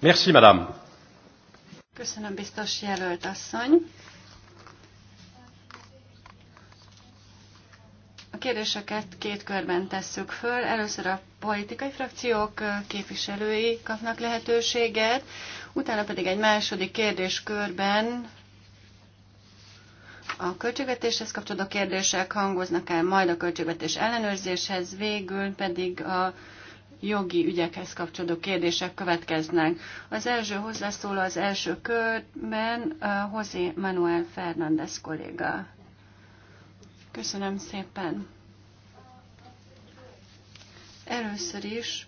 Merci, madame. Köszönöm, biztos jelölt asszony. A kérdéseket két körben tesszük föl. Először a politikai frakciók képviselői kapnak lehetőséget, utána pedig egy második kérdéskörben a költségvetéshez kapcsolódó kérdések hangoznak el, majd a költségvetés ellenőrzéshez, végül pedig a jogi ügyekhez kapcsolódó kérdések következnek. Az első hozzászóló az első körben uh, José Manuel Fernández kolléga. Köszönöm szépen. Először is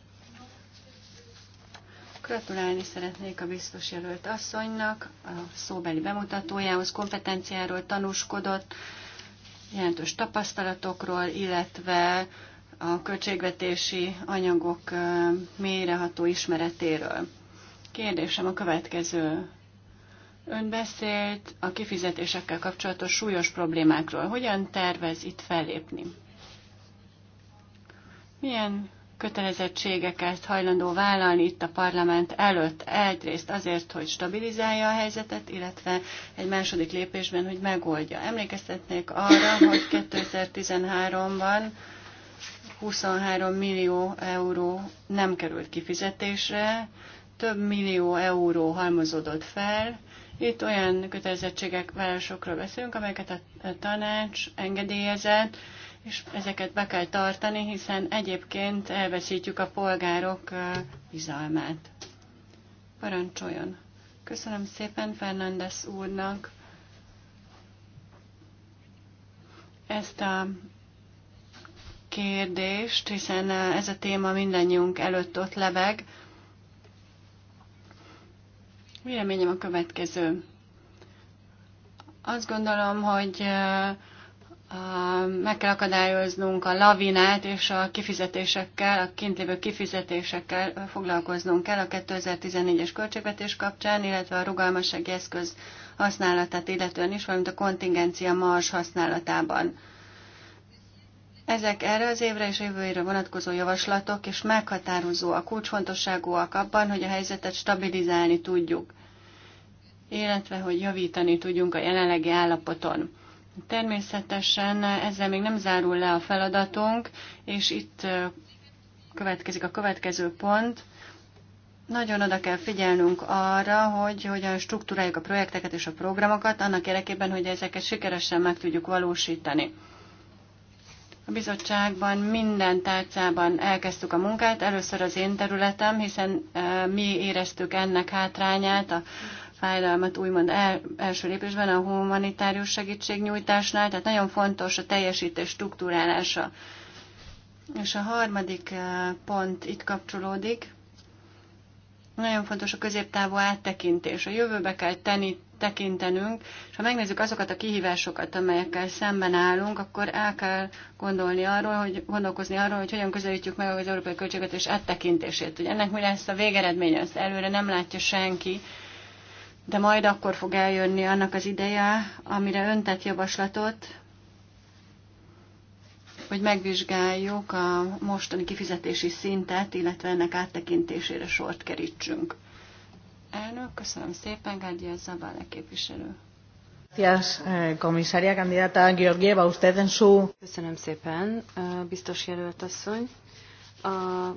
Gratulálni szeretnék a biztos jelölt asszonynak, a szóbeli bemutatójához kompetenciáról tanúskodott, jelentős tapasztalatokról, illetve a költségvetési anyagok mélyreható ismeretéről. Kérdésem a következő. Ön beszélt a kifizetésekkel kapcsolatos súlyos problémákról. Hogyan tervez itt fellépni? Milyen kötelezettségeket hajlandó vállalni itt a parlament előtt egyrészt azért, hogy stabilizálja a helyzetet, illetve egy második lépésben, hogy megoldja. Emlékeztetnék arra, hogy 2013-ban 23 millió euró nem került kifizetésre, több millió euró halmozódott fel. Itt olyan kötelezettségek, városokról beszélünk, amelyeket a tanács engedélyezett, és ezeket be kell tartani, hiszen egyébként elveszítjük a polgárok bizalmát. Parancsoljon! Köszönöm szépen Fernandez úrnak ezt a kérdést, hiszen ez a téma mindannyiunk előtt ott lebeg. Véleményem a következő. Azt gondolom, hogy meg kell akadályoznunk a lavinát, és a kifizetésekkel, a kint lévő kifizetésekkel foglalkoznunk kell a 2014-es költségvetés kapcsán, illetve a rugalmassági eszköz használatát illetően is, valamint a kontingencia mars használatában. Ezek erre az évre és jövőre vonatkozó javaslatok, és meghatározó a kulcsfontosságúak abban, hogy a helyzetet stabilizálni tudjuk, illetve hogy javítani tudjunk a jelenlegi állapoton. Természetesen ezzel még nem zárul le a feladatunk, és itt következik a következő pont. Nagyon oda kell figyelnünk arra, hogy hogyan struktúráljuk a projekteket és a programokat, annak érdekében, hogy ezeket sikeresen meg tudjuk valósítani. A bizottságban minden tárcában elkezdtük a munkát, először az én területem, hiszen mi éreztük ennek hátrányát, a fájdalmat úgymond el, első lépésben a humanitárius segítségnyújtásnál, tehát nagyon fontos a teljesítés struktúrálása. És a harmadik pont itt kapcsolódik. Nagyon fontos a középtávú áttekintés. A jövőbe kell tenni, tekintenünk, és ha megnézzük azokat a kihívásokat, amelyekkel szemben állunk, akkor el kell gondolni arról, hogy gondolkozni arról, hogy hogyan közelítjük meg az európai költségvetés áttekintését, e hogy ennek mi lesz a végeredménye, ezt előre nem látja senki, de majd akkor fog eljönni annak az ideje, amire öntett javaslatot, hogy megvizsgáljuk a mostani kifizetési szintet, illetve ennek áttekintésére sort kerítsünk. Elnök, köszönöm szépen, Gárdia Zabále képviselő. Eh, köszönöm szépen, eh, biztos jelölt asszony. A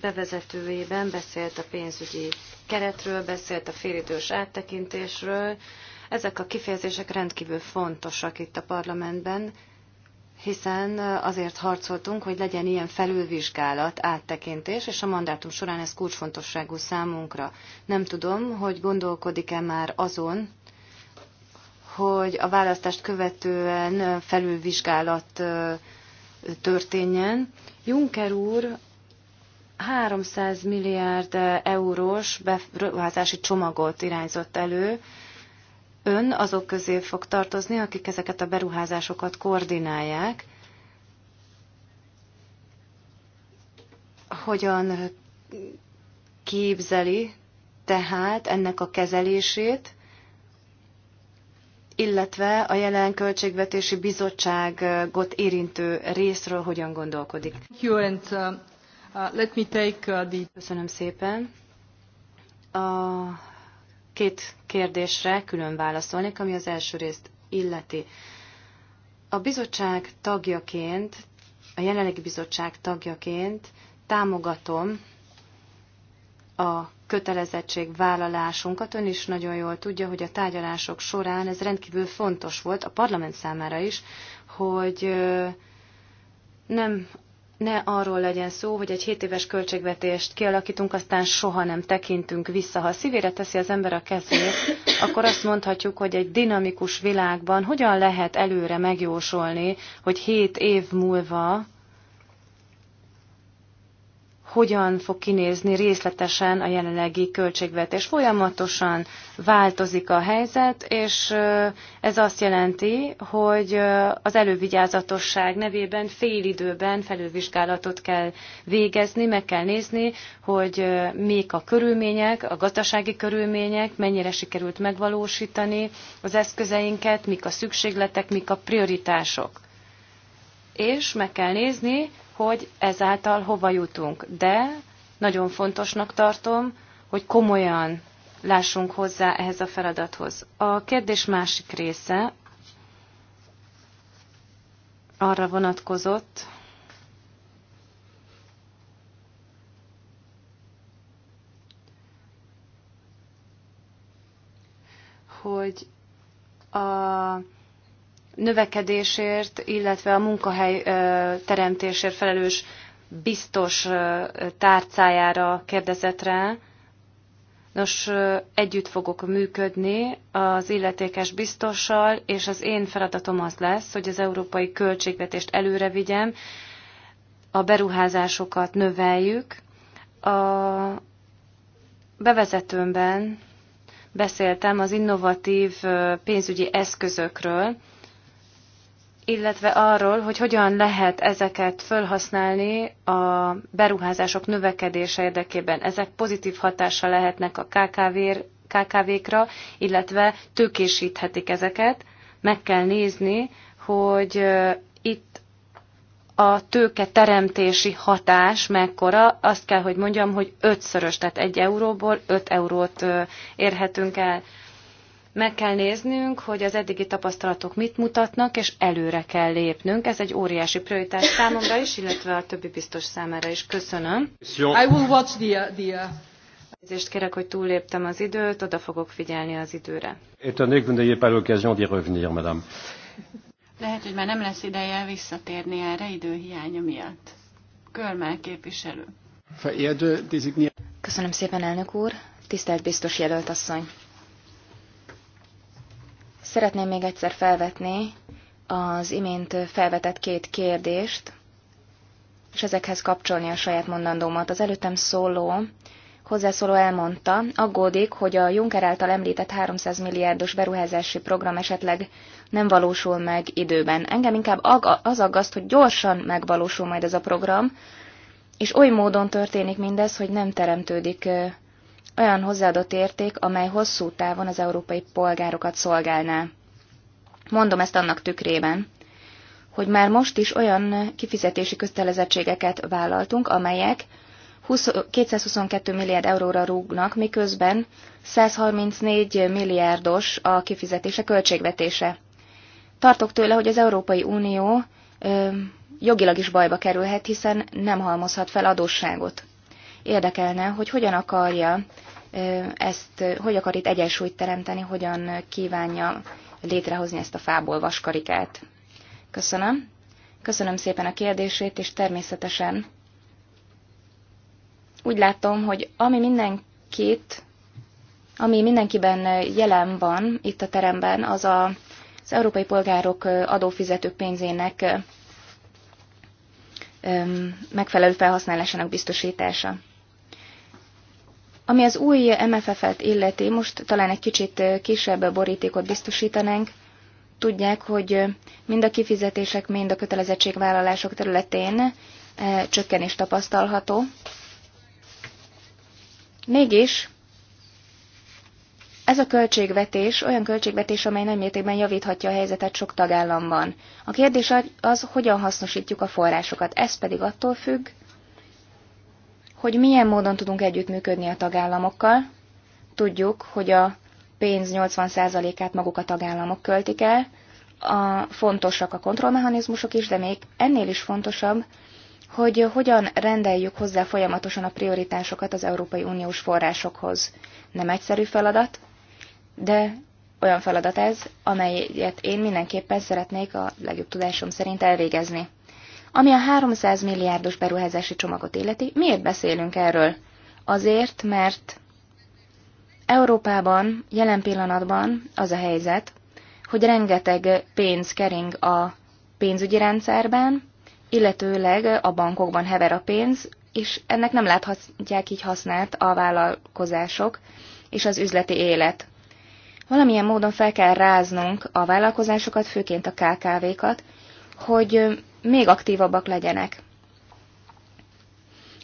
bevezetőjében beszélt a pénzügyi keretről, beszélt a félidős áttekintésről. Ezek a kifejezések rendkívül fontosak itt a parlamentben, hiszen azért harcoltunk, hogy legyen ilyen felülvizsgálat, áttekintés, és a mandátum során ez kulcsfontosságú számunkra. Nem tudom, hogy gondolkodik-e már azon, hogy a választást követően felülvizsgálat történjen. Juncker úr 300 milliárd eurós beruházási csomagot irányzott elő, ön azok közé fog tartozni, akik ezeket a beruházásokat koordinálják. Hogyan képzeli tehát ennek a kezelését, illetve a jelen költségvetési bizottságot érintő részről hogyan gondolkodik. Köszönöm szépen. A két kérdésre külön válaszolnék, ami az első részt illeti. A bizottság tagjaként, a jelenlegi bizottság tagjaként támogatom a vállalásunkat. Ön is nagyon jól tudja, hogy a tárgyalások során ez rendkívül fontos volt a parlament számára is, hogy nem ne arról legyen szó, hogy egy 7 éves költségvetést kialakítunk, aztán soha nem tekintünk vissza. Ha a szívére teszi az ember a kezét, akkor azt mondhatjuk, hogy egy dinamikus világban hogyan lehet előre megjósolni, hogy 7 év múlva hogyan fog kinézni részletesen a jelenlegi költségvetés. Folyamatosan változik a helyzet, és ez azt jelenti, hogy az elővigyázatosság nevében félidőben felülvizsgálatot kell végezni, meg kell nézni, hogy még a körülmények, a gazdasági körülmények, mennyire sikerült megvalósítani az eszközeinket, mik a szükségletek, mik a prioritások és meg kell nézni, hogy ezáltal hova jutunk. De nagyon fontosnak tartom, hogy komolyan lássunk hozzá ehhez a feladathoz. A kérdés másik része arra vonatkozott, hogy a növekedésért, illetve a munkahely teremtésért felelős biztos tárcájára kérdezett rá. Nos, együtt fogok működni az illetékes biztossal, és az én feladatom az lesz, hogy az európai költségvetést előre vigyem, a beruházásokat növeljük. A bevezetőmben beszéltem az innovatív pénzügyi eszközökről, illetve arról, hogy hogyan lehet ezeket felhasználni a beruházások növekedése érdekében. Ezek pozitív hatása lehetnek a KKV-kra, KKV illetve tőkésíthetik ezeket. Meg kell nézni, hogy itt a tőke teremtési hatás mekkora, azt kell, hogy mondjam, hogy ötszörös, tehát egy euróból öt eurót érhetünk el. Meg kell néznünk, hogy az eddigi tapasztalatok mit mutatnak, és előre kell lépnünk. Ez egy óriási prioritás számomra is, illetve a többi biztos számára is. Köszönöm. I will watch the, the... Uh, Nézést kérek, hogy túléptem az időt, oda fogok figyelni az időre. Étonné, que vous n'ayez pas l'occasion d'y revenir, madame. Lehet, hogy már nem lesz ideje visszatérni erre időhiánya miatt. Körmel képviselő. Köszönöm szépen, elnök úr. Tisztelt biztos jelölt asszony. Szeretném még egyszer felvetni az imént felvetett két kérdést, és ezekhez kapcsolni a saját mondandómat. Az előttem szóló hozzászóló elmondta, aggódik, hogy a Juncker által említett 300 milliárdos beruházási program esetleg nem valósul meg időben. Engem inkább az aggaszt, hogy gyorsan megvalósul majd ez a program, és oly módon történik mindez, hogy nem teremtődik olyan hozzáadott érték, amely hosszú távon az európai polgárokat szolgálná. Mondom ezt annak tükrében, hogy már most is olyan kifizetési kötelezettségeket vállaltunk, amelyek 222 milliárd euróra rúgnak, miközben 134 milliárdos a kifizetése költségvetése. Tartok tőle, hogy az Európai Unió ö, jogilag is bajba kerülhet, hiszen nem halmozhat fel adósságot. Érdekelne, hogy hogyan akarja ezt hogy akar itt egyensúlyt teremteni, hogyan kívánja létrehozni ezt a fából vaskarikát. Köszönöm. Köszönöm szépen a kérdését, és természetesen úgy látom, hogy ami mindenkit, ami mindenkiben jelen van itt a teremben, az a, az európai polgárok adófizetők pénzének megfelelő felhasználásának biztosítása. Ami az új MFF-et illeti, most talán egy kicsit kisebb borítékot biztosítanánk. Tudják, hogy mind a kifizetések, mind a kötelezettségvállalások területén csökkenés tapasztalható. Mégis ez a költségvetés olyan költségvetés, amely nagy mértékben javíthatja a helyzetet sok tagállamban. A kérdés az, hogyan hasznosítjuk a forrásokat. Ez pedig attól függ, hogy milyen módon tudunk együttműködni a tagállamokkal. Tudjuk, hogy a pénz 80%-át maguk a tagállamok költik el, a, fontosak a kontrollmechanizmusok is, de még ennél is fontosabb, hogy hogyan rendeljük hozzá folyamatosan a prioritásokat az Európai Uniós forrásokhoz. Nem egyszerű feladat, de olyan feladat ez, amelyet én mindenképpen szeretnék a legjobb tudásom szerint elvégezni. Ami a 300 milliárdos beruházási csomagot illeti, miért beszélünk erről? Azért, mert Európában jelen pillanatban az a helyzet, hogy rengeteg pénz kering a pénzügyi rendszerben, illetőleg a bankokban hever a pénz, és ennek nem láthatják így hasznát a vállalkozások és az üzleti élet. Valamilyen módon fel kell ráznunk a vállalkozásokat, főként a KKV-kat, hogy még aktívabbak legyenek.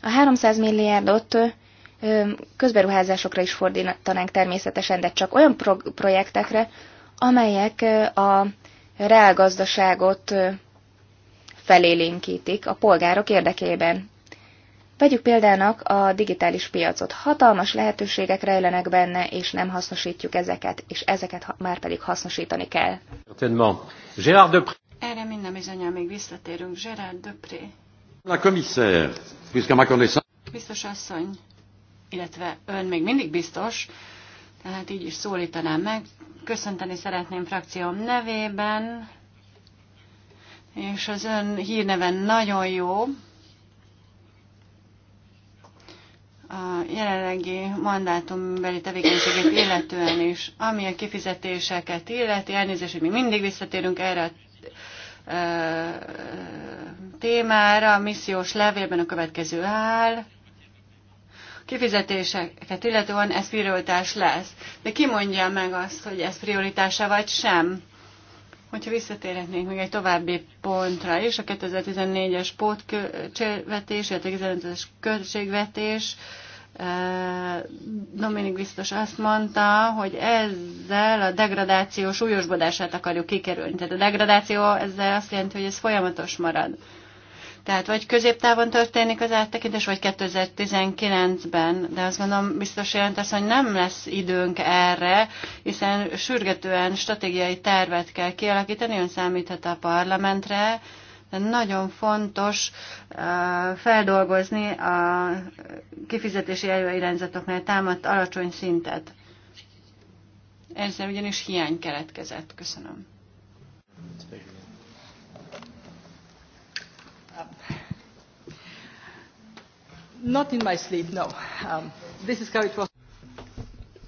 A 300 milliárdot közberuházásokra is fordítanánk természetesen, de csak olyan pro- projektekre, amelyek a reálgazdaságot felélénkítik a polgárok érdekében. Vegyük példának a digitális piacot. Hatalmas lehetőségek rejlenek benne, és nem hasznosítjuk ezeket, és ezeket már pedig hasznosítani kell. Gérard Depré. Erre minden bizonyal még visszatérünk. Gerard Döpré. La commissaire, puisque ma connaissance... Biztos asszony, illetve ön még mindig biztos, tehát így is szólítanám meg. Köszönteni szeretném frakcióm nevében, és az ön hírneven nagyon jó. A jelenlegi mandátumbeli tevékenységét illetően is, ami a kifizetéseket illeti, elnézést, hogy mi mindig visszatérünk erre a témára. A missziós levélben a következő áll. Kifizetéseket illetően ez prioritás lesz. De ki mondja meg azt, hogy ez prioritása vagy sem? Hogyha visszatérhetnénk még egy további pontra is, a 2014-es pótköltségvetés, a 2015-es költségvetés, Eh, Dominik biztos azt mondta, hogy ezzel a degradáció súlyosbodását akarjuk kikerülni. Tehát a degradáció ezzel azt jelenti, hogy ez folyamatos marad. Tehát vagy középtávon történik az áttekintés, vagy 2019-ben, de azt gondolom biztos jelent az, hogy nem lesz időnk erre, hiszen sürgetően stratégiai tervet kell kialakítani, ön számíthat a parlamentre, nagyon fontos feldolgozni a kifizetési előirányzatoknál támadt alacsony szintet. Ezzel ugyanis hiány keletkezett. Köszönöm. Not in my sleep, no. Um, this is how it was.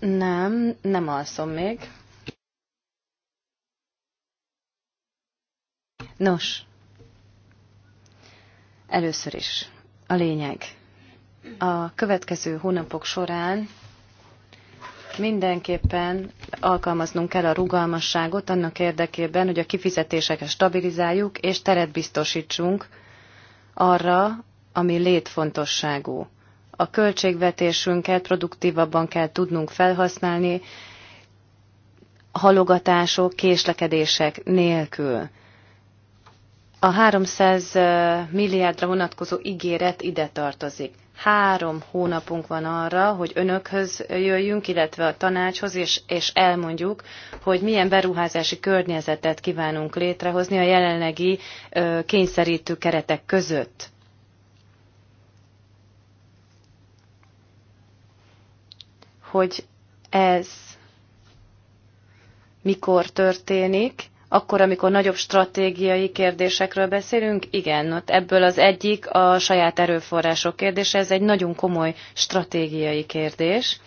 Nem, nem alszom még. Nos, Először is a lényeg. A következő hónapok során mindenképpen alkalmaznunk kell a rugalmasságot annak érdekében, hogy a kifizetéseket stabilizáljuk és teret biztosítsunk arra, ami létfontosságú. A költségvetésünket produktívabban kell tudnunk felhasználni, halogatások, késlekedések nélkül. A 300 milliárdra vonatkozó ígéret ide tartozik. Három hónapunk van arra, hogy önökhöz jöjjünk, illetve a tanácshoz, és, és elmondjuk, hogy milyen beruházási környezetet kívánunk létrehozni a jelenlegi ö, kényszerítő keretek között. Hogy ez mikor történik, akkor, amikor nagyobb stratégiai kérdésekről beszélünk, igen, ott ebből az egyik a saját erőforrások kérdése, ez egy nagyon komoly stratégiai kérdés,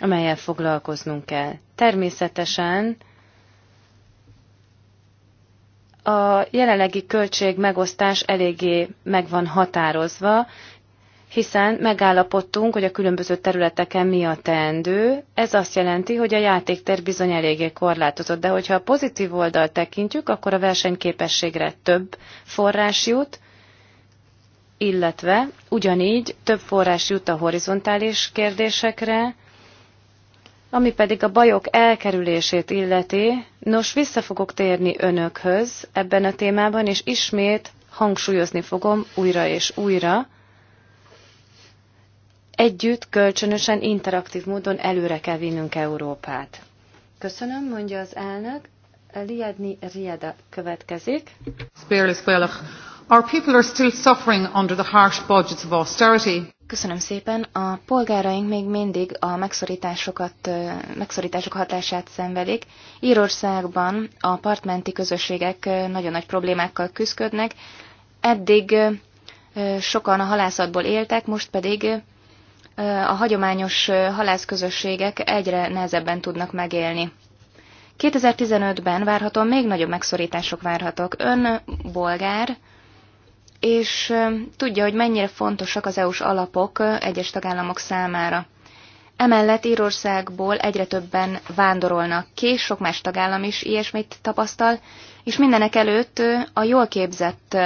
amelyel foglalkoznunk kell. Természetesen a jelenlegi költség megosztás eléggé meg van határozva, hiszen megállapodtunk, hogy a különböző területeken mi a teendő. Ez azt jelenti, hogy a játéktér bizony eléggé korlátozott, de hogyha a pozitív oldalt tekintjük, akkor a versenyképességre több forrás jut, illetve ugyanígy több forrás jut a horizontális kérdésekre, ami pedig a bajok elkerülését illeti, nos vissza fogok térni önökhöz ebben a témában, és ismét hangsúlyozni fogom újra és újra, Együtt, kölcsönösen, interaktív módon előre kell vinnünk Európát. Köszönöm, mondja az elnök. Liadni Rieda következik. Our people are still suffering under the harsh budgets of austerity. Köszönöm szépen. A polgáraink még mindig a megszorításokat, megszorítások hatását szenvedik. Írországban a partmenti közösségek nagyon nagy problémákkal küzdködnek. Eddig sokan a halászatból éltek, most pedig a hagyományos halászközösségek egyre nehezebben tudnak megélni. 2015-ben várhatóan még nagyobb megszorítások várhatók. Ön bolgár, és tudja, hogy mennyire fontosak az EU-s alapok egyes tagállamok számára. Emellett Írországból egyre többen vándorolnak ki, sok más tagállam is ilyesmit tapasztal, és mindenek előtt a jól képzett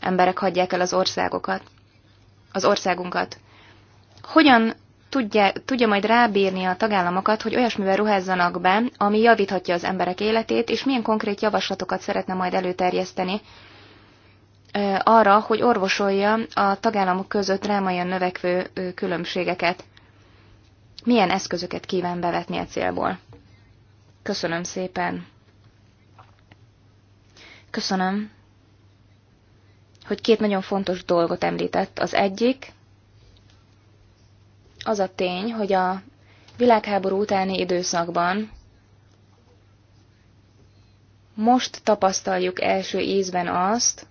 emberek hagyják el az országokat, az országunkat hogyan tudja, tudja majd rábírni a tagállamokat, hogy olyasmivel ruházzanak be, ami javíthatja az emberek életét, és milyen konkrét javaslatokat szeretne majd előterjeszteni arra, hogy orvosolja a tagállamok között drámaian növekvő különbségeket. Milyen eszközöket kíván bevetni a e célból? Köszönöm szépen. Köszönöm, hogy két nagyon fontos dolgot említett. Az egyik, az a tény, hogy a világháború utáni időszakban most tapasztaljuk első ízben azt,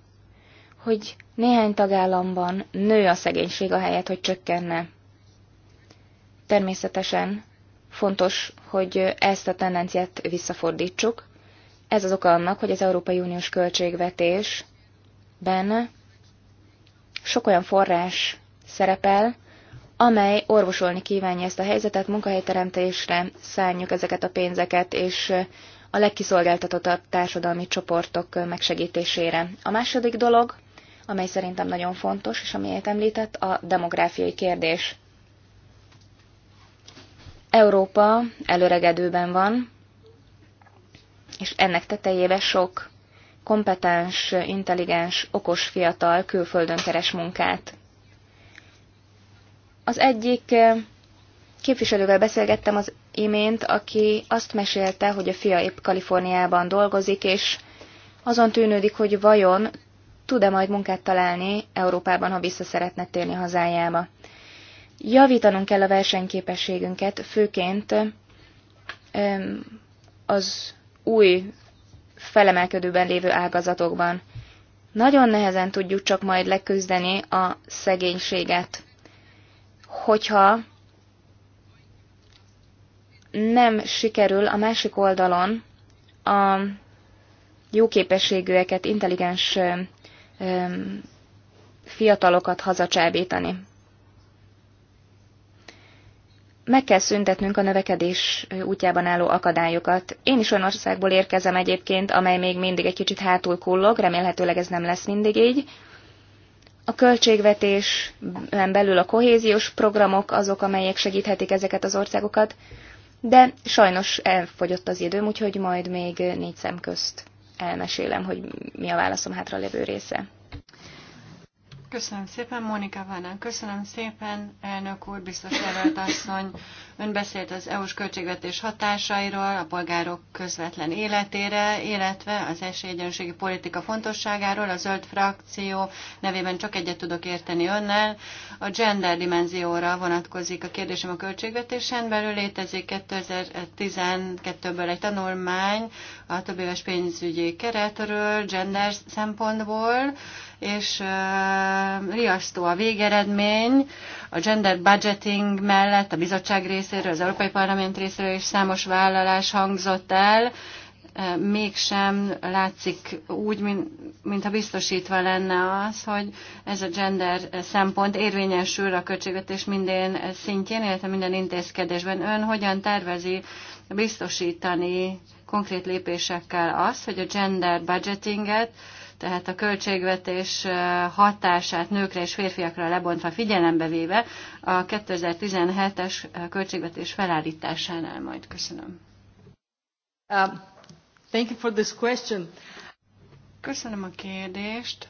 hogy néhány tagállamban nő a szegénység a helyet, hogy csökkenne. Természetesen fontos, hogy ezt a tendenciát visszafordítsuk. Ez az oka annak, hogy az Európai Uniós költségvetésben sok olyan forrás szerepel, amely orvosolni kívánja ezt a helyzetet, munkahelyteremtésre szálljuk ezeket a pénzeket, és a legkiszolgáltatottabb társadalmi csoportok megsegítésére. A második dolog, amely szerintem nagyon fontos, és amelyet említett, a demográfiai kérdés. Európa előregedőben van, és ennek tetejébe sok kompetens, intelligens, okos fiatal külföldön keres munkát. Az egyik eh, képviselővel beszélgettem az imént, aki azt mesélte, hogy a fia épp Kaliforniában dolgozik, és azon tűnődik, hogy vajon tud-e majd munkát találni Európában, ha vissza szeretne térni hazájába. Javítanunk kell a versenyképességünket, főként az új felemelkedőben lévő ágazatokban. Nagyon nehezen tudjuk csak majd leküzdeni a szegénységet hogyha nem sikerül a másik oldalon a jó képességűeket, intelligens fiatalokat hazacsábítani. Meg kell szüntetnünk a növekedés útjában álló akadályokat. Én is olyan országból érkezem egyébként, amely még mindig egy kicsit hátul kullog, remélhetőleg ez nem lesz mindig így. A költségvetésen belül a kohéziós programok azok, amelyek segíthetik ezeket az országokat, de sajnos elfogyott az időm, úgyhogy majd még négy szem közt elmesélem, hogy mi a válaszom levő része. Köszönöm szépen, Mónika Vánán. Köszönöm szépen, elnök úr, biztos asszony. Ön beszélt az EU-s költségvetés hatásairól, a polgárok közvetlen életére, illetve az esélyegyenlőségi politika fontosságáról. A zöld frakció nevében csak egyet tudok érteni önnel. A gender dimenzióra vonatkozik a kérdésem a költségvetésen belül. Létezik 2012-ből egy tanulmány a több éves pénzügyi keretről, gender szempontból, és uh, riasztó a végeredmény. A gender budgeting mellett a bizottság részéről, az Európai Parlament részéről is számos vállalás hangzott el, e, mégsem látszik úgy, mint, mintha biztosítva lenne az, hogy ez a gender szempont érvényesül a költségvetés minden szintjén, illetve minden intézkedésben. Ön hogyan tervezi biztosítani konkrét lépésekkel azt, hogy a gender budgetinget tehát a költségvetés hatását nőkre és férfiakra lebontva figyelembe véve a 2017-es költségvetés felállításánál majd. Köszönöm. Um, thank you for this question. Köszönöm a kérdést.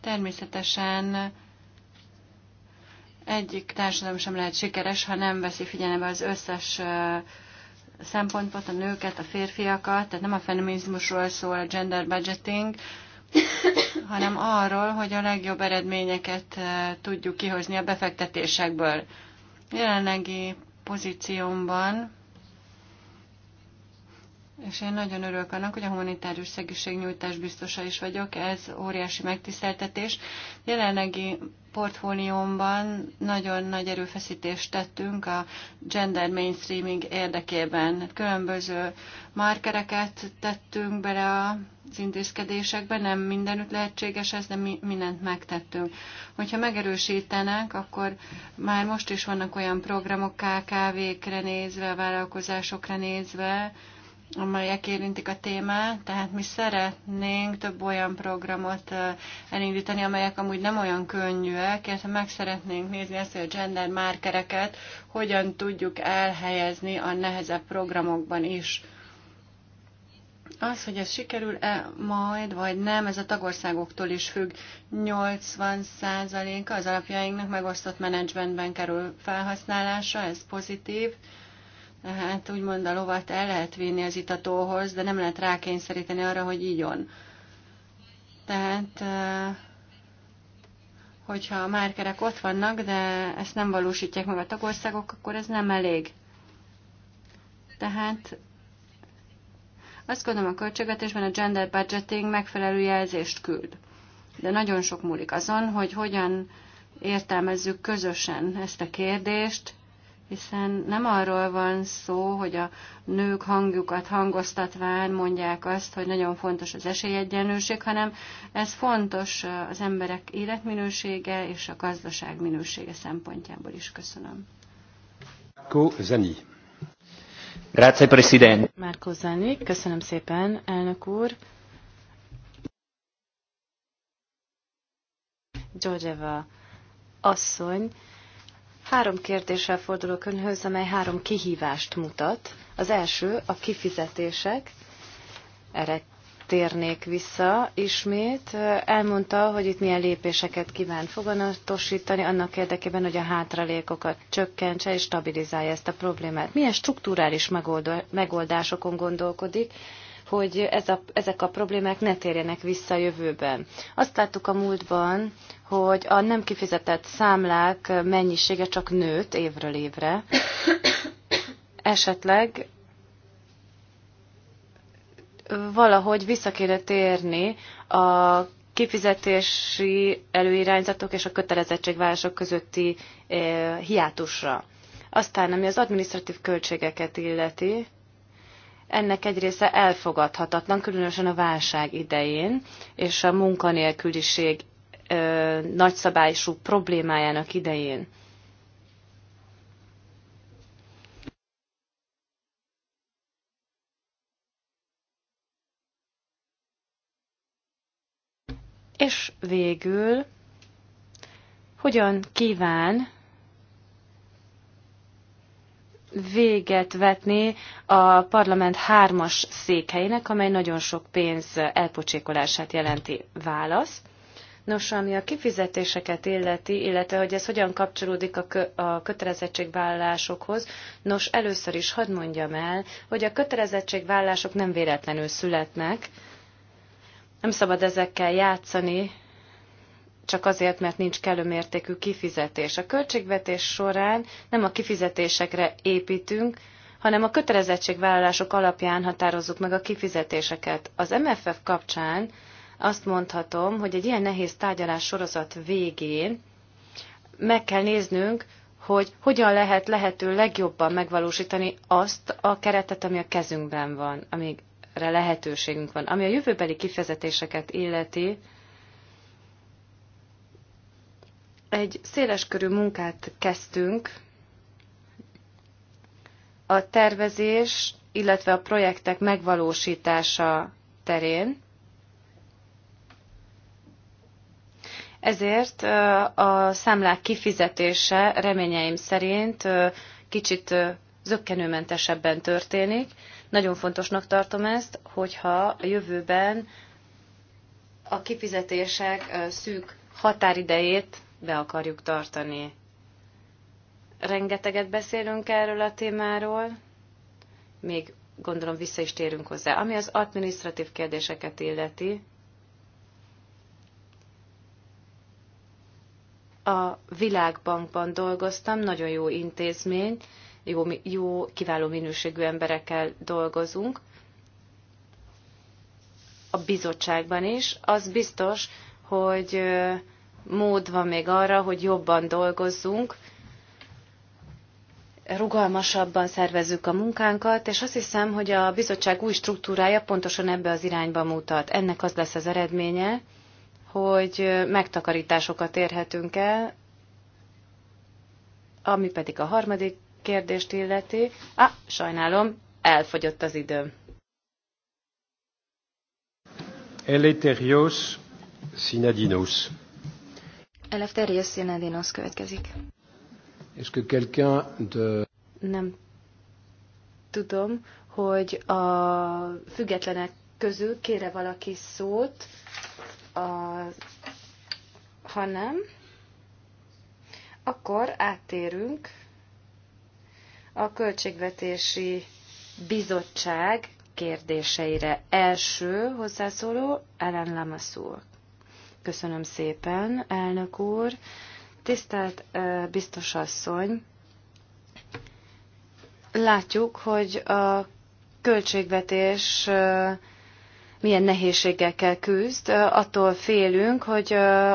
Természetesen egyik társadalom sem lehet sikeres, ha nem veszi figyelembe az összes szempontot, a nőket, a férfiakat, tehát nem a feminizmusról szól a gender budgeting, hanem arról, hogy a legjobb eredményeket eh, tudjuk kihozni a befektetésekből. Jelenlegi pozíciómban és én nagyon örülök annak, hogy a humanitárius segítségnyújtás biztosa is vagyok, ez óriási megtiszteltetés. Jelenlegi portfóliómban nagyon nagy erőfeszítést tettünk a gender mainstreaming érdekében. Hát különböző markereket tettünk bele az intézkedésekben, nem mindenütt lehetséges ez, de mi mindent megtettünk. Hogyha megerősítenek, akkor már most is vannak olyan programok KKV-kre nézve, vállalkozásokra nézve, amelyek érintik a témát, tehát mi szeretnénk több olyan programot elindítani, amelyek amúgy nem olyan könnyűek, illetve meg szeretnénk nézni ezt, hogy a gender márkereket hogyan tudjuk elhelyezni a nehezebb programokban is. Az, hogy ez sikerül-e majd, vagy nem, ez a tagországoktól is függ. 80% az alapjainknak megosztott menedzsmentben kerül felhasználása, ez pozitív hát úgymond a lovat el lehet vinni az itatóhoz, de nem lehet rákényszeríteni arra, hogy igyon. Tehát, hogyha a márkerek ott vannak, de ezt nem valósítják meg a tagországok, akkor ez nem elég. Tehát azt gondolom a költségvetésben a gender budgeting megfelelő jelzést küld. De nagyon sok múlik azon, hogy hogyan értelmezzük közösen ezt a kérdést, hiszen nem arról van szó, hogy a nők hangjukat hangoztatván mondják azt, hogy nagyon fontos az esélyegyenlőség, hanem ez fontos az emberek életminősége és a gazdaság minősége szempontjából is. Köszönöm. Marco Zani. Grazie, Presidente. Marco Zani, köszönöm szépen, elnök úr. Georgieva asszony Három kérdéssel fordulok önhöz, amely három kihívást mutat. Az első a kifizetések. Erre térnék vissza ismét. Elmondta, hogy itt milyen lépéseket kíván foganatosítani annak érdekében, hogy a hátralékokat csökkentse és stabilizálja ezt a problémát. Milyen strukturális megoldásokon gondolkodik hogy ez a, ezek a problémák ne térjenek vissza a jövőben. Azt láttuk a múltban, hogy a nem kifizetett számlák mennyisége csak nőtt évről évre. Esetleg valahogy vissza kéne térni a kifizetési előirányzatok és a kötelezettségvárások közötti eh, hiátusra. Aztán, ami az administratív költségeket illeti, ennek egy része elfogadhatatlan, különösen a válság idején, és a munkanélküliség ö, nagyszabású problémájának idején. És végül, hogyan kíván véget vetni a parlament hármas székhelyének, amely nagyon sok pénz elpocsékolását jelenti válasz. Nos, ami a kifizetéseket illeti, illetve hogy ez hogyan kapcsolódik a, kö, a kötelezettségvállásokhoz, nos, először is hadd mondjam el, hogy a kötelezettségvállások nem véletlenül születnek. Nem szabad ezekkel játszani, csak azért, mert nincs kellő mértékű kifizetés. A költségvetés során nem a kifizetésekre építünk, hanem a kötelezettségvállalások alapján határozzuk meg a kifizetéseket. Az MFF kapcsán azt mondhatom, hogy egy ilyen nehéz tárgyalás sorozat végén meg kell néznünk, hogy hogyan lehet lehető legjobban megvalósítani azt a keretet, ami a kezünkben van, amire lehetőségünk van. Ami a jövőbeli kifizetéseket illeti, Egy széleskörű munkát kezdtünk. A tervezés, illetve a projektek megvalósítása terén. Ezért a számlák kifizetése reményeim szerint kicsit zöggenőmentesebben történik. Nagyon fontosnak tartom ezt, hogyha a jövőben a kifizetések szűk határidejét be akarjuk tartani. Rengeteget beszélünk erről a témáról, még gondolom vissza is térünk hozzá. Ami az administratív kérdéseket illeti, a Világbankban dolgoztam, nagyon jó intézmény, jó, jó kiváló minőségű emberekkel dolgozunk, a bizottságban is. Az biztos, hogy mód van még arra, hogy jobban dolgozzunk, rugalmasabban szervezzük a munkánkat, és azt hiszem, hogy a bizottság új struktúrája pontosan ebbe az irányba mutat. Ennek az lesz az eredménye, hogy megtakarításokat érhetünk el, ami pedig a harmadik kérdést illeti. Á, ah, sajnálom, elfogyott az időm. Eleterios Sinadinos. Eleftherios Színedinos következik. És que quelqu'un de... Nem tudom, hogy a függetlenek közül kére valaki szót, a... ha nem, akkor áttérünk a Költségvetési Bizottság kérdéseire. Első hozzászóló Ellen Lamassur. Köszönöm szépen, elnök úr. Tisztelt biztos asszony, látjuk, hogy a költségvetés milyen nehézségekkel küzd. Attól félünk, hogy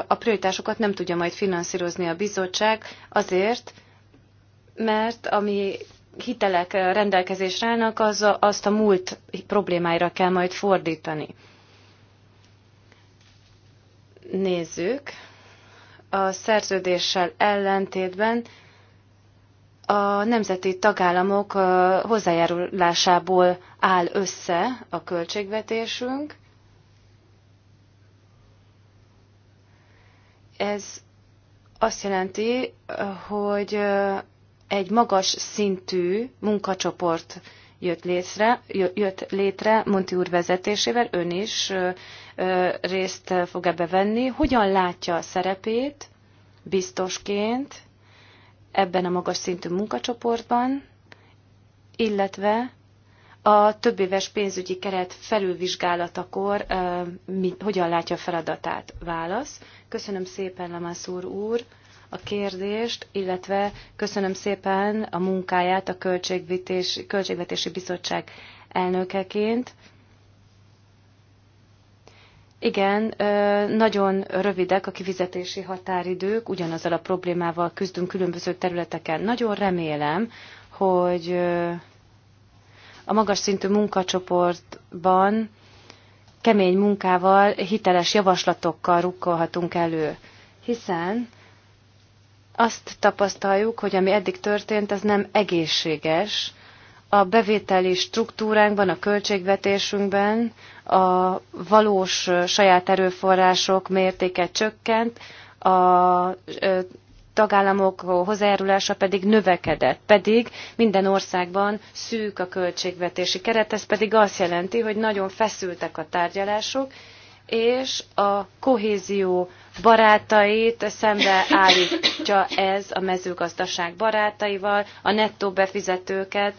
a prioritásokat nem tudja majd finanszírozni a bizottság azért, mert ami hitelek rendelkezésre állnak, az azt a múlt problémáira kell majd fordítani nézzük, a szerződéssel ellentétben a nemzeti tagállamok hozzájárulásából áll össze a költségvetésünk. Ez azt jelenti, hogy egy magas szintű munkacsoport jött létre, jött létre Monti úr vezetésével, ön is részt fog ebbe venni. Hogyan látja a szerepét biztosként ebben a magas szintű munkacsoportban, illetve a több éves pénzügyi keret felülvizsgálatakor mi, hogyan látja a feladatát? Válasz. Köszönöm szépen, Lamászúr úr a kérdést, illetve köszönöm szépen a munkáját a Költségvetési Bizottság elnökeként. Igen, nagyon rövidek a kifizetési határidők, ugyanazzal a problémával küzdünk különböző területeken. Nagyon remélem, hogy a magas szintű munkacsoportban kemény munkával, hiteles javaslatokkal rukkolhatunk elő, hiszen azt tapasztaljuk, hogy ami eddig történt, az nem egészséges, a bevételi struktúránkban, a költségvetésünkben a valós saját erőforrások mértéke csökkent, a tagállamok hozzájárulása pedig növekedett, pedig minden országban szűk a költségvetési keret, ez pedig azt jelenti, hogy nagyon feszültek a tárgyalások, és a kohézió barátait szembe állítja ez a mezőgazdaság barátaival, a nettó befizetőket,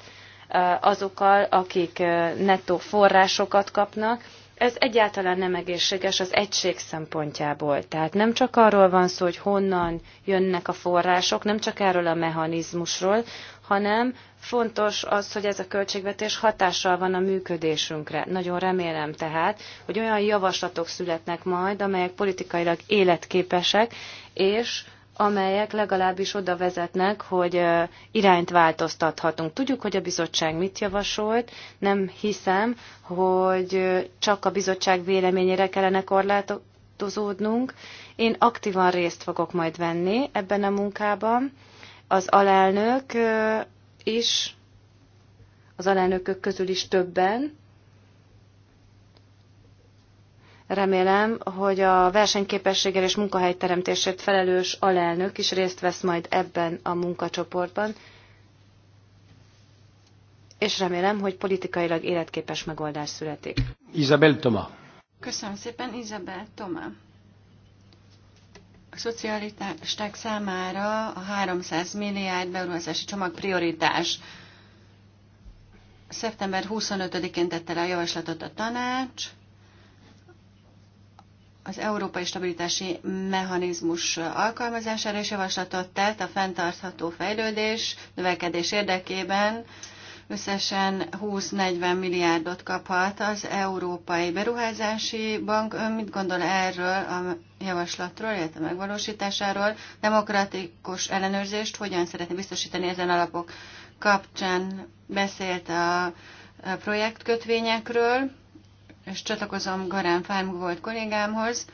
azokkal, akik nettó forrásokat kapnak. Ez egyáltalán nem egészséges az egység szempontjából. Tehát nem csak arról van szó, hogy honnan jönnek a források, nem csak erről a mechanizmusról, hanem fontos az, hogy ez a költségvetés hatással van a működésünkre. Nagyon remélem tehát, hogy olyan javaslatok születnek majd, amelyek politikailag életképesek, és amelyek legalábbis oda vezetnek, hogy irányt változtathatunk. Tudjuk, hogy a bizottság mit javasolt, nem hiszem, hogy csak a bizottság véleményére kellene korlátozódnunk. Én aktívan részt fogok majd venni ebben a munkában. Az alelnök is, az alelnökök közül is többen, Remélem, hogy a versenyképességért és munkahelyteremtésért felelős alelnök is részt vesz majd ebben a munkacsoportban, és remélem, hogy politikailag életképes megoldás születik. Isabel Toma. Köszönöm szépen, Isabel Toma. A szocialisták számára a 300 milliárd beruházási csomag prioritás. Szeptember 25-én tette le a javaslatot a tanács az Európai Stabilitási Mechanizmus alkalmazására is javaslatot tett a fenntartható fejlődés növekedés érdekében. Összesen 20-40 milliárdot kaphat az Európai Beruházási Bank. Ön mit gondol erről a javaslatról, illetve megvalósításáról? Demokratikus ellenőrzést hogyan szeretné biztosítani ezen alapok kapcsán? Beszélt a projektkötvényekről és csatlakozom Garán Fárm volt kollégámhoz,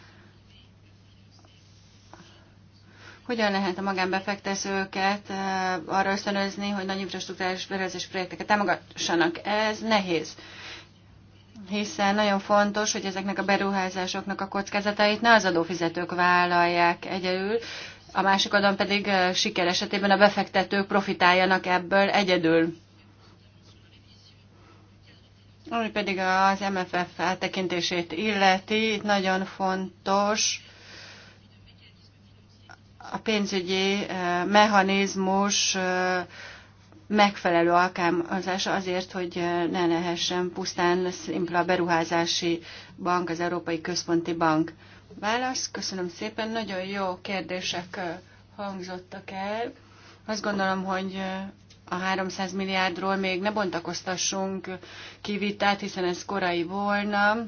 hogyan lehet a magánbefektetőket eh, arra ösztönözni, hogy nagy infrastruktúrális beruházási projekteket támogassanak. Ez nehéz hiszen nagyon fontos, hogy ezeknek a beruházásoknak a kockázatait ne az adófizetők vállalják egyedül, a másik oldalon pedig eh, siker esetében a befektetők profitáljanak ebből egyedül. Ami pedig az MFF feltekintését illeti, itt nagyon fontos a pénzügyi eh, mechanizmus eh, megfelelő alkalmazása azért, hogy eh, ne lehessen pusztán szimpla beruházási bank, az Európai Központi Bank. Válasz, köszönöm szépen, nagyon jó kérdések hangzottak el. Azt gondolom, hogy a 300 milliárdról még ne bontakoztassunk kivitát, hiszen ez korai volna.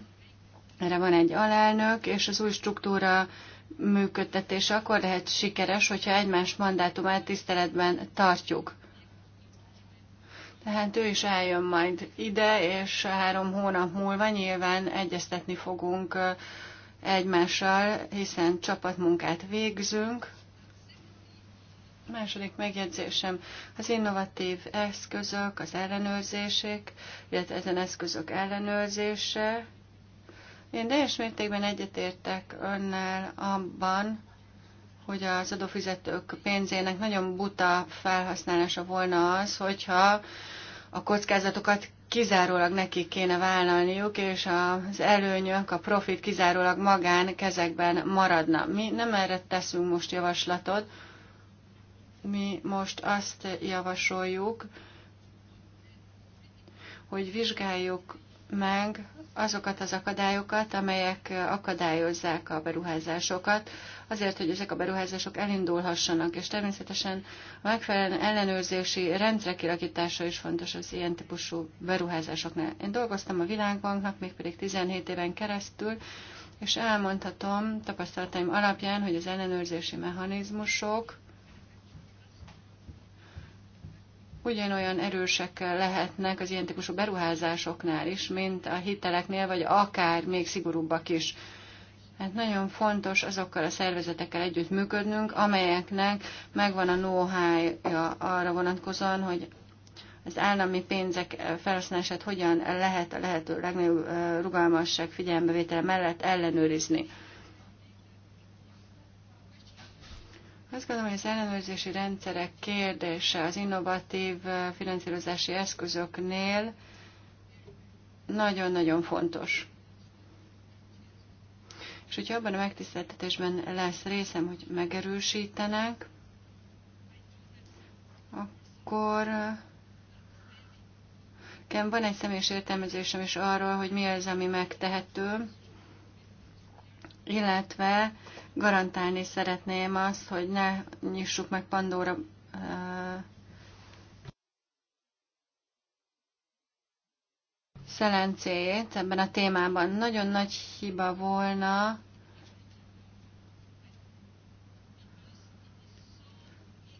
Erre van egy alelnök, és az új struktúra működtetése akkor lehet sikeres, hogyha egymás mandátumát tiszteletben tartjuk. Tehát ő is eljön majd ide, és három hónap múlva nyilván egyeztetni fogunk egymással, hiszen csapatmunkát végzünk. Második megjegyzésem, az innovatív eszközök, az ellenőrzések, illetve ezen eszközök ellenőrzése. Én teljes mértékben egyetértek önnel abban, hogy az adófizetők pénzének nagyon buta felhasználása volna az, hogyha a kockázatokat kizárólag nekik kéne vállalniuk, és az előnyök, a profit kizárólag magán kezekben maradna. Mi nem erre teszünk most javaslatot, mi most azt javasoljuk, hogy vizsgáljuk meg azokat az akadályokat, amelyek akadályozzák a beruházásokat, azért, hogy ezek a beruházások elindulhassanak, és természetesen a megfelelően ellenőrzési rendszer kilakítása is fontos az ilyen típusú beruházásoknál. Én dolgoztam a Világbanknak, mégpedig 17 éven keresztül, és elmondhatom tapasztalataim alapján, hogy az ellenőrzési mechanizmusok ugyanolyan erősek lehetnek az ilyen típusú beruházásoknál is, mint a hiteleknél, vagy akár még szigorúbbak is. Hát nagyon fontos azokkal a szervezetekkel együtt működnünk, amelyeknek megvan a know-how-ja arra vonatkozóan, hogy az állami pénzek felhasználását hogyan lehet a lehető legnagyobb rugalmasság figyelembevétele mellett ellenőrizni. Azt gondolom, hogy az ellenőrzési rendszerek kérdése az innovatív eh, finanszírozási eszközöknél nagyon-nagyon fontos. És hogyha abban a megtiszteltetésben lesz részem, hogy megerősítenek, akkor eh, van egy személyes értelmezésem is arról, hogy mi az, ami megtehető, illetve garantálni szeretném azt, hogy ne nyissuk meg Pandora szelencéjét ebben a témában. Nagyon nagy hiba volna,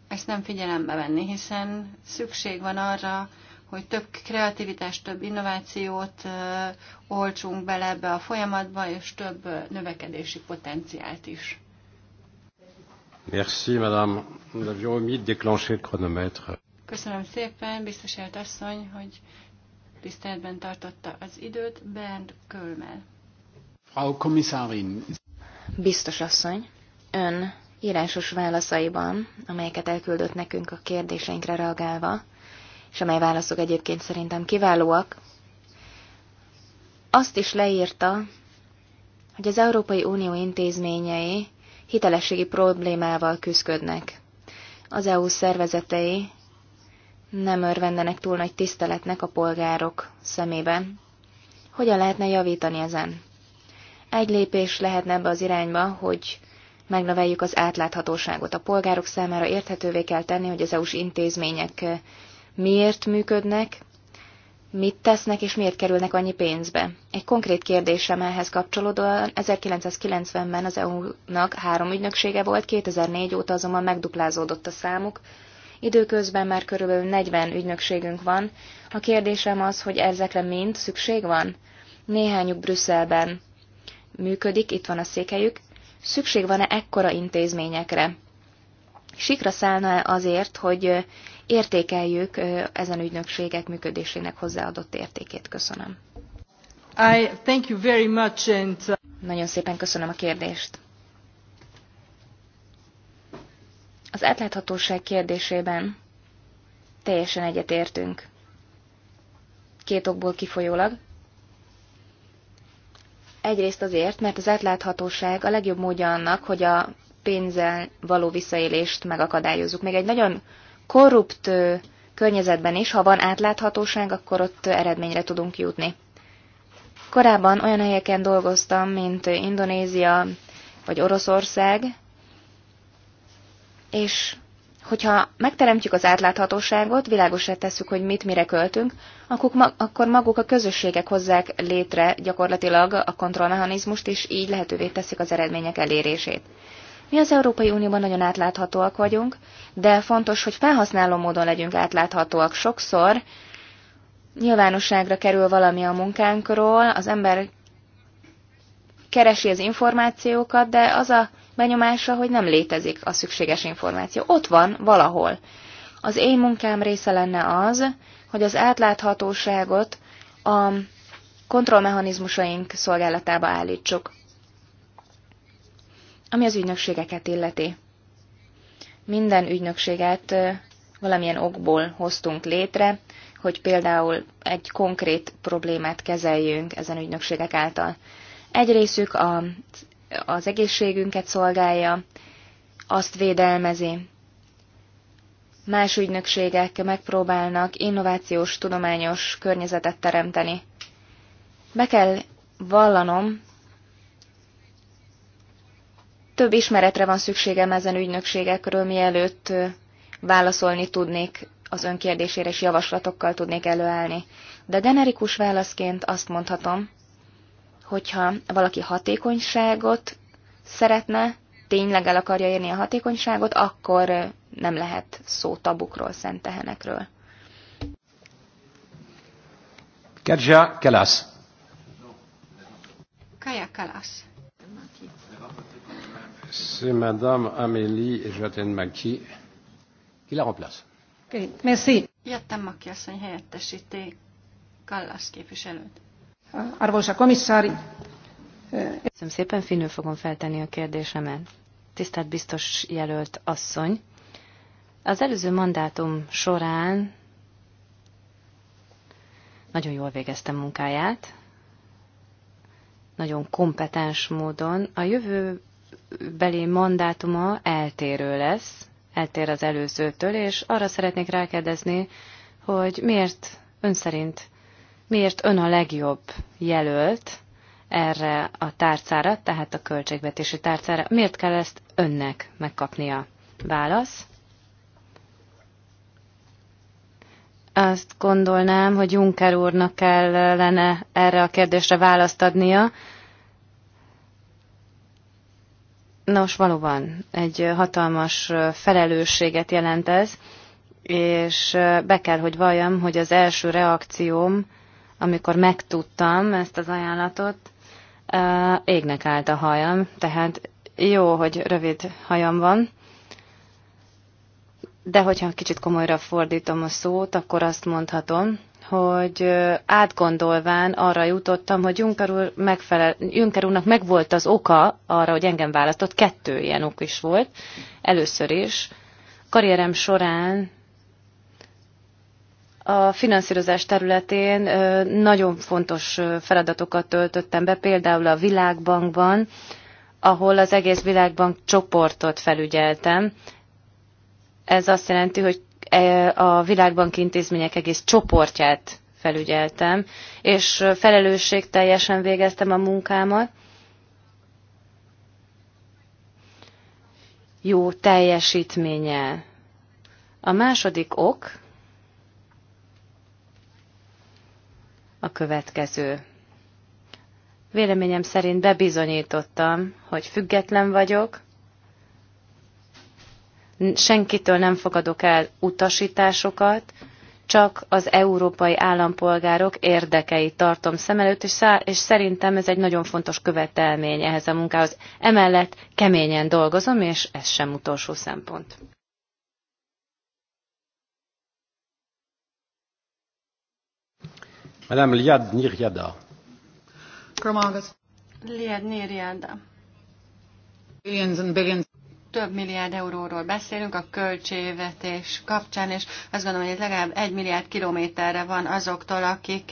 ezt nem figyelembe venni, hiszen szükség van arra, hogy több kreativitást, több innovációt olcsunk bele ebbe a folyamatba, és több növekedési potenciált is. Merci, madame. de déclencher le chronomètre. Köszönöm szépen, biztos asszony, hogy tiszteletben tartotta az időt. Bernd Kölmel. Frau Kommissarin. Biztos asszony, ön írásos válaszaiban, amelyeket elküldött nekünk a kérdéseinkre reagálva, és amely válaszok egyébként szerintem kiválóak, azt is leírta, hogy az Európai Unió intézményei hitelességi problémával küzdködnek. Az EU szervezetei nem örvendenek túl nagy tiszteletnek a polgárok szemében. Hogyan lehetne javítani ezen? Egy lépés lehetne ebbe az irányba, hogy megnöveljük az átláthatóságot. A polgárok számára érthetővé kell tenni, hogy az EU-s intézmények miért működnek, mit tesznek és miért kerülnek annyi pénzbe. Egy konkrét kérdésem ehhez kapcsolódóan 1990-ben az EU-nak három ügynöksége volt, 2004 óta azonban megduplázódott a számuk, Időközben már körülbelül 40 ügynökségünk van. A kérdésem az, hogy ezekre mind szükség van? Néhányuk Brüsszelben működik, itt van a székhelyük. Szükség van-e ekkora intézményekre? Sikra szállna -e azért, hogy értékeljük ezen ügynökségek működésének hozzáadott értékét. Köszönöm. I thank you very much and... Uh, nagyon szépen köszönöm a kérdést. Az átláthatóság kérdésében teljesen egyetértünk. Két okból kifolyólag. Egyrészt azért, mert az átláthatóság a legjobb módja annak, hogy a pénzzel való visszaélést megakadályozzuk. Még egy nagyon korrupt környezetben is, ha van átláthatóság, akkor ott eredményre tudunk jutni. Korábban olyan helyeken dolgoztam, mint Indonézia vagy Oroszország, és hogyha megteremtjük az átláthatóságot, világosra tesszük, hogy mit mire költünk, akkor maguk a közösségek hozzák létre gyakorlatilag a kontrollmechanizmust, és így lehetővé teszik az eredmények elérését. Mi az Európai Unióban nagyon átláthatóak vagyunk, de fontos, hogy felhasználó módon legyünk átláthatóak. Sokszor nyilvánosságra kerül valami a munkánkról, az ember keresi az információkat, de az a benyomása, hogy nem létezik a szükséges információ. Ott van valahol. Az én munkám része lenne az, hogy az átláthatóságot a kontrollmechanizmusaink szolgálatába állítsuk ami az ügynökségeket illeti. Minden ügynökséget valamilyen okból hoztunk létre, hogy például egy konkrét problémát kezeljünk ezen ügynökségek által. Egy részük a, az egészségünket szolgálja, azt védelmezi. Más ügynökségek megpróbálnak innovációs, tudományos környezetet teremteni. Be kell vallanom, több ismeretre van szükségem ezen ügynökségekről, mielőtt válaszolni tudnék az önkérdésére és javaslatokkal tudnék előállni. De generikus válaszként azt mondhatom, hogyha valaki hatékonyságot szeretne, tényleg el akarja érni a hatékonyságot, akkor nem lehet szó tabukról, szentehenekről. Kedja Kelasz. Kaja Kelasz. C'est Madame Amélie Jatenmaki qui la remplace. Okay, merci. Jatenmaki asszony helyettesíti Kallas képviselőt. Arvoisa komissári. Köszönöm szépen, finnül fogom feltenni a kérdésemet. Tisztelt biztos jelölt asszony, az előző mandátum során nagyon jól végeztem munkáját, nagyon kompetens módon. A jövő beli mandátuma eltérő lesz, eltér az előzőtől, és arra szeretnék rákérdezni, hogy miért ön szerint, miért ön a legjobb jelölt erre a tárcára, tehát a költségvetési tárcára, miért kell ezt önnek megkapnia? Válasz. Azt gondolnám, hogy Juncker úrnak kellene erre a kérdésre választ adnia, Nos, valóban egy hatalmas felelősséget jelent ez, és be kell, hogy valljam, hogy az első reakcióm, amikor megtudtam ezt az ajánlatot, égnek állt a hajam, tehát jó, hogy rövid hajam van, de hogyha kicsit komolyra fordítom a szót, akkor azt mondhatom, hogy átgondolván arra jutottam, hogy Juncker, úr megfelel, Juncker úrnak megvolt az oka arra, hogy engem választott, kettő ilyen ok is volt. Először is karrierem során a finanszírozás területén nagyon fontos feladatokat töltöttem be, például a Világbankban, ahol az egész Világbank csoportot felügyeltem. Ez azt jelenti, hogy E, a világbanki intézmények egész csoportját felügyeltem, és felelősségteljesen végeztem a munkámat. Jó teljesítménye. A második ok a következő. Véleményem szerint bebizonyítottam, hogy független vagyok, senkitől nem fogadok el utasításokat, csak az európai állampolgárok érdekeit tartom szem előtt, és, szá- és szerintem ez egy nagyon fontos követelmény ehhez a munkához. Emellett keményen dolgozom, és ez sem utolsó szempont. Madame Liad Nirjada. Liad Nirjada. Billions and billions több milliárd euróról beszélünk a költségvetés kapcsán, és azt gondolom, hogy ez legalább egy milliárd kilométerre van azoktól, akik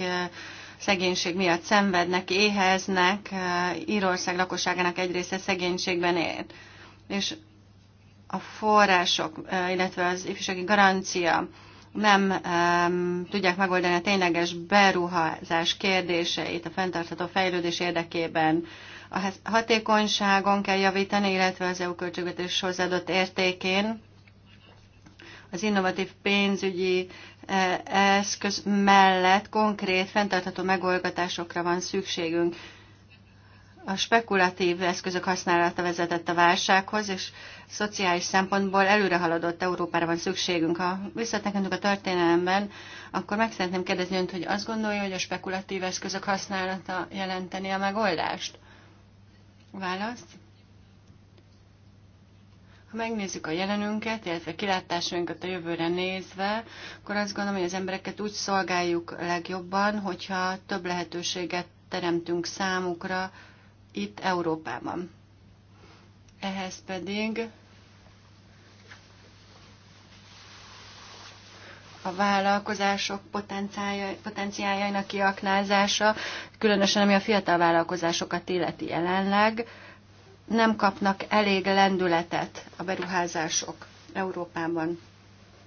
szegénység miatt szenvednek, éheznek, Írország lakosságának egy része szegénységben él. És a források, illetve az ifjúsági garancia nem um, tudják megoldani a tényleges beruházás kérdéseit a fenntartható fejlődés érdekében. Uh, a hatékonyságon kell javítani, illetve az EU költségvetés hozzáadott értékén. Az innovatív pénzügyi e, eszköz mellett konkrét fenntartható megoldásokra van szükségünk. A spekulatív eszközök használata vezetett a válsághoz, és szociális szempontból előre haladott Európára van szükségünk. Ha visszatekintünk a történelemben, akkor meg szeretném kérdezni önt, hogy azt gondolja, hogy a spekulatív eszközök használata jelenteni a megoldást? Válasz. Ha megnézzük a jelenünket, illetve kilátásainkat a jövőre nézve, akkor azt gondolom, hogy az embereket úgy szolgáljuk legjobban, hogyha több lehetőséget teremtünk számukra itt Európában. Ehhez pedig a vállalkozások potenciáljainak kiaknázása, különösen ami a fiatal vállalkozásokat illeti jelenleg, nem kapnak elég lendületet a beruházások Európában.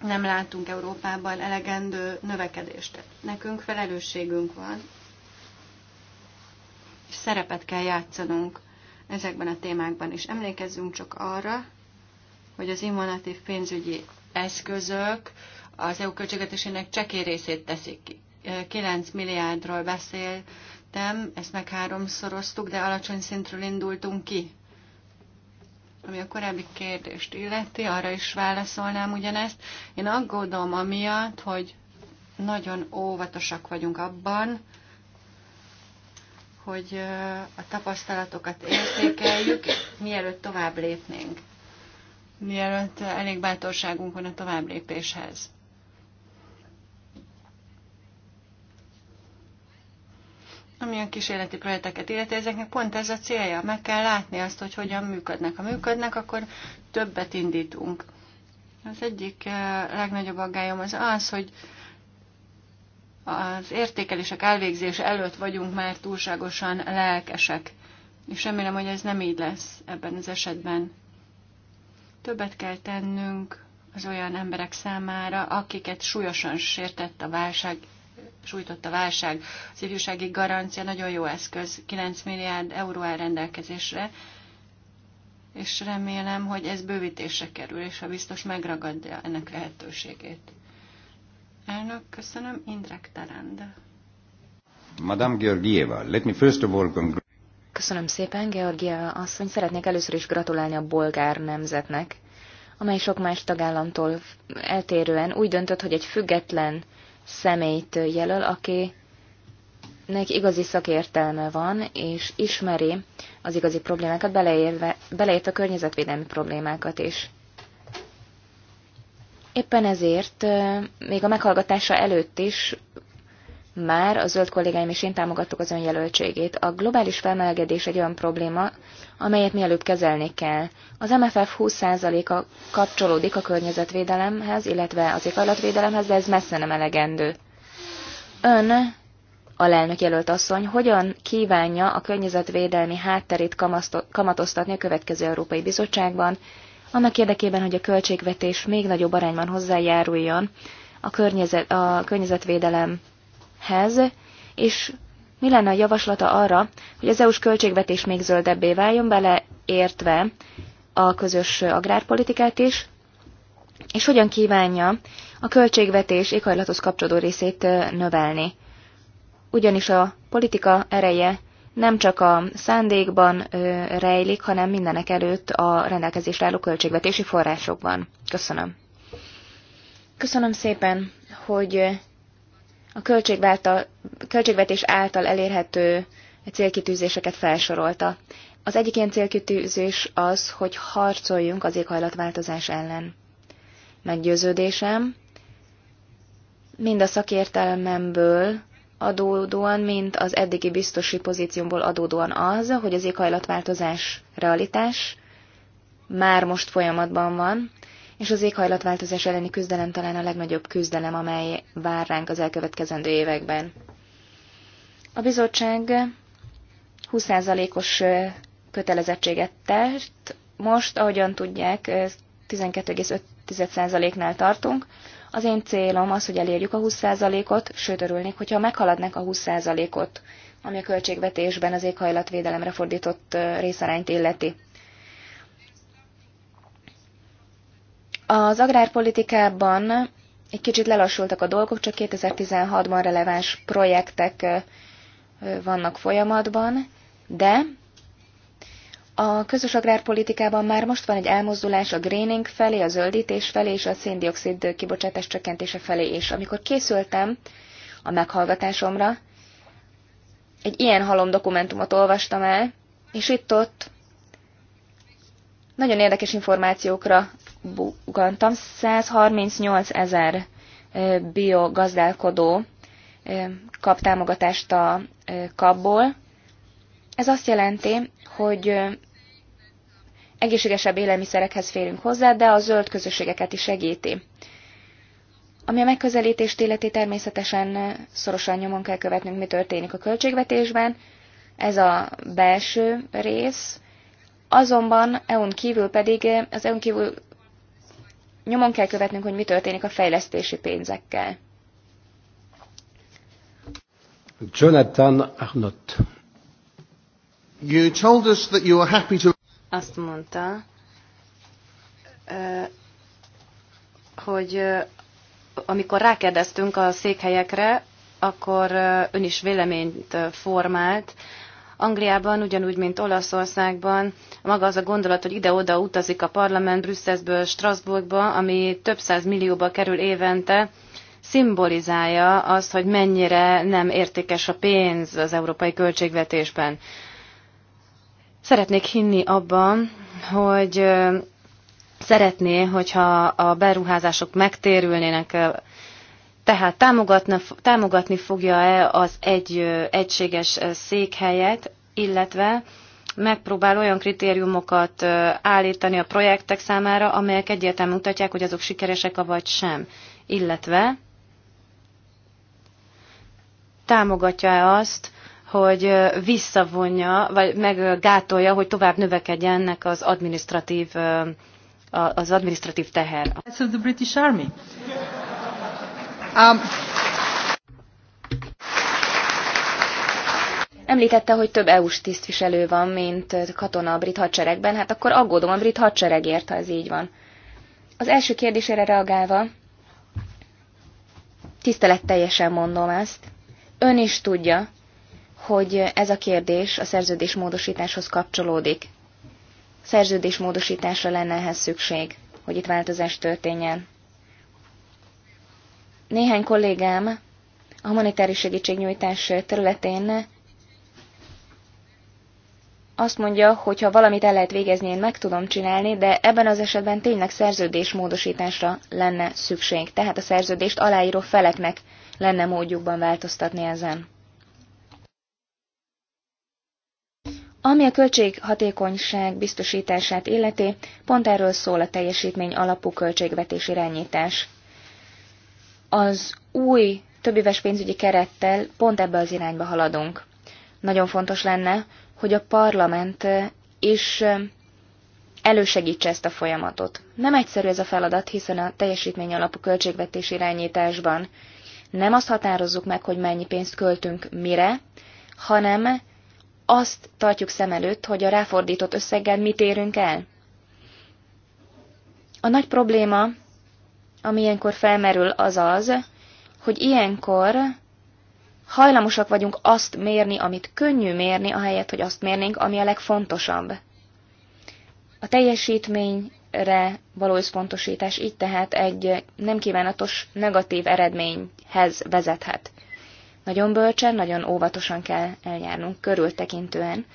Nem látunk Európában elegendő növekedést. Nekünk felelősségünk van, és szerepet kell játszanunk ezekben a témákban is. Emlékezzünk csak arra, hogy az immunatív pénzügyi eszközök, az EU költségvetésének csekély részét teszik ki. 9 milliárdról beszéltem, ezt meg háromszoroztuk, de alacsony szintről indultunk ki. Ami a korábbi kérdést illeti, arra is válaszolnám ugyanezt. Én aggódom amiatt, hogy nagyon óvatosak vagyunk abban, hogy a tapasztalatokat értékeljük, mielőtt tovább lépnénk. Mielőtt elég bátorságunk van a tovább lépéshez. Ami a kísérleti projekteket illeti, ezeknek pont ez a célja. Meg kell látni azt, hogy hogyan működnek. Ha működnek, akkor többet indítunk. Az egyik eh, legnagyobb aggályom az az, hogy az értékelések elvégzése előtt vagyunk már túlságosan lelkesek. És remélem, hogy ez nem így lesz ebben az esetben. Többet kell tennünk az olyan emberek számára, akiket súlyosan sértett a válság sújtott a válság. Az ifjúsági garancia nagyon jó eszköz, 9 milliárd euró áll rendelkezésre, és remélem, hogy ez bővítésre kerül, és ha biztos megragadja ennek lehetőségét. Elnök, köszönöm, Indrek Tarand. Madame Georgieva, let me first of all congratulate. Köszönöm szépen, Georgia asszony. Szeretnék először is gratulálni a bolgár nemzetnek, amely sok más tagállamtól eltérően úgy döntött, hogy egy független személyt jelöl, aki nek igazi szakértelme van, és ismeri az igazi problémákat, beleértve, beleért a környezetvédelmi problémákat is. Éppen ezért még a meghallgatása előtt is már a zöld kollégáim és én támogattuk az önjelöltségét. A globális felmelegedés egy olyan probléma, amelyet mielőbb kezelni kell. Az MFF 20%-a kapcsolódik a környezetvédelemhez, illetve az éghajlatvédelemhez, de ez messze nem elegendő. Ön, a lelnök jelölt asszony, hogyan kívánja a környezetvédelmi hátterét kamatoztatni a következő Európai Bizottságban, annak érdekében, hogy a költségvetés még nagyobb arányban hozzájáruljon a, környezet, a környezetvédelem hez, és mi lenne a javaslata arra, hogy az EU-s költségvetés még zöldebbé váljon bele, értve a közös agrárpolitikát is, és hogyan kívánja a költségvetés éghajlathoz kapcsolódó részét növelni. Ugyanis a politika ereje nem csak a szándékban ö, rejlik, hanem mindenek előtt a rendelkezésre álló költségvetési forrásokban. Köszönöm. Köszönöm szépen, hogy a költségvetés által elérhető célkitűzéseket felsorolta. Az egyik ilyen célkitűzés az, hogy harcoljunk az éghajlatváltozás ellen. Meggyőződésem, mind a szakértelmemből adódóan, mint az eddigi biztosi pozíciómból adódóan az, hogy az éghajlatváltozás realitás már most folyamatban van, és az éghajlatváltozás elleni küzdelem talán a legnagyobb küzdelem, amely vár ránk az elkövetkezendő években. A bizottság 20%-os kötelezettséget tett, most, ahogyan tudják, 12,5%-nál tartunk. Az én célom az, hogy elérjük a 20%-ot, sőt örülnék, hogyha meghaladnak a 20%-ot, ami a költségvetésben az éghajlatvédelemre fordított részarányt illeti. Az agrárpolitikában egy kicsit lelassultak a dolgok, csak 2016-ban releváns projektek vannak folyamatban, de a közös agrárpolitikában már most van egy elmozdulás a greening felé, a zöldítés felé és a széndiokszid kibocsátás csökkentése felé is. Amikor készültem a meghallgatásomra, egy ilyen halom dokumentumot olvastam el, és itt-ott nagyon érdekes információkra bugantam, 138 ezer biogazdálkodó kap támogatást a kapból. Ez azt jelenti, hogy egészségesebb élelmiszerekhez férünk hozzá, de a zöld közösségeket is segíti. Ami a megközelítést illeti, természetesen szorosan nyomon kell követnünk, mi történik a költségvetésben. Ez a belső rész. Azonban EU-n kívül pedig az EU-n kívül nyomon kell követnünk, hogy mi történik a fejlesztési pénzekkel. Jonathan Arnott. You told us that you are happy to... Azt mondta, hogy amikor rákérdeztünk a székhelyekre, akkor ön is véleményt formált, Angliában, ugyanúgy, mint Olaszországban, maga az a gondolat, hogy ide-oda utazik a parlament Brüsszelből Strasbourgba, ami több száz millióba kerül évente, szimbolizálja azt, hogy mennyire nem értékes a pénz az európai költségvetésben. Szeretnék hinni abban, hogy szeretné, hogyha a beruházások megtérülnének tehát támogatni fogja-e az egy egységes székhelyet, illetve megpróbál olyan kritériumokat állítani a projektek számára, amelyek egyértelműen mutatják, hogy azok sikeresek, vagy sem. Illetve támogatja-e azt, hogy visszavonja, vagy meggátolja, hogy tovább növekedjen ennek az administratív az administratív teher. That's the British Army. Um, Említette, hogy több EU-s tisztviselő van, mint katona a brit hadseregben, hát akkor aggódom a brit hadseregért, ha ez így van. Az első kérdésére reagálva, teljesen mondom ezt, ön is tudja, hogy ez a kérdés a szerződésmódosításhoz kapcsolódik. Szerződésmódosításra lenne ehhez szükség, hogy itt változás történjen. Néhány kollégám a humanitári segítségnyújtás területén azt mondja, hogy ha valamit el lehet végezni, én meg tudom csinálni, de ebben az esetben tényleg szerződésmódosításra módosításra lenne szükség. Tehát a szerződést aláíró feleknek lenne módjukban változtatni ezen. Ami a költséghatékonyság biztosítását illeti, pont erről szól a teljesítmény alapú költségvetés irányítás az új többéves pénzügyi kerettel pont ebbe az irányba haladunk. Nagyon fontos lenne, hogy a parlament is elősegítse ezt a folyamatot. Nem egyszerű ez a feladat, hiszen a teljesítmény alapú költségvetés irányításban nem azt határozzuk meg, hogy mennyi pénzt költünk mire, hanem azt tartjuk szem előtt, hogy a ráfordított összeggel mit érünk el. A nagy probléma ami ilyenkor felmerül, az az, hogy ilyenkor hajlamosak vagyunk azt mérni, amit könnyű mérni, ahelyett, hogy azt mérnénk, ami a legfontosabb. A teljesítményre való összpontosítás így tehát egy nem kívánatos negatív eredményhez vezethet. Nagyon bölcsen, nagyon óvatosan kell eljárnunk, körültekintően,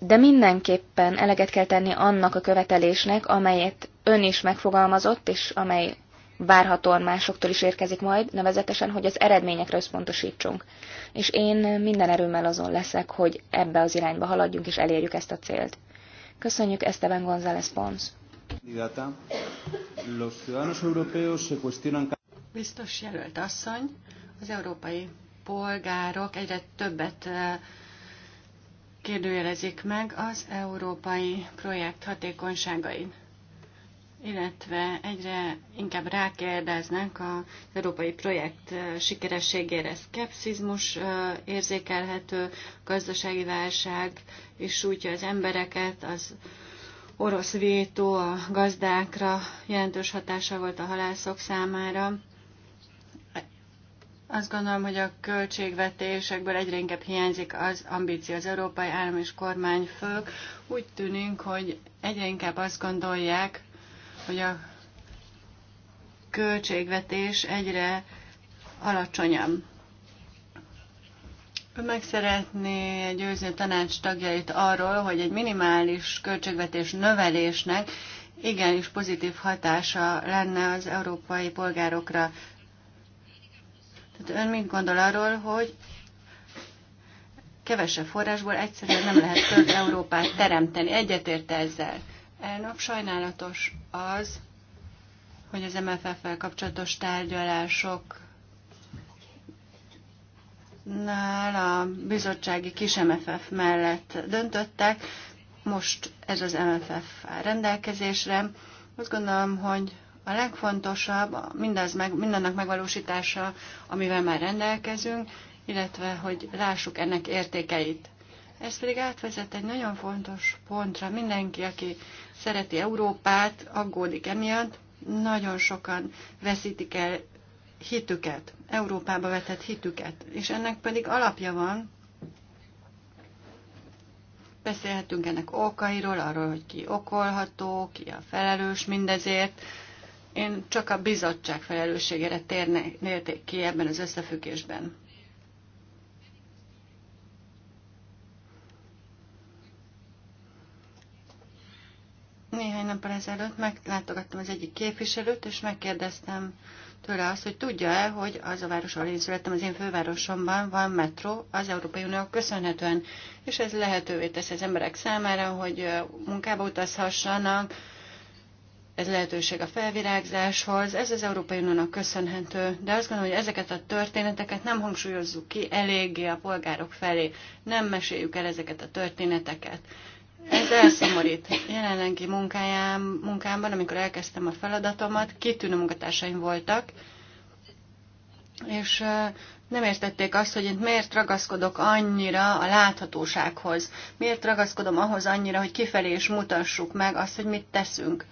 de mindenképpen eleget kell tenni annak a követelésnek, amelyet ön is megfogalmazott, és amely várhatóan másoktól is érkezik majd, nevezetesen, hogy az eredményekre összpontosítsunk. És én minden erőmmel azon leszek, hogy ebbe az irányba haladjunk és elérjük ezt a célt. Köszönjük Esteban González Pons. Biztos jelölt asszony, az európai polgárok egyre többet eh, kérdőjelezik meg az európai projekt hatékonyságait, illetve egyre inkább rákérdeznek az európai projekt sikerességére. Szkepszizmus érzékelhető, gazdasági válság is sújtja az embereket, az orosz vétó a gazdákra jelentős hatása volt a halászok számára azt gondolom, hogy a költségvetésekből egyre inkább hiányzik az ambíció. Az európai állam és kormányfők úgy tűnik, hogy egyre inkább azt gondolják, hogy a költségvetés egyre alacsonyabb. Ön meg szeretné győzni a tanács tagjait arról, hogy egy minimális költségvetés növelésnek igenis pozitív hatása lenne az európai polgárokra. Tehát ön mit gondol arról, hogy kevesebb forrásból egyszerűen nem lehet több Európát teremteni? Egyetérte ezzel. Elnök, sajnálatos az, hogy az MFF-fel kapcsolatos tárgyalások nál a bizottsági kis MFF mellett döntöttek. Most ez az MFF áll rendelkezésre. Azt gondolom, hogy a legfontosabb mindaz meg, mindannak megvalósítása, amivel már rendelkezünk, illetve hogy lássuk ennek értékeit. Ez pedig átvezet egy nagyon fontos pontra. Mindenki, aki szereti Európát, aggódik emiatt. Nagyon sokan veszítik el hitüket, Európába vetett hitüket, és ennek pedig alapja van, beszélhetünk ennek okairól, arról, hogy ki okolható, ki a felelős mindezért, én csak a bizottság felelősségére térnék ki ebben az összefüggésben. Néhány nappal ezelőtt meglátogattam az egyik képviselőt, és megkérdeztem tőle azt, hogy tudja-e, hogy az a város, ahol én születtem, az én fővárosomban van metró az Európai Unió köszönhetően, és ez lehetővé teszi az emberek számára, hogy munkába utazhassanak, ez lehetőség a felvirágzáshoz, ez az Európai Uniónak köszönhető, de azt gondolom, hogy ezeket a történeteket nem hangsúlyozzuk ki eléggé a polgárok felé, nem meséljük el ezeket a történeteket. Ez elszomorít. Jelenlegi munkájám, munkámban, amikor elkezdtem a feladatomat, kitűnő munkatársaim voltak, és nem értették azt, hogy én miért ragaszkodok annyira a láthatósághoz, miért ragaszkodom ahhoz annyira, hogy kifelé is mutassuk meg azt, hogy mit teszünk.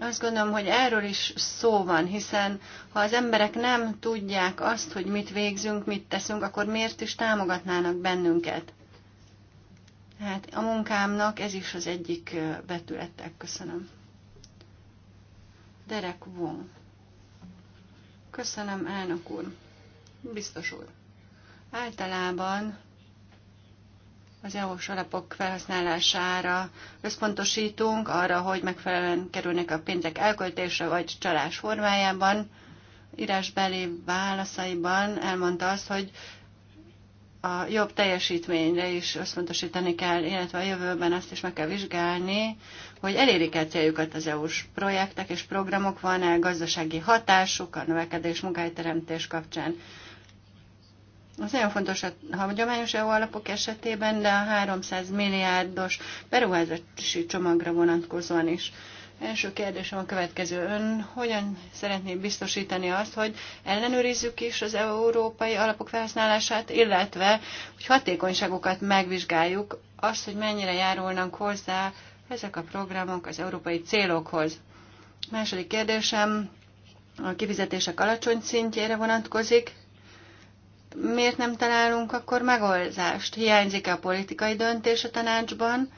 Azt gondolom, hogy erről is szó van, hiszen ha az emberek nem tudják azt, hogy mit végzünk, mit teszünk, akkor miért is támogatnának bennünket? Hát a munkámnak ez is az egyik vetületek. Köszönöm. Derek Wong. Köszönöm, elnök úr. Biztos úr. Általában az EU-s alapok felhasználására összpontosítunk, arra, hogy megfelelően kerülnek a pénzek elköltése vagy csalás formájában. Írásbeli válaszaiban elmondta azt, hogy a jobb teljesítményre is összpontosítani kell, illetve a jövőben azt is meg kell vizsgálni, hogy elérik-e céljukat az EU-s projektek és programok, van-e gazdasági hatásuk a növekedés munkahelyteremtés kapcsán. Az nagyon fontos a hagyományos EU alapok esetében, de a 300 milliárdos beruházási csomagra vonatkozóan is. Első kérdésem a következő. Ön hogyan szeretné biztosítani azt, hogy ellenőrizzük is az európai alapok felhasználását, illetve hogy hatékonyságokat megvizsgáljuk, azt, hogy mennyire járulnak hozzá ezek a programok az európai célokhoz. Második kérdésem a kifizetések alacsony szintjére vonatkozik miért nem találunk akkor megoldást? Hiányzik-e a politikai döntés a tanácsban?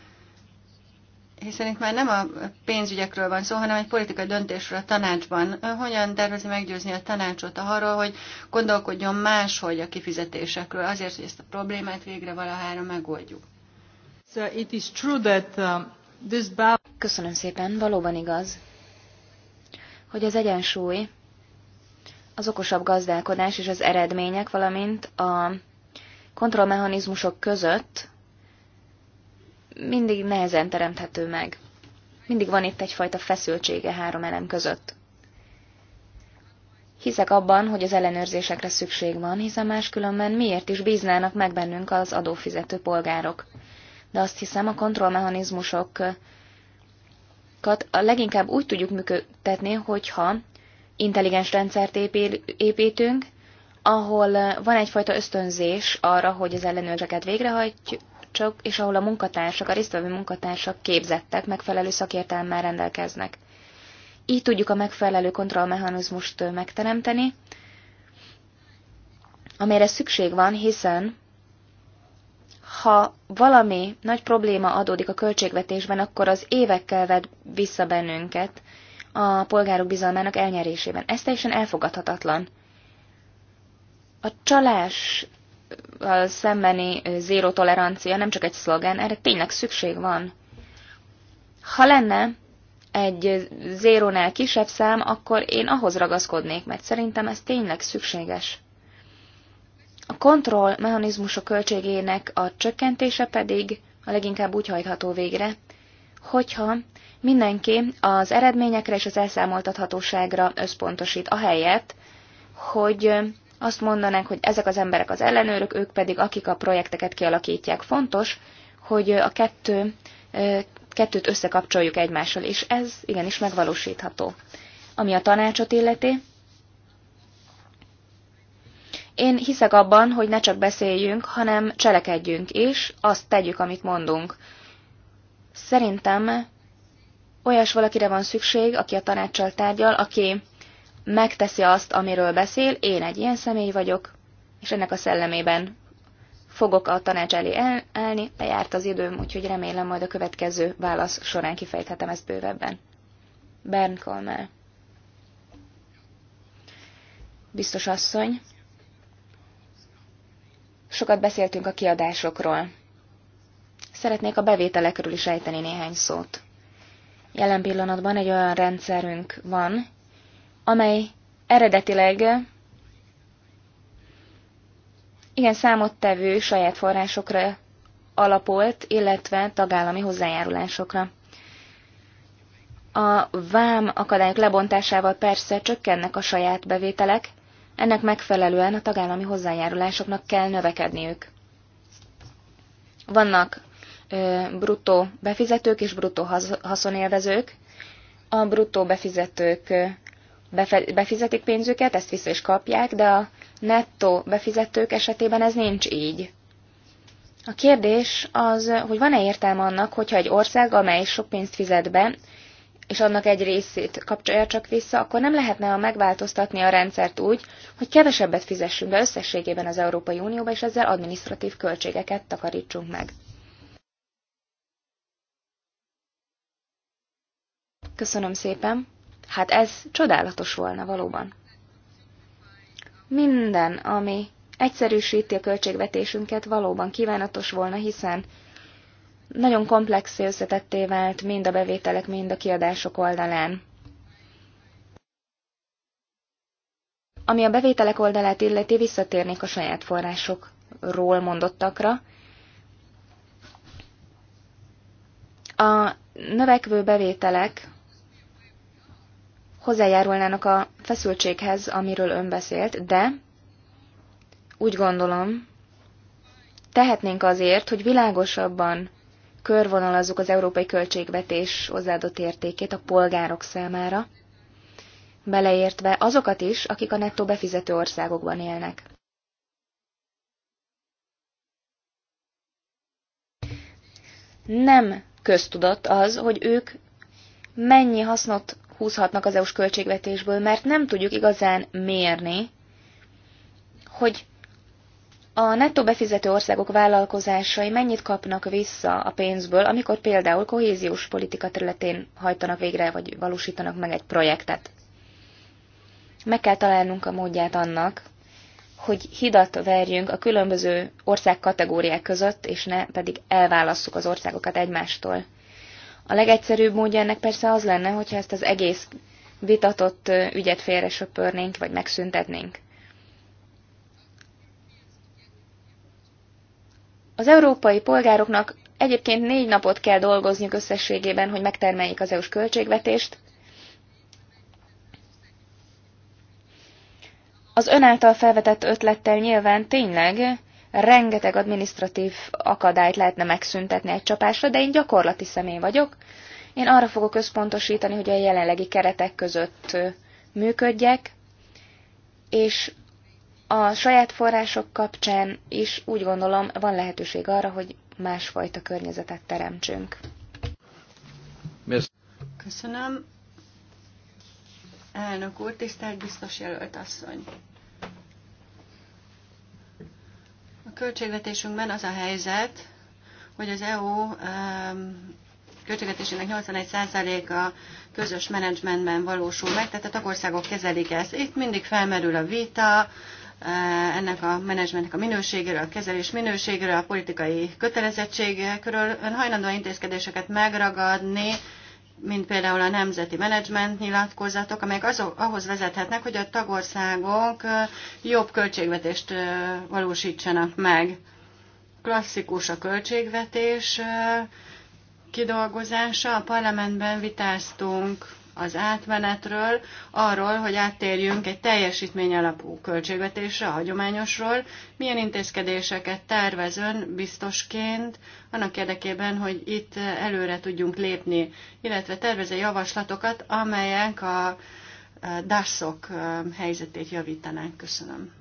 Hiszen itt már nem a pénzügyekről van szó, hanem egy politikai döntésről a tanácsban. Ön hogyan tervezi meggyőzni a tanácsot arról, hogy gondolkodjon máshogy a kifizetésekről, azért, hogy ezt a problémát végre valahára megoldjuk? So it is true that, um, this... Köszönöm szépen, valóban igaz, hogy az egyensúly az okosabb gazdálkodás és az eredmények, valamint a kontrollmechanizmusok között mindig nehezen teremthető meg. Mindig van itt egyfajta feszültsége három elem között. Hiszek abban, hogy az ellenőrzésekre szükség van, hiszen máskülönben miért is bíznának meg bennünk az adófizető polgárok. De azt hiszem, a kontrollmechanizmusokat a leginkább úgy tudjuk működtetni, hogyha intelligens rendszert építünk, ahol eh, van egyfajta ösztönzés arra, hogy az ellenőrzeket végrehajtsuk, és ahol a munkatársak, a résztvevő munkatársak képzettek, megfelelő szakértelemmel rendelkeznek. Így tudjuk a megfelelő kontrollmechanizmust eh, megteremteni, amelyre szükség van, hiszen ha valami nagy probléma adódik a költségvetésben, akkor az évekkel vett vissza bennünket, a polgárok bizalmának elnyerésében. Ez teljesen elfogadhatatlan. A csalás szembeni zéró tolerancia nem csak egy szlogán, erre tényleg szükség van. Ha lenne egy zérónál kisebb szám, akkor én ahhoz ragaszkodnék, mert szerintem ez tényleg szükséges. A kontroll mechanizmusok költségének a csökkentése pedig a leginkább úgy hajtható végre, hogyha mindenki az eredményekre és az elszámoltathatóságra összpontosít, ahelyett, hogy azt mondanánk, hogy ezek az emberek az ellenőrök, ők pedig akik a projekteket kialakítják. Fontos, hogy a kettő, kettőt összekapcsoljuk egymással, és ez igenis megvalósítható. Ami a tanácsot illeti, én hiszek abban, hogy ne csak beszéljünk, hanem cselekedjünk, és azt tegyük, amit mondunk. Szerintem olyas valakire van szükség, aki a tanácssal tárgyal, aki megteszi azt, amiről beszél, én egy ilyen személy vagyok, és ennek a szellemében fogok a tanács elé állni, lejárt az időm, úgyhogy remélem majd a következő válasz során kifejthetem ezt bővebben. Bern Kalmel. Biztos asszony. Sokat beszéltünk a kiadásokról. Szeretnék a bevételekről is ejteni néhány szót. Jelen pillanatban egy olyan rendszerünk van, amely eredetileg igen számottevő saját forrásokra alapolt, illetve tagállami hozzájárulásokra. A vám akadályok lebontásával persze csökkennek a saját bevételek, ennek megfelelően a tagállami hozzájárulásoknak kell növekedniük. Vannak bruttó befizetők és bruttó haszonélvezők. A bruttó befizetők befizetik pénzüket, ezt vissza is kapják, de a nettó befizetők esetében ez nincs így. A kérdés az, hogy van-e értelme annak, hogyha egy ország, amely sok pénzt fizet be, és annak egy részét kapcsolja csak vissza, akkor nem lehetne a megváltoztatni a rendszert úgy, hogy kevesebbet fizessünk be összességében az Európai Unióba, és ezzel administratív költségeket takarítsunk meg. Köszönöm szépen. Hát ez csodálatos volna valóban. Minden, ami egyszerűsíti a költségvetésünket, valóban kívánatos volna, hiszen nagyon komplexé összetetté vált mind a bevételek, mind a kiadások oldalán. Ami a bevételek oldalát illeti, visszatérnék a saját forrásokról mondottakra. A növekvő bevételek hozzájárulnának a feszültséghez, amiről ön beszélt, de úgy gondolom, tehetnénk azért, hogy világosabban körvonalazzuk az európai költségvetés hozzáadott értékét a polgárok számára, beleértve azokat is, akik a nettó befizető országokban élnek. Nem köztudott az, hogy ők mennyi hasznot húzhatnak az EU-s költségvetésből, mert nem tudjuk igazán mérni, hogy a nettó befizető országok vállalkozásai mennyit kapnak vissza a pénzből, amikor például kohéziós politika területén hajtanak végre, vagy valósítanak meg egy projektet. Meg kell találnunk a módját annak, hogy hidat verjünk a különböző ország kategóriák között, és ne pedig elválasszuk az országokat egymástól. A legegyszerűbb módja ennek persze az lenne, hogyha ezt az egész vitatott ügyet félre söpörnénk, vagy megszüntetnénk. Az európai polgároknak egyébként négy napot kell dolgozniuk összességében, hogy megtermeljék az EU-s költségvetést. Az ön által felvetett ötlettel nyilván tényleg rengeteg administratív akadályt lehetne megszüntetni egy csapásra, de én gyakorlati személy vagyok. Én arra fogok összpontosítani, hogy a jelenlegi keretek között működjek, és a saját források kapcsán is úgy gondolom van lehetőség arra, hogy másfajta környezetet teremtsünk. Köszönöm. Elnök úr, tisztelt biztos jelölt asszony! A költségvetésünkben az a helyzet, hogy az EU um, költségvetésének 81%-a közös menedzsmentben valósul meg, tehát a tagországok kezelik ezt. Itt mindig felmerül a vita, uh, ennek a menedzsmentnek a minőségéről, a kezelés minőségéről, a politikai kötelezettségekről. Ön hajlandó intézkedéseket megragadni, mint például a nemzeti menedzsment nyilatkozatok, amelyek azok, ahhoz vezethetnek, hogy a tagországok jobb költségvetést valósítsanak meg. Klasszikus a költségvetés kidolgozása. A parlamentben vitáztunk az átmenetről, arról, hogy áttérjünk egy teljesítmény alapú költségvetésre, a hagyományosról, milyen intézkedéseket tervez Ön biztosként, annak érdekében, hogy itt előre tudjunk lépni, illetve terveze javaslatokat, amelyek a dászok helyzetét javítanánk. Köszönöm.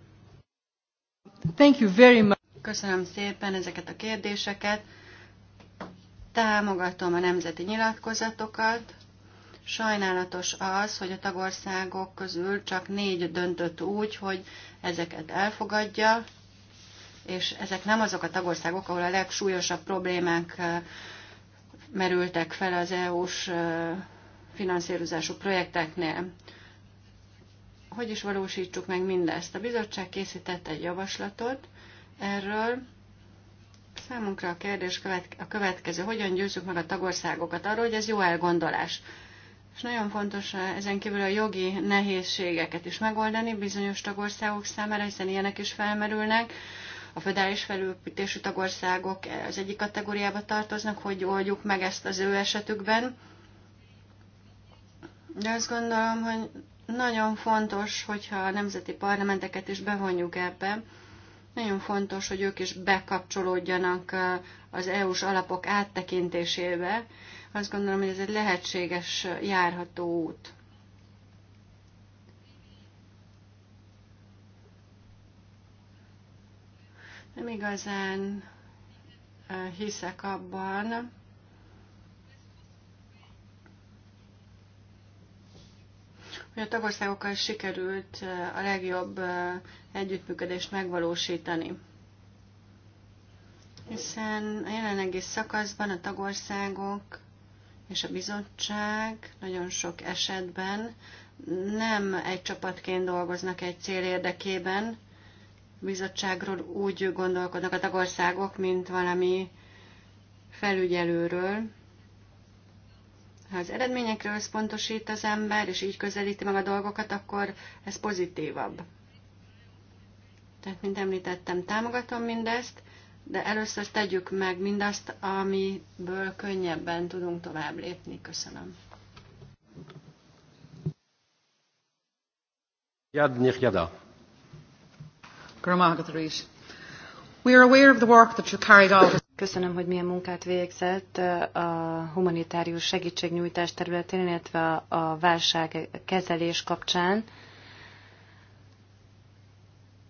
Thank you very much. Köszönöm szépen ezeket a kérdéseket. Támogatom a nemzeti nyilatkozatokat Sajnálatos az, hogy a tagországok közül csak négy döntött úgy, hogy ezeket elfogadja, és ezek nem azok a tagországok, ahol a legsúlyosabb problémák eh, merültek fel az EU-s eh, finanszírozású projekteknél. Hogy is valósítsuk meg mindezt? A bizottság készített egy javaslatot erről. Számunkra a kérdés a következő, hogyan győzzük meg a tagországokat arról, hogy ez jó elgondolás és nagyon fontos eh, ezen kívül a jogi nehézségeket is megoldani bizonyos tagországok számára, hiszen ilyenek is felmerülnek. A föderális felépítésű tagországok eh, az egyik kategóriába tartoznak, hogy oldjuk meg ezt az ő esetükben. De azt gondolom, hogy nagyon fontos, hogyha a nemzeti parlamenteket is bevonjuk ebbe, nagyon fontos, hogy ők is bekapcsolódjanak eh, az EU-s alapok áttekintésébe, azt gondolom, hogy ez egy lehetséges járható út. Nem igazán hiszek abban, hogy a tagországokkal sikerült a legjobb együttműködést megvalósítani. Hiszen a jelenlegi szakaszban a tagországok és a bizottság nagyon sok esetben nem egy csapatként dolgoznak egy cél érdekében, a bizottságról úgy gondolkodnak a tagországok, mint valami felügyelőről. Ha az eredményekről összpontosít az ember, és így közelíti meg a dolgokat, akkor ez pozitívabb. Tehát, mint említettem, támogatom mindezt, de először tegyük meg mindazt, amiből könnyebben tudunk tovább lépni. Köszönöm. Köszönöm, hogy milyen munkát végzett uh, a humanitárius segítségnyújtás területén, illetve a kezelés kapcsán.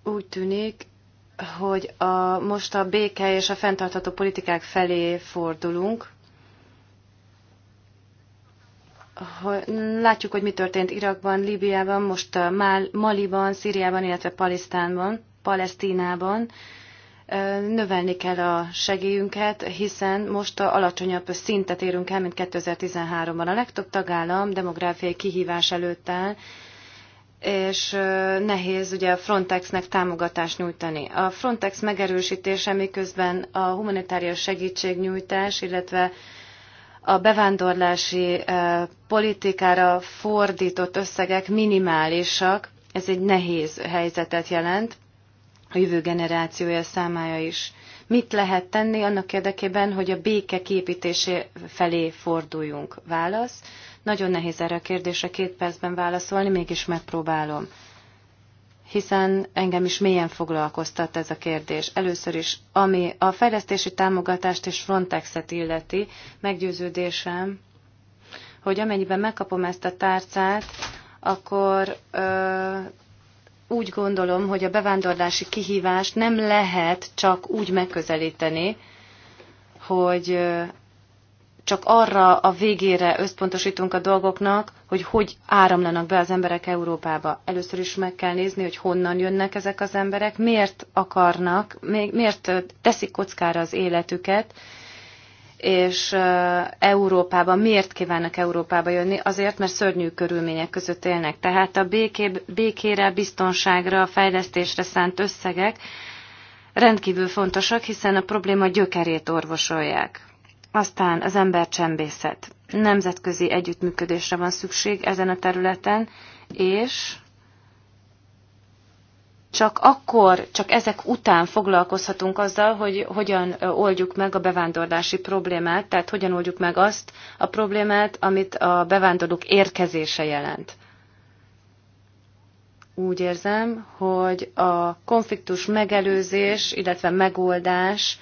Úgy tűnik, hogy a, most a béke és a fenntartható politikák felé fordulunk. Látjuk, hogy mi történt Irakban, Líbiában, most uh, Mal- Maliban, Szíriában, illetve Palisztánban, Palesztínában. Uh, növelni kell a segélyünket, hiszen most a alacsonyabb szintet érünk el, mint 2013-ban. A legtöbb tagállam demográfiai kihívás előtt áll, és nehéz ugye a Frontexnek támogatást nyújtani. A Frontex megerősítése miközben a humanitárius segítségnyújtás, illetve a bevándorlási politikára fordított összegek minimálisak, ez egy nehéz helyzetet jelent a jövő generációja számára is. Mit lehet tenni annak érdekében, hogy a béke képítésé felé forduljunk? Válasz. Nagyon nehéz erre a kérdésre két percben válaszolni, mégis megpróbálom. Hiszen engem is mélyen foglalkoztat ez a kérdés. Először is, ami a fejlesztési támogatást és Frontexet illeti, meggyőződésem, hogy amennyiben megkapom ezt a tárcát, akkor ö, úgy gondolom, hogy a bevándorlási kihívást nem lehet csak úgy megközelíteni, hogy csak arra a végére összpontosítunk a dolgoknak, hogy hogy áramlanak be az emberek Európába. Először is meg kell nézni, hogy honnan jönnek ezek az emberek, miért akarnak, miért teszik kockára az életüket, és Európába, miért kívánnak Európába jönni? Azért, mert szörnyű körülmények között élnek. Tehát a béké, békére, biztonságra, fejlesztésre szánt összegek rendkívül fontosak, hiszen a probléma gyökerét orvosolják. Aztán az embercsempészet. Nemzetközi együttműködésre van szükség ezen a területen, és csak akkor, csak ezek után foglalkozhatunk azzal, hogy hogyan oldjuk meg a bevándorlási problémát, tehát hogyan oldjuk meg azt a problémát, amit a bevándorlók érkezése jelent. Úgy érzem, hogy a konfliktus megelőzés, illetve megoldás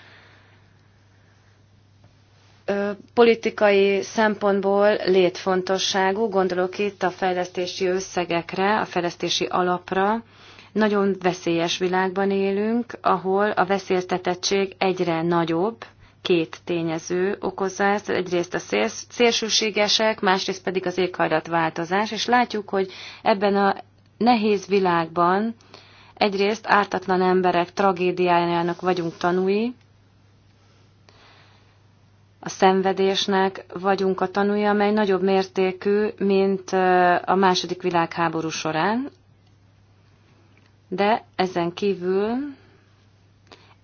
politikai szempontból létfontosságú, gondolok itt a fejlesztési összegekre, a fejlesztési alapra. Nagyon veszélyes világban élünk, ahol a veszélyeztetettség egyre nagyobb, két tényező okozza ezt, egyrészt a szélsőségesek, másrészt pedig az éghajlatváltozás, és látjuk, hogy ebben a nehéz világban egyrészt ártatlan emberek tragédiájának vagyunk tanúi, a szenvedésnek vagyunk a tanúja, amely nagyobb mértékű, mint a második világháború során. De ezen kívül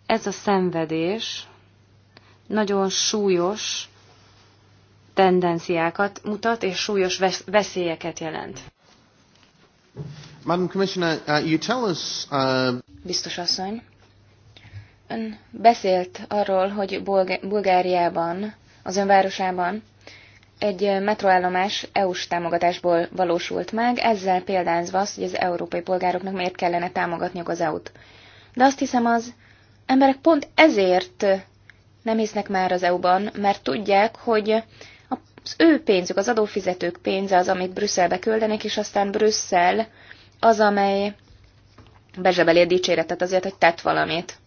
ez a szenvedés nagyon súlyos tendenciákat mutat, és súlyos veszélyeket jelent. Madam Commissioner, uh, you tell us, uh... Biztos asszony, Ön beszélt arról, hogy Bulgáriában, az önvárosában egy metroállomás EU-s támogatásból valósult meg, ezzel példázva azt, hogy az európai polgároknak miért kellene támogatniuk az EU-t. De azt hiszem az emberek pont ezért nem hisznek már az EU-ban, mert tudják, hogy az ő pénzük, az adófizetők pénze az, amit Brüsszelbe küldenek, és aztán Brüsszel az, amely bezsebeli a dicséretet azért, hogy tett valamit.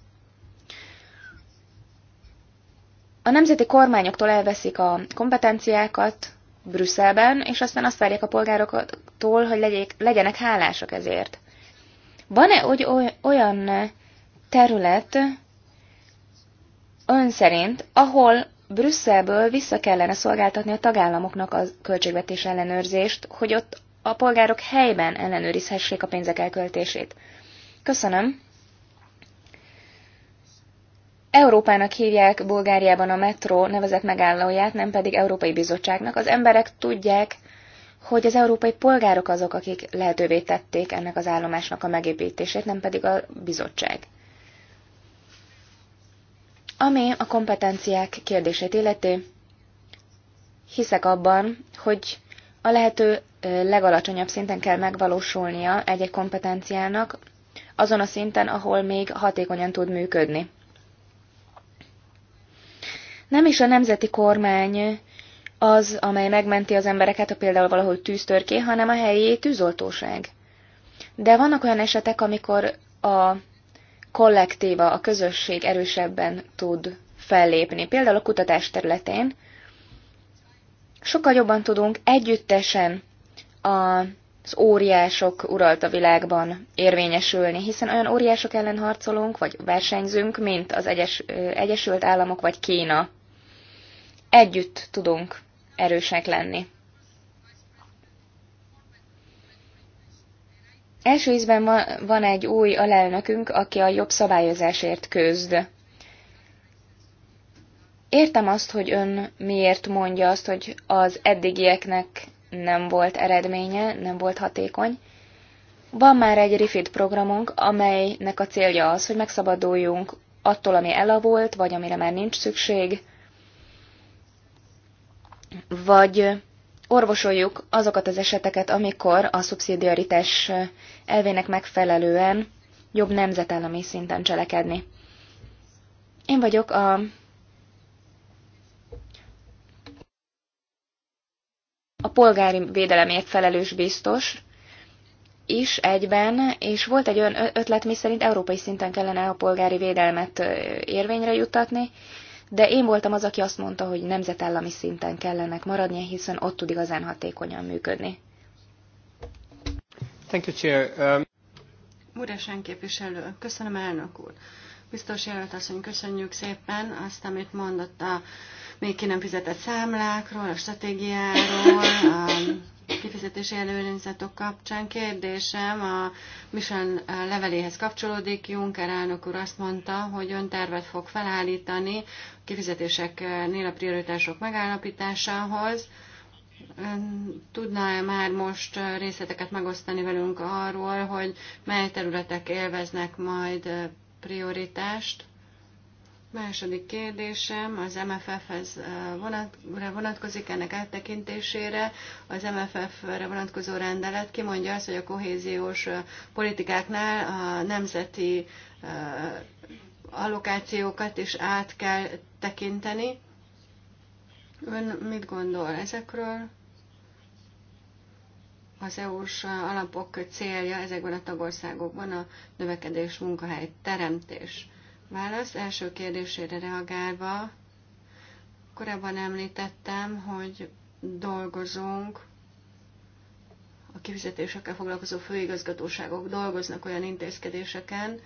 A nemzeti kormányoktól elveszik a kompetenciákat Brüsszelben, és aztán azt várják a polgároktól, hogy legyék, legyenek hálások ezért. Van-e olyan terület ön szerint, ahol Brüsszelből vissza kellene szolgáltatni a tagállamoknak a költségvetés ellenőrzést, hogy ott a polgárok helyben ellenőrizhessék a pénzek elköltését. Köszönöm. Európának hívják Bulgáriában a metró nevezett megállóját, nem pedig Európai Bizottságnak. Az emberek tudják, hogy az európai polgárok azok, akik lehetővé tették ennek az állomásnak a megépítését, nem pedig a bizottság. Ami a kompetenciák kérdését illeti, hiszek abban, hogy a lehető legalacsonyabb szinten kell megvalósulnia egy-egy kompetenciának, azon a szinten, ahol még hatékonyan tud működni. Nem is a nemzeti kormány az, amely megmenti az embereket, a például valahol tűztörké, hanem a helyi tűzoltóság. De vannak olyan esetek, amikor a kollektíva, a közösség erősebben tud fellépni. Például a kutatás területén sokkal jobban tudunk együttesen az óriások a világban érvényesülni, hiszen olyan óriások ellen harcolunk, vagy versenyzünk, mint az Egyes, Egyesült Államok vagy Kína együtt tudunk erősek lenni. Első ízben van egy új alelnökünk, aki a jobb szabályozásért közd. Értem azt, hogy ön miért mondja azt, hogy az eddigieknek nem volt eredménye, nem volt hatékony. Van már egy Refit programunk, amelynek a célja az, hogy megszabaduljunk attól, ami elavult, vagy amire már nincs szükség, vagy orvosoljuk azokat az eseteket, amikor a szubszidiaritás elvének megfelelően jobb nemzetállami szinten cselekedni. Én vagyok a a polgári védelemért felelős biztos is egyben, és volt egy olyan ötlet, mi szerint európai szinten kellene a polgári védelmet érvényre juttatni, de én voltam az, aki azt mondta, hogy nemzetállami szinten kellenek maradnia, hiszen ott tud igazán hatékonyan működni. Thank you, Chair. Um... Uresen képviselő, köszönöm elnök úr. Biztos jelölt asszony, köszönjük szépen azt, amit mondott a még ki nem fizetett számlákról, a stratégiáról, a kifizetési előrendszerek kapcsán. Kérdésem a Mission leveléhez kapcsolódik. Juncker elnök úr azt mondta, hogy ön tervet fog felállítani a kifizetéseknél a prioritások megállapításához. Tudná-e már most részleteket megosztani velünk arról, hogy mely területek élveznek majd prioritást? Második kérdésem az MFF-hez vonat, vonatkozik ennek áttekintésére. Az MFF-re vonatkozó rendelet kimondja azt, hogy a kohéziós politikáknál a nemzeti allokációkat is át kell tekinteni. Ön mit gondol ezekről? Az EU-s alapok célja ezekben a tagországokban a növekedés munkahely teremtés. Válasz első kérdésére reagálva, korábban említettem, hogy dolgozunk, a kifizetésekkel foglalkozó főigazgatóságok dolgoznak olyan intézkedéseken,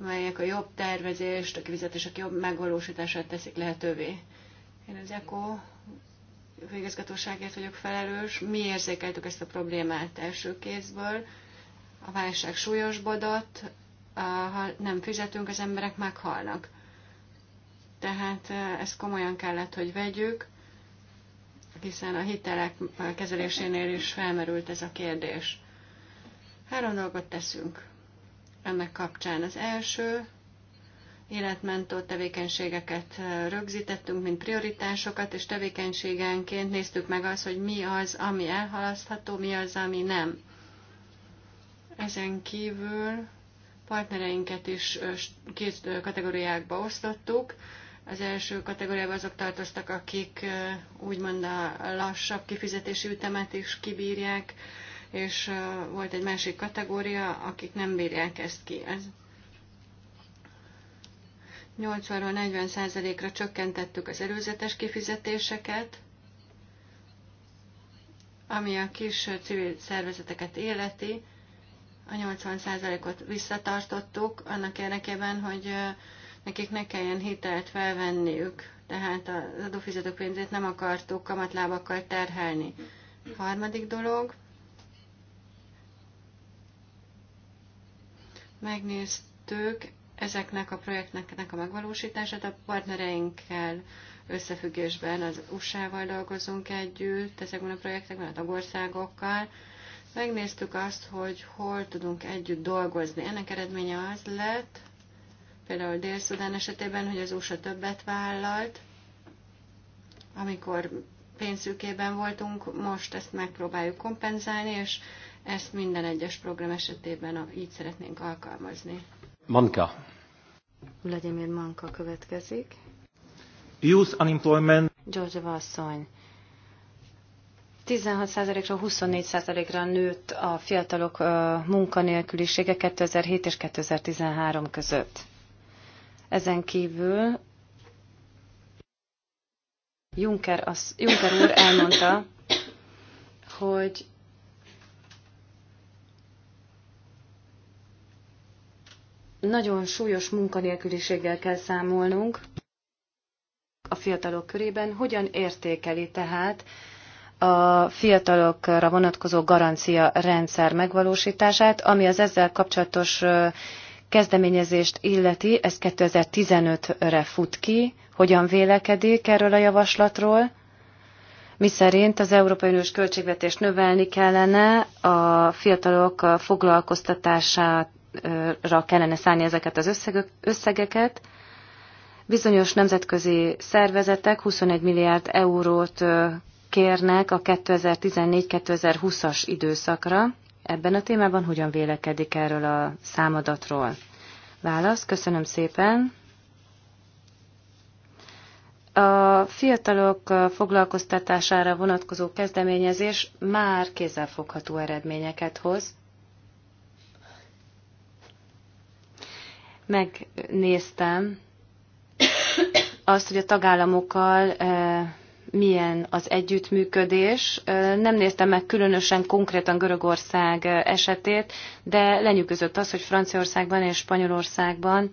amelyek a jobb tervezést, a kifizetések jobb megvalósítását teszik lehetővé. Én az ECO főigazgatóságért vagyok felelős. Mi érzékeltük ezt a problémát első kézből. A válság súlyosbodott, ha nem fizetünk, az emberek meghalnak. Tehát ezt komolyan kellett, hogy vegyük, hiszen a hitelek kezelésénél is felmerült ez a kérdés. Három dolgot teszünk ennek kapcsán. Az első, életmentő tevékenységeket rögzítettünk, mint prioritásokat, és tevékenységenként néztük meg azt, hogy mi az, ami elhalasztható, mi az, ami nem. Ezen kívül partnereinket is két kategóriákba osztottuk. Az első kategóriában azok tartoztak, akik úgymond a lassabb kifizetési ütemet is kibírják, és volt egy másik kategória, akik nem bírják ezt ki. Ez 80 40%-ra csökkentettük az előzetes kifizetéseket, ami a kis civil szervezeteket életi, a 80%-ot visszatartottuk annak érdekében, hogy nekik ne kelljen hitelt felvenniük, tehát az adófizetők pénzét nem akartuk kamatlábakkal terhelni. harmadik dolog, megnéztük ezeknek a projektnek a megvalósítását a partnereinkkel összefüggésben, az USA-val dolgozunk együtt ezekben a projektekben, a tagországokkal, Megnéztük azt, hogy hol tudunk együtt dolgozni. Ennek eredménye az lett, például Dél-Szudán esetében, hogy az USA többet vállalt, amikor pénzükében voltunk, most ezt megpróbáljuk kompenzálni, és ezt minden egyes program esetében így szeretnénk alkalmazni. Manka. Vladimir Manka következik. Youth unemployment. George Vasson. 16%-ra 24%-ra nőtt a fiatalok munkanélkülisége 2007 és 2013 között. Ezen kívül Juncker, az, Juncker úr elmondta, hogy nagyon súlyos munkanélküliséggel kell számolnunk a fiatalok körében. Hogyan értékeli tehát a fiatalokra vonatkozó garancia rendszer megvalósítását, ami az ezzel kapcsolatos kezdeményezést illeti, ez 2015-re fut ki, hogyan vélekedik erről a javaslatról, Mi szerint az Európai Uniós költségvetést növelni kellene, a fiatalok foglalkoztatására kellene szállni ezeket az összegeket, Bizonyos nemzetközi szervezetek 21 milliárd eurót kérnek a 2014-2020-as időszakra. Ebben a témában hogyan vélekedik erről a számadatról? Válasz, köszönöm szépen. A fiatalok foglalkoztatására vonatkozó kezdeményezés már kézzelfogható eredményeket hoz. Megnéztem azt, hogy a tagállamokkal milyen az együttműködés. Nem néztem meg különösen konkrétan Görögország esetét, de lenyűgözött az, hogy Franciaországban és Spanyolországban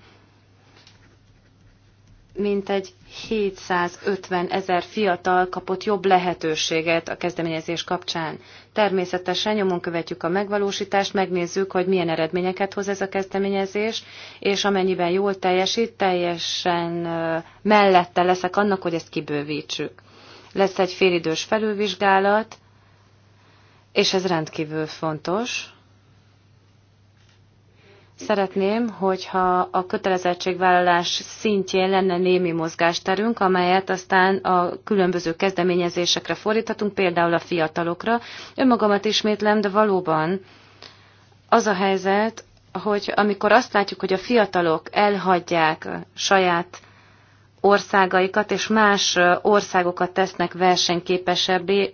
mintegy 750 ezer fiatal kapott jobb lehetőséget a kezdeményezés kapcsán. Természetesen nyomon követjük a megvalósítást, megnézzük, hogy milyen eredményeket hoz ez a kezdeményezés, és amennyiben jól teljesít, teljesen mellette leszek annak, hogy ezt kibővítsük lesz egy félidős felülvizsgálat, és ez rendkívül fontos. Szeretném, hogyha a kötelezettségvállalás szintjén lenne némi mozgásterünk, amelyet aztán a különböző kezdeményezésekre fordíthatunk, például a fiatalokra. Önmagamat ismétlem, de valóban az a helyzet, hogy amikor azt látjuk, hogy a fiatalok elhagyják saját országaikat és más országokat tesznek versenyképesebbé,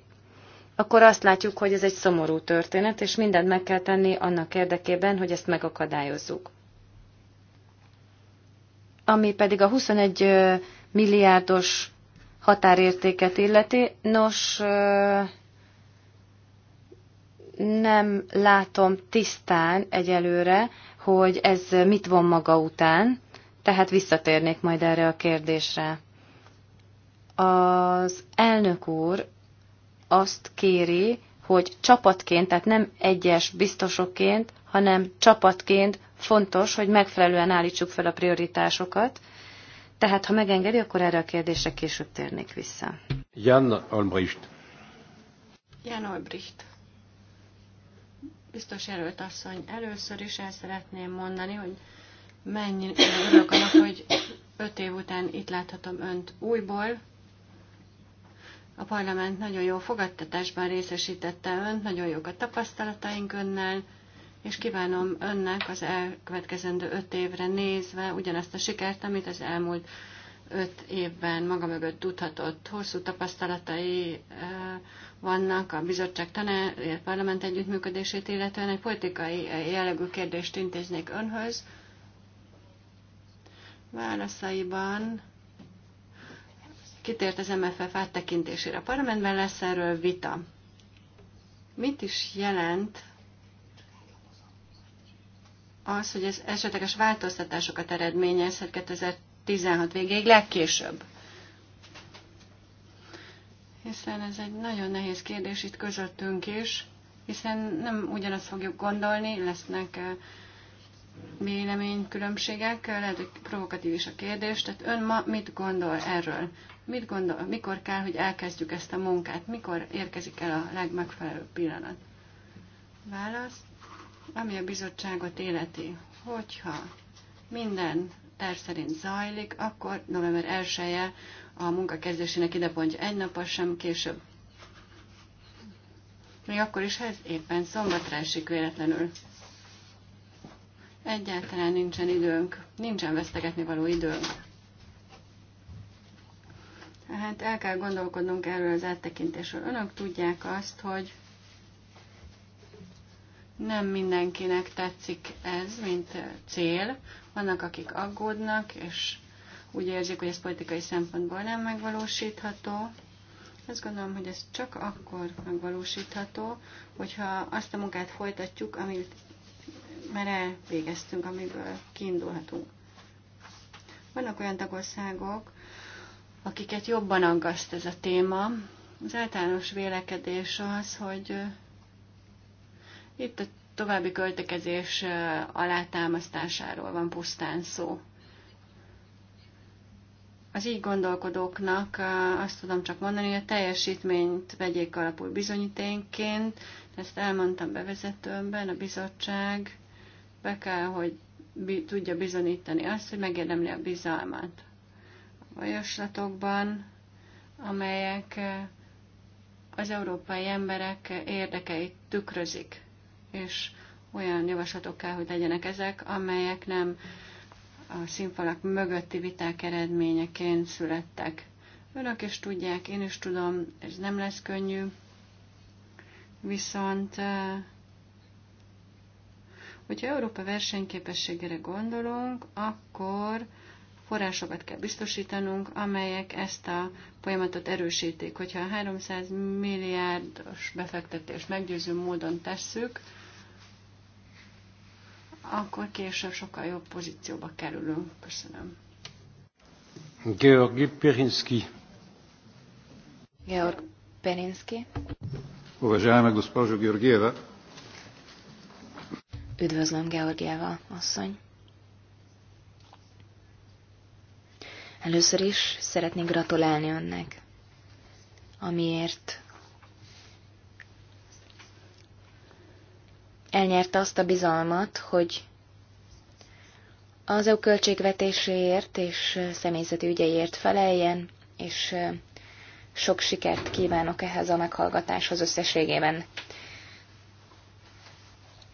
akkor azt látjuk, hogy ez egy szomorú történet, és mindent meg kell tenni annak érdekében, hogy ezt megakadályozzuk. Ami pedig a 21 milliárdos határértéket illeti, nos, nem látom tisztán egyelőre, hogy ez mit von maga után, tehát visszatérnék majd erre a kérdésre. Az elnök úr azt kéri, hogy csapatként, tehát nem egyes biztosokként, hanem csapatként fontos, hogy megfelelően állítsuk fel a prioritásokat. Tehát, ha megengedi, akkor erre a kérdésre később térnék vissza. Jan Albrecht. Jan Albrecht. Biztos erőt asszony, először is el szeretném mondani, hogy Mennyire örülök annak, hogy öt év után itt láthatom önt újból. A parlament nagyon jó fogadtatásban részesítette önt, nagyon jók a tapasztalataink önnel, és kívánom önnek az elkövetkezendő öt évre nézve ugyanazt a sikert, amit az elmúlt öt évben maga mögött tudhatott. Hosszú tapasztalatai eh, vannak a bizottság tanár, parlament együttműködését, illetően egy politikai jellegű kérdést intéznék önhöz válaszaiban kitért az MFF áttekintésére. A parlamentben lesz erről vita. Mit is jelent az, hogy ez esetleges változtatásokat eredményezhet 2016 végéig legkésőbb? Hiszen ez egy nagyon nehéz kérdés itt közöttünk is, hiszen nem ugyanazt fogjuk gondolni, lesznek eh, véleménykülönbségek, lehet, hogy provokatív is a kérdés, tehát ön ma mit gondol erről? Mit gondol, mikor kell, hogy elkezdjük ezt a munkát? Mikor érkezik el a legmegfelelőbb pillanat? Válasz. Ami a bizottságot életi, hogyha minden terv szerint zajlik, akkor november 1 -e a munka kezdésének idepontja egy nappal sem később. Még akkor is ez éppen szombatra esik véletlenül. Egyáltalán nincsen időnk, nincsen vesztegetni való időnk. Hát el kell gondolkodnunk erről az áttekintésről. Önök tudják azt, hogy nem mindenkinek tetszik ez, mint cél. Vannak, akik aggódnak, és úgy érzik, hogy ez politikai szempontból nem megvalósítható. Azt gondolom, hogy ez csak akkor megvalósítható, hogyha azt a munkát folytatjuk, amit mert elvégeztünk, amiből kiindulhatunk. Vannak olyan tagországok, akiket jobban aggaszt ez a téma. Az általános vélekedés az, hogy itt a további költekezés alátámasztásáról van pusztán szó. Az így gondolkodóknak azt tudom csak mondani, hogy a teljesítményt vegyék alapul bizonyítényként, ezt elmondtam bevezetőmben, a bizottság be kell, hogy bi- tudja bizonyítani azt, hogy megérdemli a bizalmat. A vajaslatokban, amelyek eh, az európai emberek érdekeit tükrözik, és olyan javaslatok kell, hogy legyenek ezek, amelyek nem a színfalak mögötti viták eredményeként születtek. Önök is tudják, én is tudom, ez nem lesz könnyű, viszont eh, Hogyha Európa versenyképességére gondolunk, akkor forrásokat kell biztosítanunk, amelyek ezt a folyamatot erősítik. Hogyha a 300 milliárdos befektetést meggyőző módon tesszük, akkor később sokkal jobb pozícióba kerülünk. Köszönöm. Georgi Perinski. Georg Perinski. Уважаемая госпожа Георгиева, Üdvözlöm, Georgieva, asszony. Először is szeretnék gratulálni önnek, amiért elnyerte azt a bizalmat, hogy az EU költségvetéséért és személyzeti ügyeiért feleljen, és sok sikert kívánok ehhez a meghallgatáshoz összességében.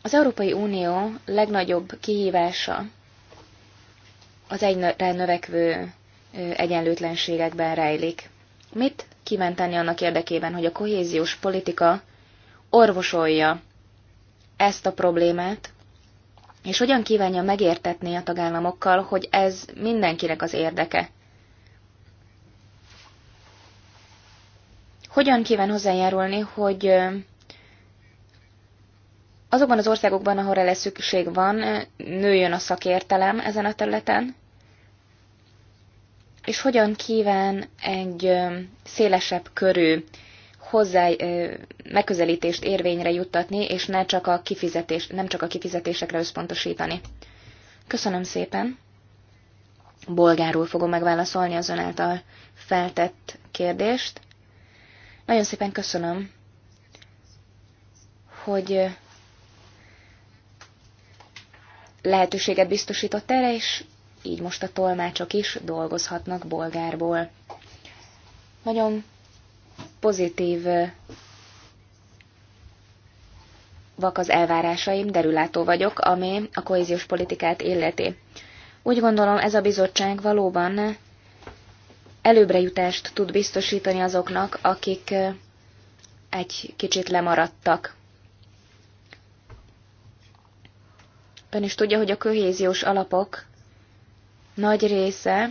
Az Európai Unió legnagyobb kihívása az egyre növekvő egyenlőtlenségekben rejlik. Mit kimenteni annak érdekében, hogy a kohéziós politika orvosolja ezt a problémát, és hogyan kívánja megértetni a tagállamokkal, hogy ez mindenkinek az érdeke? Hogyan kíván hozzájárulni, hogy azokban az országokban, ahol erre szükség van, nőjön a szakértelem ezen a területen, és hogyan kíván egy szélesebb körű hozzá megközelítést érvényre juttatni, és ne csak a kifizetés, nem csak a kifizetésekre összpontosítani. Köszönöm szépen. Bolgárul fogom megválaszolni az ön által feltett kérdést. Nagyon szépen köszönöm, hogy lehetőséget biztosított erre, és így most a tolmácsok is dolgozhatnak bolgárból. Nagyon pozitív vak az elvárásaim, derülátó vagyok, ami a kohéziós politikát illeti. Úgy gondolom, ez a bizottság valóban előbrejutást tud biztosítani azoknak, akik egy kicsit lemaradtak. Ön is tudja, hogy a kohéziós alapok nagy része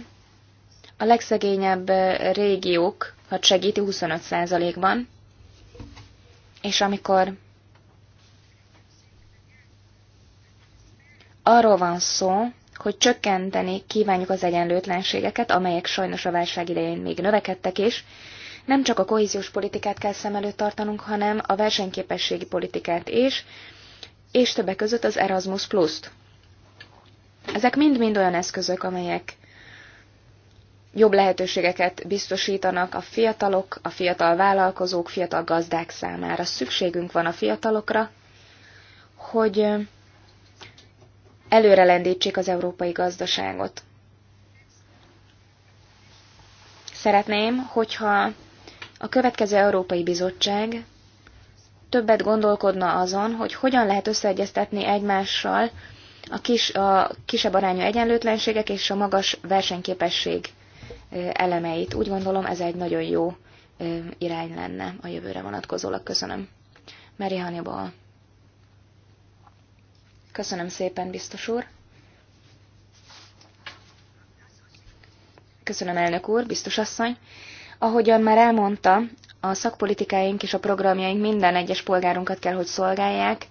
a legszegényebb régiók, ha segíti 25%-ban, és amikor arról van szó, hogy csökkenteni kívánjuk az egyenlőtlenségeket, amelyek sajnos a válság idején még növekedtek is, nem csak a kohéziós politikát kell szem előtt tartanunk, hanem a versenyképességi politikát is, és többek között az Erasmus Plus-t. Ezek mind-mind olyan eszközök, amelyek jobb lehetőségeket biztosítanak a fiatalok, a fiatal vállalkozók, fiatal gazdák számára. Szükségünk van a fiatalokra, hogy előre lendítsék az európai gazdaságot. Szeretném, hogyha a következő Európai Bizottság többet gondolkodna azon, hogy hogyan lehet összeegyeztetni egymással a, kis, a kisebb arányú egyenlőtlenségek és a magas versenyképesség elemeit. Úgy gondolom, ez egy nagyon jó irány lenne a jövőre vonatkozólag. Köszönöm. Meri Hannibal. Köszönöm szépen, biztos úr. Köszönöm, elnök úr, biztos asszony. Ahogyan már elmondta, a szakpolitikáink és a programjaink minden egyes polgárunkat kell, hogy szolgálják,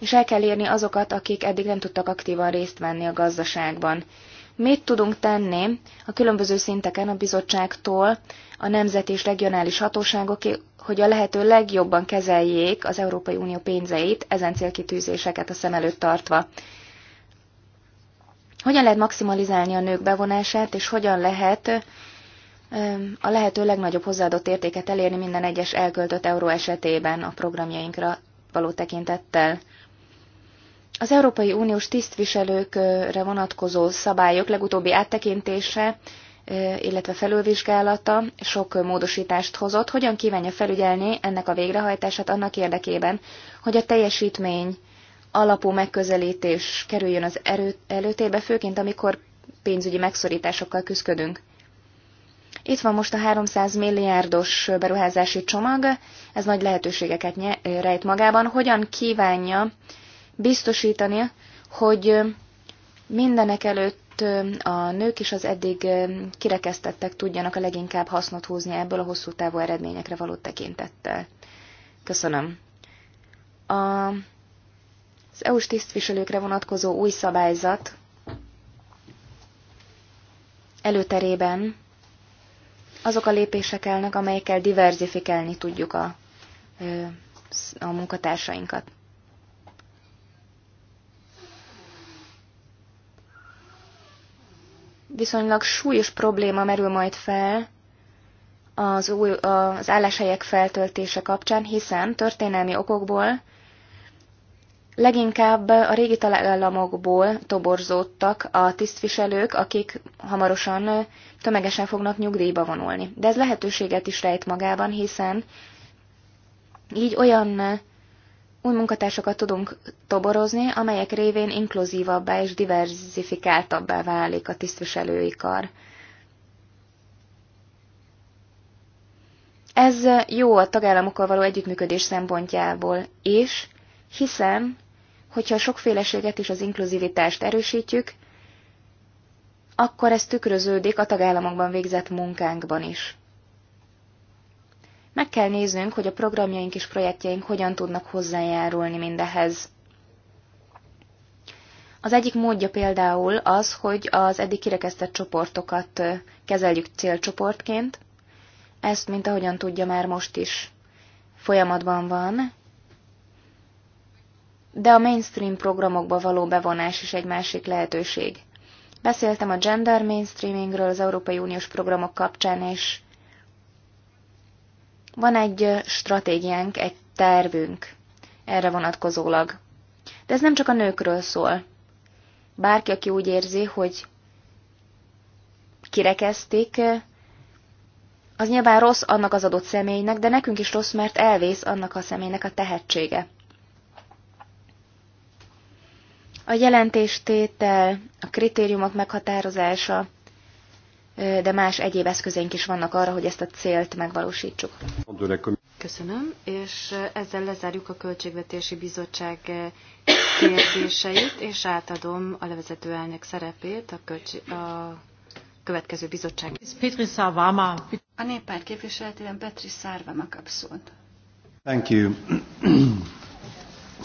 és el kell érni azokat, akik eddig nem tudtak aktívan részt venni a gazdaságban. Mit tudunk tenni a különböző szinteken a bizottságtól a nemzeti és regionális hatóságok, hogy a lehető legjobban kezeljék az Európai Unió pénzeit, ezen célkitűzéseket a szem előtt tartva? Hogyan lehet maximalizálni a nők bevonását, és hogyan lehet a lehető legnagyobb hozzáadott értéket elérni minden egyes elköltött euró esetében a programjainkra való tekintettel. Az Európai Uniós tisztviselőkre vonatkozó szabályok legutóbbi áttekintése, e, illetve felülvizsgálata sok módosítást hozott, hogyan kívánja felügyelni ennek a végrehajtását annak érdekében, hogy a teljesítmény alapú megközelítés kerüljön az erő, előtérbe, főként amikor pénzügyi megszorításokkal küzdködünk. Itt van most a 300 milliárdos beruházási csomag, ez nagy lehetőségeket rejt magában. Hogyan kívánja biztosítani, hogy mindenek előtt a nők és az eddig kirekesztettek tudjanak a leginkább hasznot húzni ebből a hosszú távú eredményekre való tekintettel. Köszönöm. A, az EU-s tisztviselőkre vonatkozó új szabályzat előterében azok a lépések elnek, amelyekkel diverzifikálni tudjuk a, a munkatársainkat. Viszonylag súlyos probléma merül majd fel az, új, az álláshelyek feltöltése kapcsán, hiszen történelmi okokból Leginkább a régi tagállamokból toborzódtak a tisztviselők, akik hamarosan tömegesen fognak nyugdíjba vonulni. De ez lehetőséget is rejt magában, hiszen így olyan új munkatársakat tudunk toborozni, amelyek révén inkluzívabbá és diversifikáltabbá válik a tisztviselői kar. Ez jó a tagállamokkal való együttműködés szempontjából is, hiszen hogyha a sokféleséget és az inkluzivitást erősítjük, akkor ez tükröződik a tagállamokban végzett munkánkban is. Meg kell néznünk, hogy a programjaink és projektjeink hogyan tudnak hozzájárulni mindehez. Az egyik módja például az, hogy az eddig kirekesztett csoportokat kezeljük célcsoportként. Ezt, mint ahogyan tudja, már most is folyamatban van, de a mainstream programokba való bevonás is egy másik lehetőség. Beszéltem a gender mainstreamingről az Európai Uniós programok kapcsán, és van egy stratégiánk, egy tervünk erre vonatkozólag. De ez nem csak a nőkről szól. Bárki, aki úgy érzi, hogy kirekezték, az nyilván rossz annak az adott személynek, de nekünk is rossz, mert elvész annak a személynek a tehetsége. A jelentéstétel, a kritériumok meghatározása, de más egyéb eszközeink is vannak arra, hogy ezt a célt megvalósítsuk. Köszönöm, és ezzel lezárjuk a Költségvetési Bizottság kérdéseit, és átadom a levezető elnök szerepét a, a következő bizottság. Petri Szávama. A néppárt képviseletében Petri Szárvama kap szót. Thank you.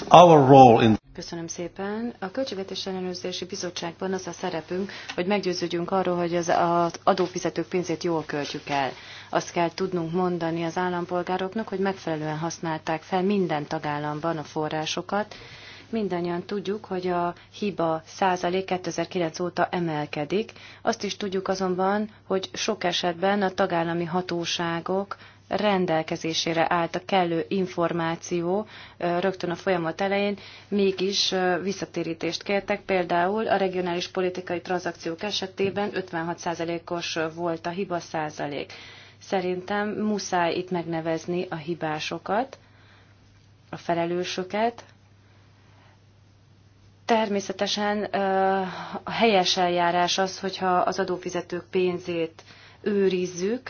Our role in Köszönöm szépen. A Költségvetés Ellenőrzési Bizottságban az a szerepünk, hogy meggyőződjünk arról, hogy az, az adófizetők pénzét jól költjük el. Azt kell tudnunk mondani az állampolgároknak, hogy megfelelően használták fel minden tagállamban a forrásokat. Mindannyian tudjuk, hogy a hiba százalék 2009 óta emelkedik. Azt is tudjuk azonban, hogy sok esetben a tagállami hatóságok rendelkezésére állt a kellő információ rögtön a folyamat elején, mégis visszatérítést kértek. Például a regionális politikai tranzakciók esetében 56%-os volt a hiba százalék. Szerintem muszáj itt megnevezni a hibásokat, a felelősöket, Természetesen a helyes eljárás az, hogyha az adófizetők pénzét őrizzük,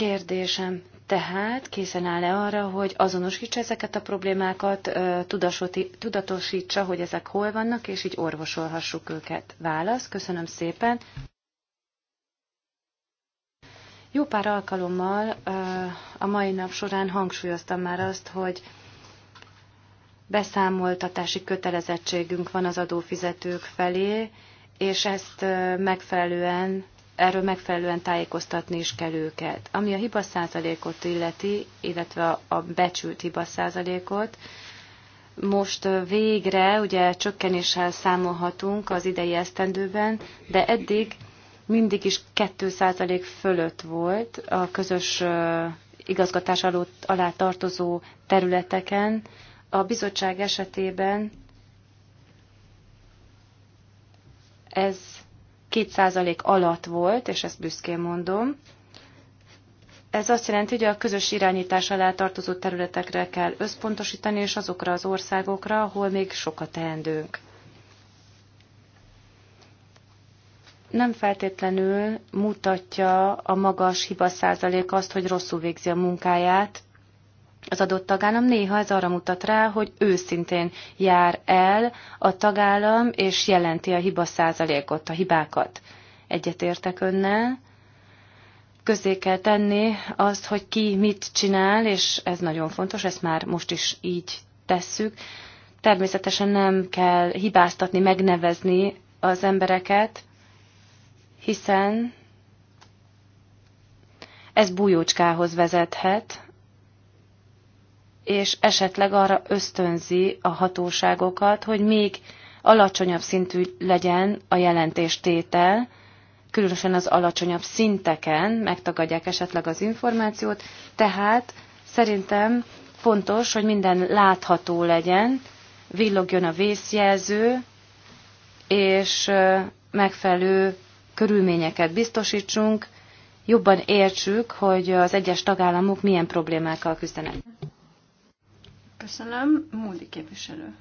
Kérdésem tehát készen áll-e arra, hogy azonosítsa ezeket a problémákat, tudatosítsa, hogy ezek hol vannak, és így orvosolhassuk őket? Válasz, köszönöm szépen. Jó pár alkalommal a mai nap során hangsúlyoztam már azt, hogy beszámoltatási kötelezettségünk van az adófizetők felé, és ezt megfelelően erről megfelelően tájékoztatni is kell őket. Ami a hiba százalékot illeti, illetve a becsült hiba százalékot, most végre ugye csökkenéssel számolhatunk az idei esztendőben, de eddig mindig is 2% fölött volt a közös igazgatás alá tartozó területeken. A bizottság esetében ez 2% alatt volt, és ezt büszkén mondom. Ez azt jelenti, hogy a közös irányítás alá tartozó területekre kell összpontosítani, és azokra az országokra, ahol még sokat teendőnk. nem feltétlenül mutatja a magas hiba százalék azt, hogy rosszul végzi a munkáját, az adott tagállam néha ez arra mutat rá, hogy őszintén jár el a tagállam, és jelenti a hiba százalékot, a hibákat. Egyetértek önnel. Közé kell tenni azt, hogy ki mit csinál, és ez nagyon fontos, ezt már most is így tesszük. Természetesen nem kell hibáztatni, megnevezni az embereket, hiszen ez bújócskához vezethet, és esetleg arra ösztönzi a hatóságokat, hogy még alacsonyabb szintű legyen a jelentéstétel, különösen az alacsonyabb szinteken megtagadják esetleg az információt, tehát szerintem fontos, hogy minden látható legyen, villogjon a vészjelző, és megfelelő körülményeket biztosítsunk, jobban értsük, hogy az egyes tagállamok milyen problémákkal küzdenek. Köszönöm. Módi képviselő.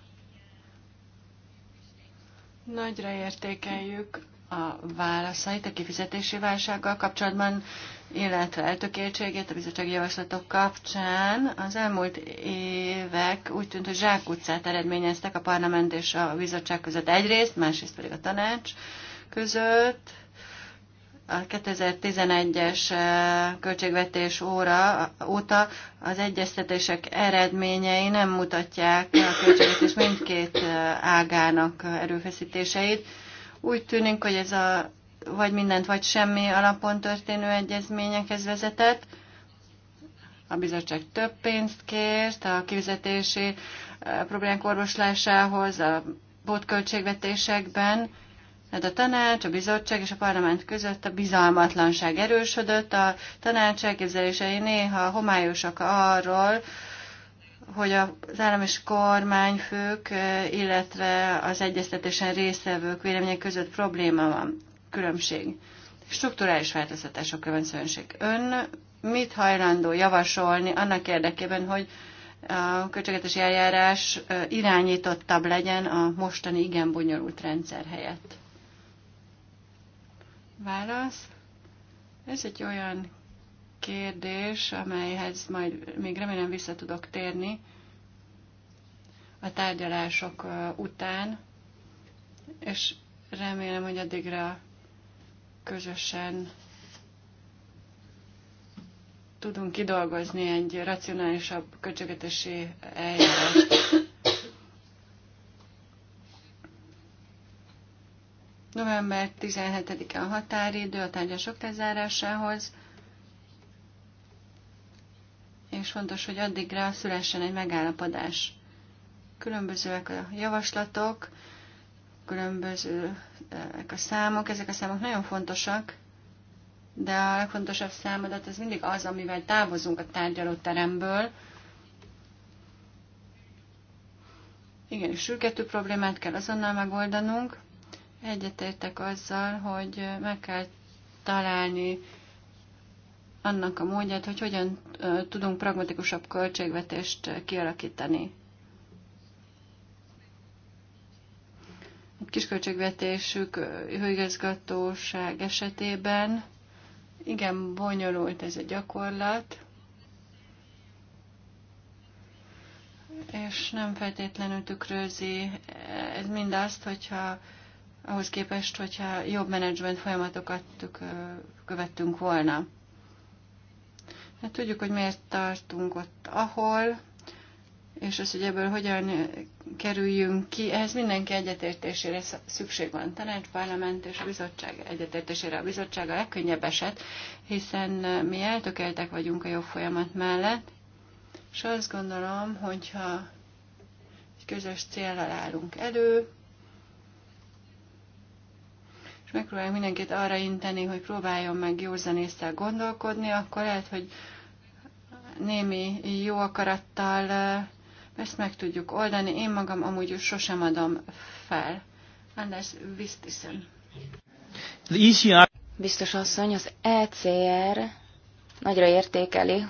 Nagyra értékeljük a válaszait a kifizetési válsággal kapcsolatban, illetve eltökéltségét a bizottsági javaslatok kapcsán. Az elmúlt évek úgy tűnt, hogy zsákutcát eredményeztek a parlament és a bizottság között egyrészt, másrészt pedig a tanács között a 2011-es eh, költségvetés óra, óta az egyeztetések eredményei nem mutatják a költségvetés mindkét eh, ágának erőfeszítéseit. Úgy tűnik, hogy ez a vagy mindent, vagy semmi alapon történő egyezményekhez vezetett. A bizottság több pénzt kért a kivizetési eh, problémák orvoslásához, a pótköltségvetésekben, tehát a tanács, a bizottság és a parlament között a bizalmatlanság erősödött, a tanács elképzelései néha homályosak arról, hogy az állam és kormányfők, illetve az egyeztetésen résztvevők vélemények között probléma van, különbség. Strukturális változtatások van szükség. Ön mit hajlandó javasolni annak érdekében, hogy a költségetes eljárás irányítottabb legyen a mostani igen bonyolult rendszer helyett? Válasz. Ez egy olyan kérdés, amelyhez majd még remélem vissza tudok térni a tárgyalások után, és remélem, hogy addigra közösen tudunk kidolgozni egy racionálisabb költségetési eljárást. November 17-e a határidő a tárgyasok lezárásához, és fontos, hogy addigra szülessen egy megállapodás. Különbözőek a javaslatok, különbözőek a számok, ezek a számok nagyon fontosak, de a legfontosabb számodat az mindig az, amivel távozunk a tárgyalóteremből. Igen, sürgető problémát kell azonnal megoldanunk. Egyetértek azzal, hogy meg kell találni annak a módját, hogy hogyan tudunk pragmatikusabb költségvetést kialakítani. Egy kisköltségvetésük hőigazgatóság esetében igen bonyolult ez a gyakorlat, és nem feltétlenül tükrözi ez mindazt, hogyha ahhoz képest, hogyha jobb menedzsment folyamatokat követtünk volna. Hát tudjuk, hogy miért tartunk ott, ahol, és az, hogy ebből hogyan kerüljünk ki, ehhez mindenki egyetértésére szükség van. Tanács, parlament és a bizottság egyetértésére. A bizottság a legkönnyebb eset, hiszen mi eltökéltek vagyunk a jobb folyamat mellett, és azt gondolom, hogyha egy közös célral állunk elő, és megpróbálunk mindenkit arra inteni, hogy próbáljon meg józan észre gondolkodni, akkor lehet, hogy némi jó akarattal ezt meg tudjuk oldani. Én magam amúgy sosem adom fel. Anders Vistisen. Biztos asszony, az ECR nagyra értékeli,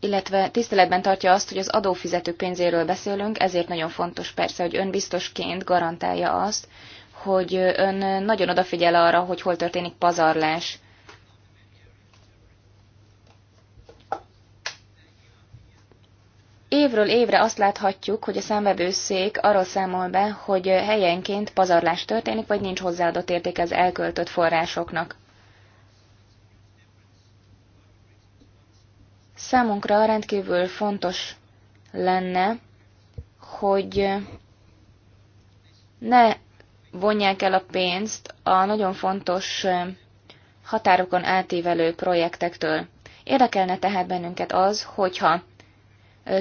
illetve tiszteletben tartja azt, hogy az adófizetők pénzéről beszélünk, ezért nagyon fontos persze, hogy önbiztosként garantálja azt, hogy ön nagyon odafigyel arra, hogy hol történik pazarlás. Évről évre azt láthatjuk, hogy a számvevőszék arról számol be, hogy helyenként pazarlás történik, vagy nincs hozzáadott érték az elköltött forrásoknak. Számunkra rendkívül fontos lenne, hogy ne vonják el a pénzt a nagyon fontos határokon átívelő projektektől. Érdekelne tehát bennünket az, hogyha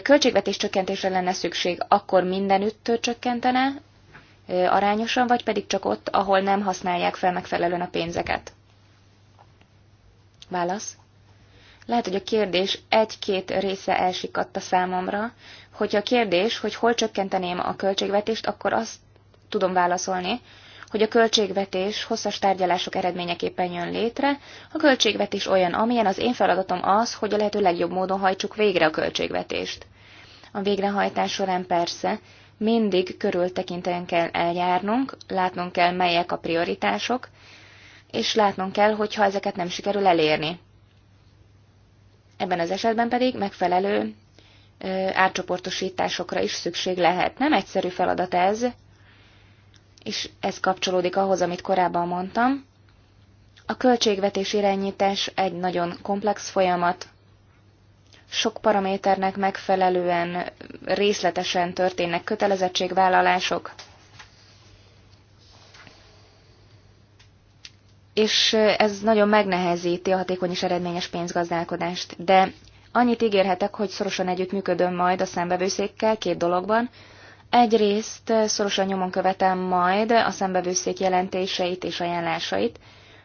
költségvetés csökkentésre lenne szükség, akkor mindenütt csökkentene arányosan, vagy pedig csak ott, ahol nem használják fel megfelelően a pénzeket? Válasz. Lehet, hogy a kérdés egy-két része elsikadt a számomra. Hogyha a kérdés, hogy hol csökkenteném a költségvetést, akkor azt tudom válaszolni, hogy a költségvetés hosszas tárgyalások eredményeképpen jön létre, a költségvetés olyan, amilyen az én feladatom az, hogy a lehető legjobb módon hajtsuk végre a költségvetést. A végrehajtás során persze mindig körültekintően kell eljárnunk, látnunk kell, melyek a prioritások, és látnunk kell, hogyha ezeket nem sikerül elérni. Ebben az esetben pedig megfelelő ö, átcsoportosításokra is szükség lehet. Nem egyszerű feladat ez, és ez kapcsolódik ahhoz, amit korábban mondtam. A költségvetés irányítás egy nagyon komplex folyamat, sok paraméternek megfelelően részletesen történnek kötelezettségvállalások, és ez nagyon megnehezíti a hatékony és eredményes pénzgazdálkodást. De annyit ígérhetek, hogy szorosan együttműködöm majd a szembevőszékkel két dologban. Egyrészt eh, szorosan nyomon követem majd a szembevőszék jelentéseit és ajánlásait.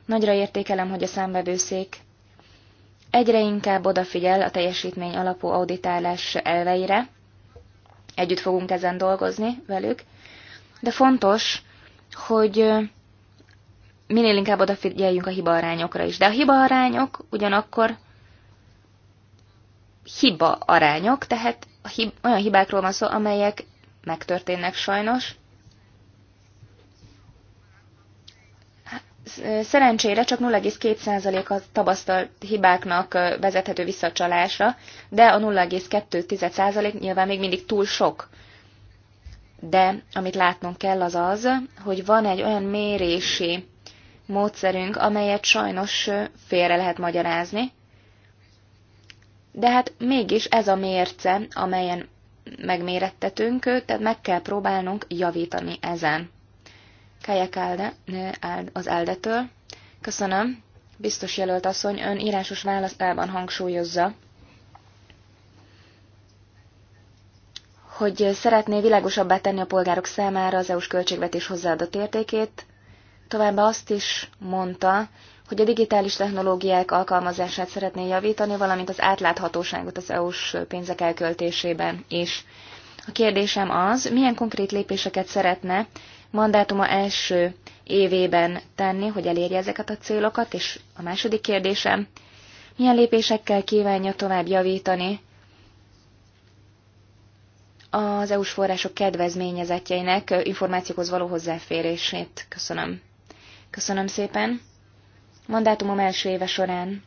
Nagyra értékelem, hogy a szembevőszék egyre inkább odafigyel a teljesítmény alapú auditálás elveire. Együtt fogunk ezen dolgozni velük. De fontos, hogy eh, minél inkább odafigyeljünk a hibaarányokra is. De a hibaarányok ugyanakkor hibaarányok, tehát a hib- olyan hibákról van szó, amelyek megtörténnek sajnos. Szerencsére csak 0,2% a tapasztalt hibáknak vezethető vissza a csalásra, de a 0,2% nyilván még mindig túl sok. De amit látnunk kell az az, hogy van egy olyan mérési módszerünk, amelyet sajnos félre lehet magyarázni, de hát mégis ez a mérce, amelyen megmérettetünk, tehát meg kell próbálnunk javítani ezen. Kajek Alde, az Eldetől. Köszönöm. Biztos jelölt asszony, ön írásos választában hangsúlyozza, hogy szeretné világosabbá tenni a polgárok számára az EU-s költségvetés hozzáadott értékét. Továbbá azt is mondta, hogy a digitális technológiák alkalmazását szeretné javítani, valamint az átláthatóságot az EU-s pénzek elköltésében is. A kérdésem az, milyen konkrét lépéseket szeretne mandátuma első évében tenni, hogy elérje ezeket a célokat, és a második kérdésem, milyen lépésekkel kívánja tovább javítani az EU-s források kedvezményezetjeinek információkhoz való hozzáférését. Köszönöm. Köszönöm szépen mandátumom első éve során.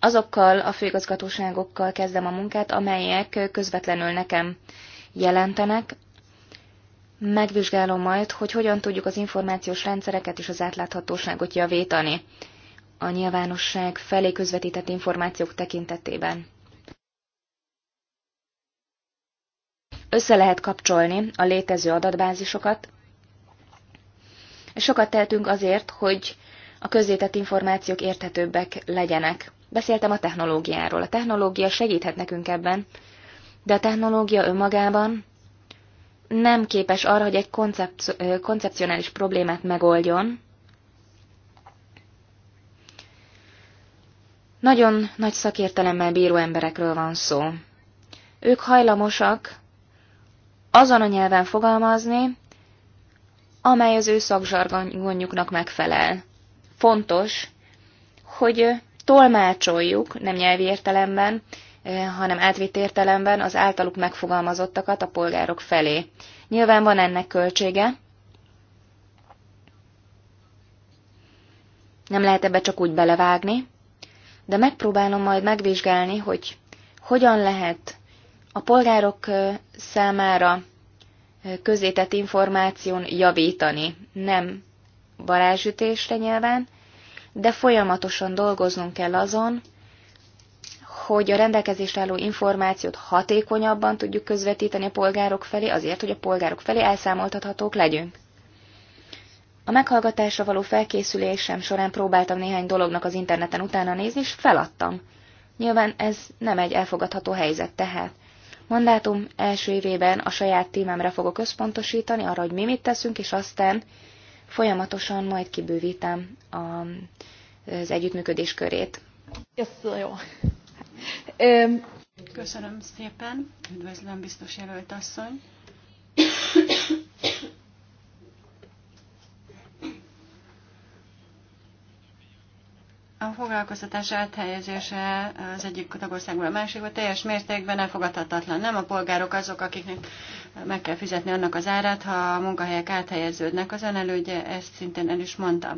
Azokkal a főigazgatóságokkal kezdem a munkát, amelyek közvetlenül nekem jelentenek. Megvizsgálom majd, hogy hogyan tudjuk az információs rendszereket és az átláthatóságot javítani a nyilvánosság felé közvetített információk tekintetében. Össze lehet kapcsolni a létező adatbázisokat, és sokat tehetünk azért, hogy a közzétett információk érthetőbbek legyenek. Beszéltem a technológiáról. A technológia segíthet nekünk ebben, de a technológia önmagában nem képes arra, hogy egy koncepci- koncepcionális problémát megoldjon. Nagyon nagy szakértelemmel bíró emberekről van szó. Ők hajlamosak azon a nyelven fogalmazni, amely az ő szakzsargonjuknak megfelel fontos, hogy tolmácsoljuk, nem nyelvi értelemben, hanem átvitt értelemben az általuk megfogalmazottakat a polgárok felé. Nyilván van ennek költsége. Nem lehet ebbe csak úgy belevágni, de megpróbálom majd megvizsgálni, hogy hogyan lehet a polgárok számára közétett információn javítani, nem varázsütésre nyilván, de folyamatosan dolgoznunk kell azon, hogy a rendelkezésre álló információt hatékonyabban tudjuk közvetíteni a polgárok felé, azért, hogy a polgárok felé elszámoltathatók legyünk. A meghallgatásra való felkészülésem során próbáltam néhány dolognak az interneten utána nézni, és feladtam. Nyilván ez nem egy elfogadható helyzet tehát. Mandátum első évében a saját témámra fogok összpontosítani, arra, hogy mi mit teszünk, és aztán folyamatosan majd kibővítem a, az együttműködés körét. Yes, jó. Köszönöm szépen. Üdvözlöm, biztos jelölt asszony. A foglalkoztatás áthelyezése az egyik tagországból a másikba teljes mértékben elfogadhatatlan. Nem a polgárok azok, akiknek meg kell fizetni annak az árát, ha a munkahelyek áthelyeződnek. Az elődje ezt szintén el is mondta.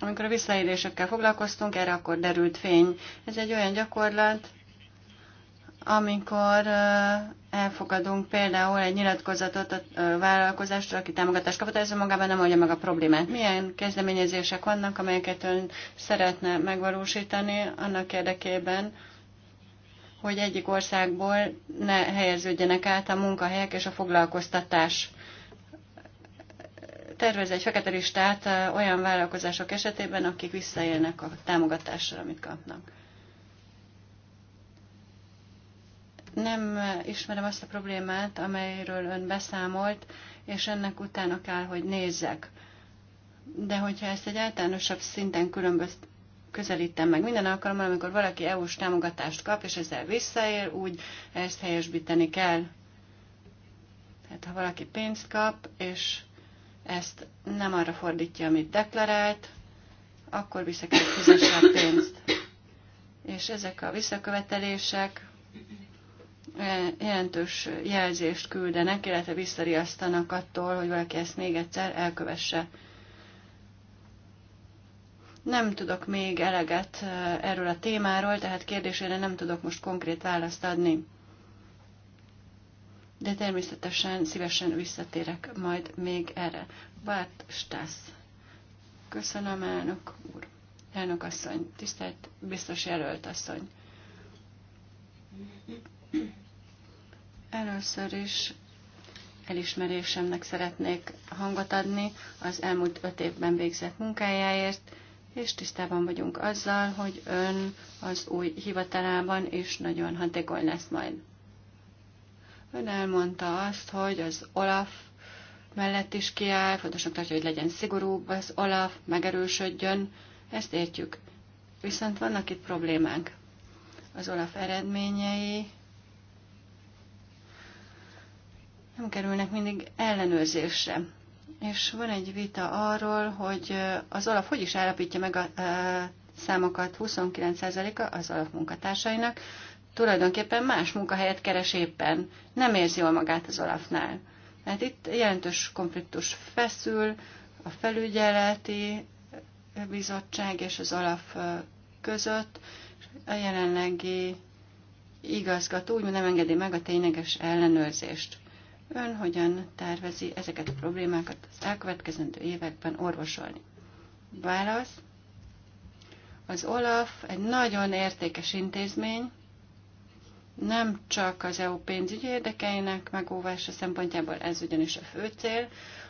Amikor a visszaélésekkel foglalkoztunk, erre akkor derült fény. Ez egy olyan gyakorlat, amikor elfogadunk például egy nyilatkozatot a vállalkozástól, aki támogatást kapott, ez magában nem oldja meg a problémát. Milyen kezdeményezések vannak, amelyeket ön szeretne megvalósítani annak érdekében, hogy egyik országból ne helyeződjenek át a munkahelyek és a foglalkoztatás. Tervez egy fekete listát olyan vállalkozások esetében, akik visszaélnek a támogatással, amit kapnak. Nem ismerem azt a problémát, amelyről ön beszámolt, és ennek utána kell, hogy nézzek. De hogyha ezt egy általánosabb szinten különböz, közelítem meg minden alkalommal, amikor valaki EU-s támogatást kap, és ezzel visszaél, úgy ezt helyesbíteni kell. Tehát ha valaki pénzt kap, és ezt nem arra fordítja, amit deklarált, akkor vissza kell fizetni a pénzt. És ezek a visszakövetelések eh, jelentős jelzést küldenek, illetve visszariasztanak attól, hogy valaki ezt még egyszer elkövesse. Nem tudok még eleget erről a témáról, tehát kérdésére nem tudok most konkrét választ adni. De természetesen szívesen visszatérek majd még erre. Bárt Stász. Köszönöm, elnök úr. Elnök asszony, tisztelt biztos jelölt asszony. Először is elismerésemnek szeretnék hangot adni az elmúlt öt évben végzett munkájáért, és tisztában vagyunk azzal, hogy ön az új hivatalában is nagyon hatékony lesz majd. Ön elmondta azt, hogy az Olaf mellett is kiáll, fontosnak tartja, hogy legyen szigorúbb az Olaf, megerősödjön, ezt értjük. Viszont vannak itt problémánk. Az Olaf eredményei nem kerülnek mindig ellenőrzésre és van egy vita arról, hogy az alap hogy is állapítja meg a e, számokat 29%-a az alapmunkatársainak, tulajdonképpen más munkahelyet keres éppen, nem érzi jól magát az alapnál. Mert hát itt jelentős konfliktus feszül, a felügyeleti bizottság és az alap e, között a jelenlegi igazgató úgy nem engedi meg a tényleges ellenőrzést. Ön hogyan tervezi ezeket a problémákat az elkövetkezendő években orvosolni? Válasz. Az OLAF egy nagyon értékes intézmény, nem csak az EU pénzügyi érdekeinek megóvása szempontjából ez ugyanis a fő cél,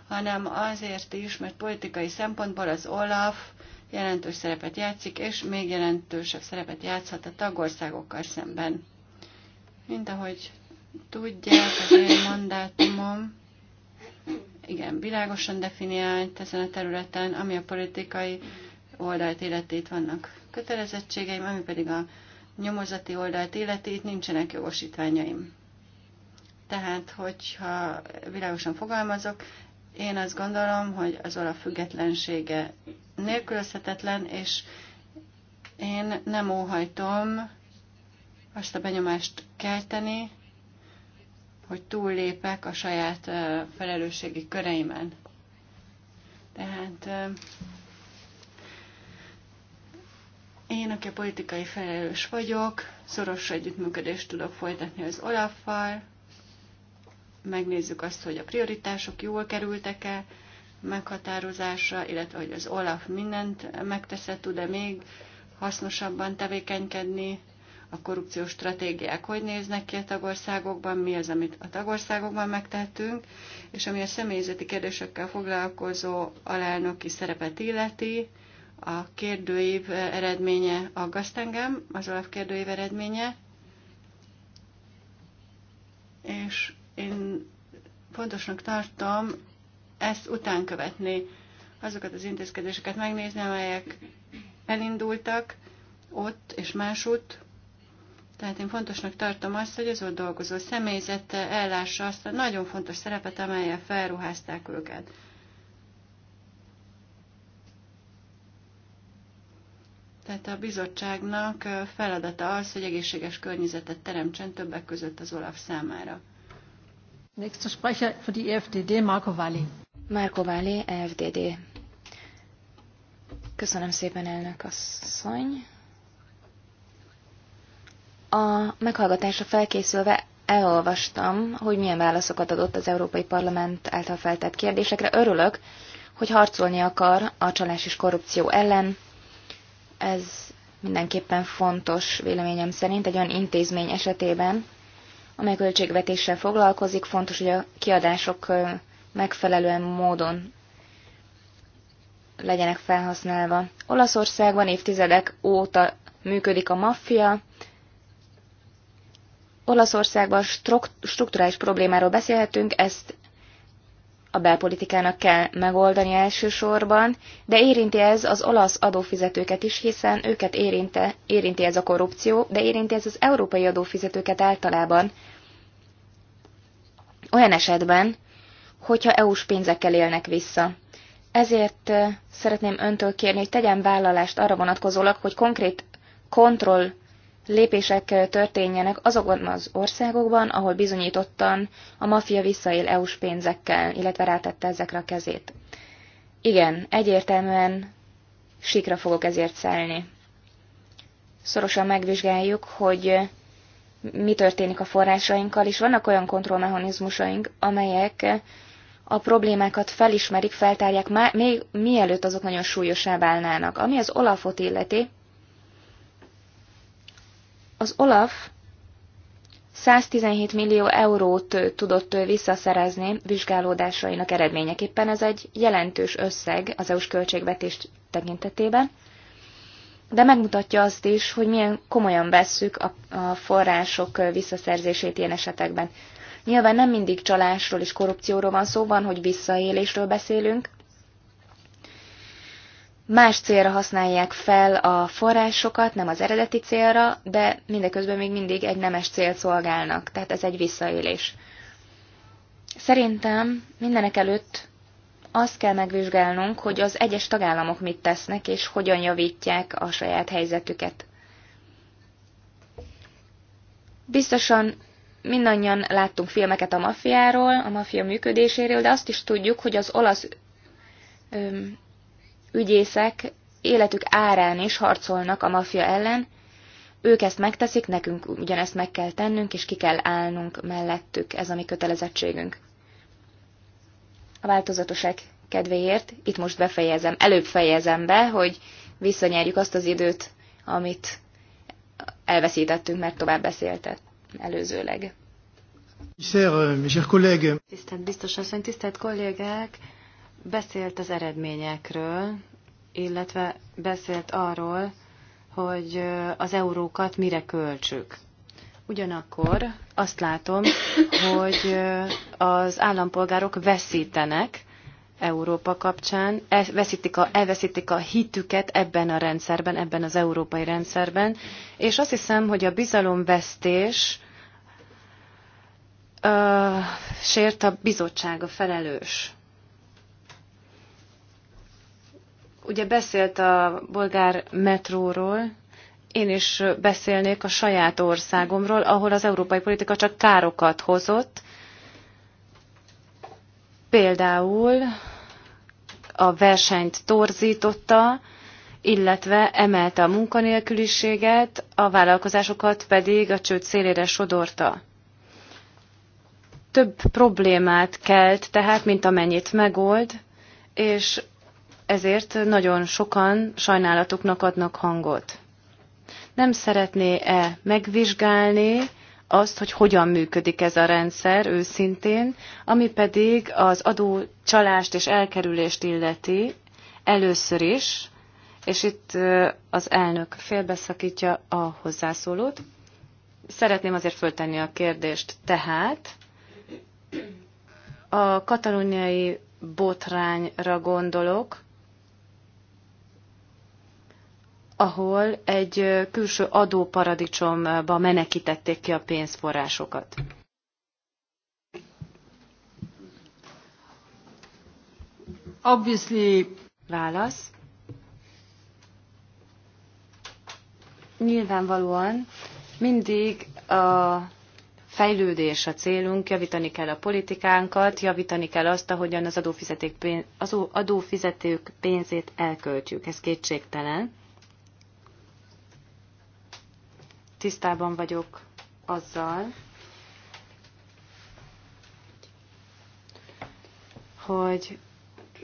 hanem azért is, mert politikai szempontból az OLAF jelentős szerepet játszik, és még jelentősebb szerepet játszhat a tagországokkal szemben. Mint ahogy tudják, az én mandátumom igen, világosan definiált ezen a területen, ami a politikai oldalt életét vannak kötelezettségeim, ami pedig a nyomozati oldalt életét, nincsenek jogosítványaim. Tehát, hogyha világosan fogalmazok, én azt gondolom, hogy az a függetlensége nélkülözhetetlen, és én nem óhajtom azt a benyomást kelteni, hogy túllépek a saját felelősségi köreimen. Tehát én, aki a politikai felelős vagyok, szoros együttműködést tudok folytatni az Olaffal, megnézzük azt, hogy a prioritások jól kerültek-e meghatározásra, illetve hogy az Olaf mindent megteszett, tud-e még hasznosabban tevékenykedni, a korrupciós stratégiák hogy néznek ki a tagországokban, mi az, amit a tagországokban megtettünk, és ami a személyzeti kérdésekkel foglalkozó alelnöki szerepet illeti, a kérdőív eredménye aggaszt engem, az Olaf kérdőív eredménye, és én fontosnak tartom ezt után követni, azokat az intézkedéseket megnézni, amelyek elindultak ott és másutt, tehát én fontosnak tartom azt, hogy az ott dolgozó személyzet ellássa azt a nagyon fontos szerepet, amelyel felruházták őket. Tehát a bizottságnak feladata az, hogy egészséges környezetet teremtsen többek között az Olaf számára. Nächster Sprecher für die EFDD, Marco Valli. Marco Valli, EFDD. Köszönöm szépen, elnök asszony. A meghallgatásra felkészülve elolvastam, hogy milyen válaszokat adott az Európai Parlament által feltett kérdésekre. Örülök, hogy harcolni akar a csalás és korrupció ellen. Ez mindenképpen fontos véleményem szerint egy olyan intézmény esetében, amely költségvetéssel foglalkozik, fontos, hogy a kiadások megfelelően módon legyenek felhasználva. Olaszországban évtizedek óta működik a maffia, Olaszországban strukturális problémáról beszélhetünk, ezt a belpolitikának kell megoldani elsősorban, de érinti ez az olasz adófizetőket is, hiszen őket érinte, érinti ez a korrupció, de érinti ez az európai adófizetőket általában. Olyan esetben, hogyha EU-s pénzekkel élnek vissza. Ezért szeretném öntől kérni, hogy tegyen vállalást arra vonatkozólag, hogy konkrét kontroll lépések történjenek azokban az országokban, ahol bizonyítottan a maffia visszaél EU-s pénzekkel, illetve rátette ezekre a kezét. Igen, egyértelműen sikra fogok ezért szállni. Szorosan megvizsgáljuk, hogy mi történik a forrásainkkal, és vannak olyan kontrollmechanizmusaink, amelyek a problémákat felismerik, feltárják, még mielőtt azok nagyon súlyosá válnának. Ami az Olafot illeti, az Olaf 117 millió eurót tudott visszaszerezni vizsgálódásainak eredményeképpen. Ez egy jelentős összeg az EU-s költségvetést tekintetében, de megmutatja azt is, hogy milyen komolyan vesszük a, a források visszaszerzését ilyen esetekben. Nyilván nem mindig csalásról és korrupcióról van szó, van, hogy visszaélésről beszélünk, más célra használják fel a forrásokat, nem az eredeti célra, de mindeközben még mindig egy nemes cél szolgálnak, tehát ez egy visszaélés. Szerintem mindenek előtt azt kell megvizsgálnunk, hogy az egyes tagállamok mit tesznek, és hogyan javítják a saját helyzetüket. Biztosan mindannyian láttunk filmeket a mafiáról, a mafia működéséről, de azt is tudjuk, hogy az olasz ügyészek életük árán is harcolnak a maffia ellen, ők ezt megteszik, nekünk ugyanezt meg kell tennünk, és ki kell állnunk mellettük, ez a mi kötelezettségünk. A változatosek kedvéért itt most befejezem, előbb fejezem be, hogy visszanyerjük azt az időt, amit elveszítettünk, mert tovább beszéltet előzőleg. Eh, tisztelt biztos asszony, tisztelt kollégák! Beszélt az eredményekről, illetve beszélt arról, hogy az eurókat mire költsük. Ugyanakkor azt látom, hogy az állampolgárok veszítenek Európa kapcsán, elveszítik a, elveszítik a hitüket ebben a rendszerben, ebben az európai rendszerben, és azt hiszem, hogy a bizalomvesztés ö, sért a bizottság a felelős. Ugye beszélt a bolgár metróról, én is beszélnék a saját országomról, ahol az európai politika csak károkat hozott. Például a versenyt torzította, illetve emelte a munkanélküliséget, a vállalkozásokat pedig a csőd szélére sodorta. Több problémát kelt tehát, mint amennyit megold, és ezért nagyon sokan sajnálatuknak adnak hangot. Nem szeretné-e megvizsgálni azt, hogy hogyan működik ez a rendszer őszintén, ami pedig az adócsalást és elkerülést illeti először is, és itt az elnök félbeszakítja a hozzászólót. Szeretném azért föltenni a kérdést. Tehát a katalóniai botrányra gondolok, ahol egy külső adóparadicsomba menekítették ki a pénzforrásokat. Obviously. Válasz. Nyilvánvalóan mindig a fejlődés a célunk, javítani kell a politikánkat, javítani kell azt, ahogyan az, adófizetők pénzét elköltjük. Ez kétségtelen. tisztában vagyok azzal, hogy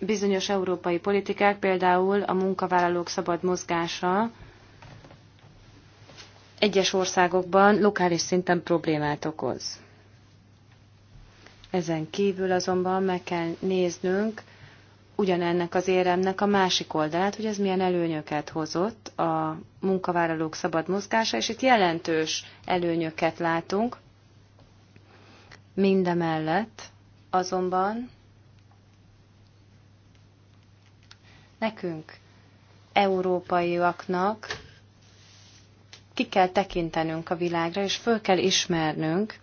bizonyos európai politikák, például a munkavállalók szabad mozgása egyes országokban lokális szinten problémát okoz. Ezen kívül azonban meg kell néznünk ugyanennek az éremnek a másik oldalát, hogy ez milyen előnyöket hozott a munkavállalók szabad mozgása, és itt jelentős előnyöket látunk. Mindemellett azonban nekünk, európaiaknak ki kell tekintenünk a világra, és föl kell ismernünk,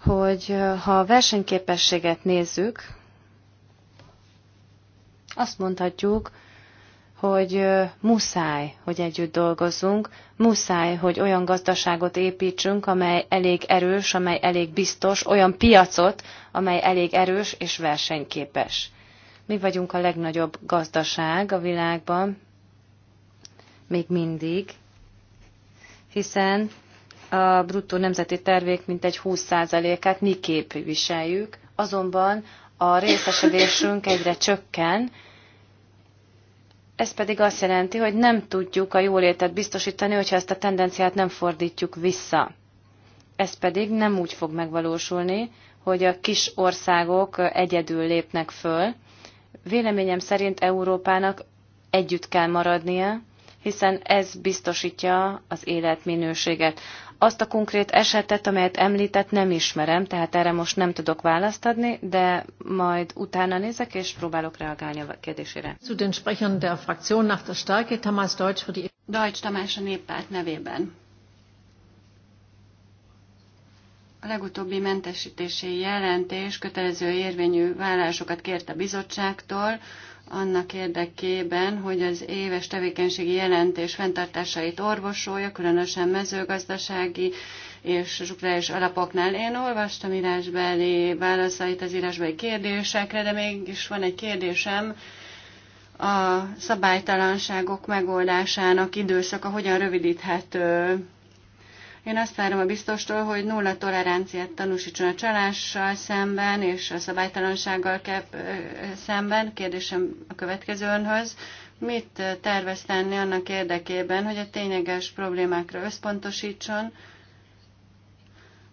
hogy ha a versenyképességet nézzük, azt mondhatjuk, hogy muszáj, hogy együtt dolgozzunk, muszáj, hogy olyan gazdaságot építsünk, amely elég erős, amely elég biztos, olyan piacot, amely elég erős és versenyképes. Mi vagyunk a legnagyobb gazdaság a világban, még mindig, hiszen a bruttó nemzeti tervék mintegy 20%-át mi képviseljük, azonban a részesedésünk egyre csökken, ez pedig azt jelenti, hogy nem tudjuk a jólétet biztosítani, hogyha ezt a tendenciát nem fordítjuk vissza. Ez pedig nem úgy fog megvalósulni, hogy a kis országok egyedül lépnek föl. Véleményem szerint Európának együtt kell maradnia, hiszen ez biztosítja az életminőséget. Azt a konkrét esetet, amelyet említett, nem ismerem, tehát erre most nem tudok választ adni, de majd utána nézek, és próbálok reagálni a kérdésére. Zu den Sprechern der Fraktion nach der Tamás Deutsch für die... Deutsch Tamás a néppárt nevében. A legutóbbi mentesítési jelentés kötelező érvényű vállásokat kért a bizottságtól, annak érdekében, hogy az éves tevékenységi jelentés fenntartásait orvosolja, különösen mezőgazdasági és zsukrális alapoknál. Én olvastam írásbeli válaszait az írásbeli kérdésekre, de mégis van egy kérdésem, a szabálytalanságok megoldásának időszaka hogyan rövidíthető én azt várom a biztostól, hogy nulla toleranciát tanúsítson a csalással szemben és a szabálytalansággal szemben. Kérdésem a következő önhöz. Mit tervez tenni annak érdekében, hogy a tényleges problémákra összpontosítson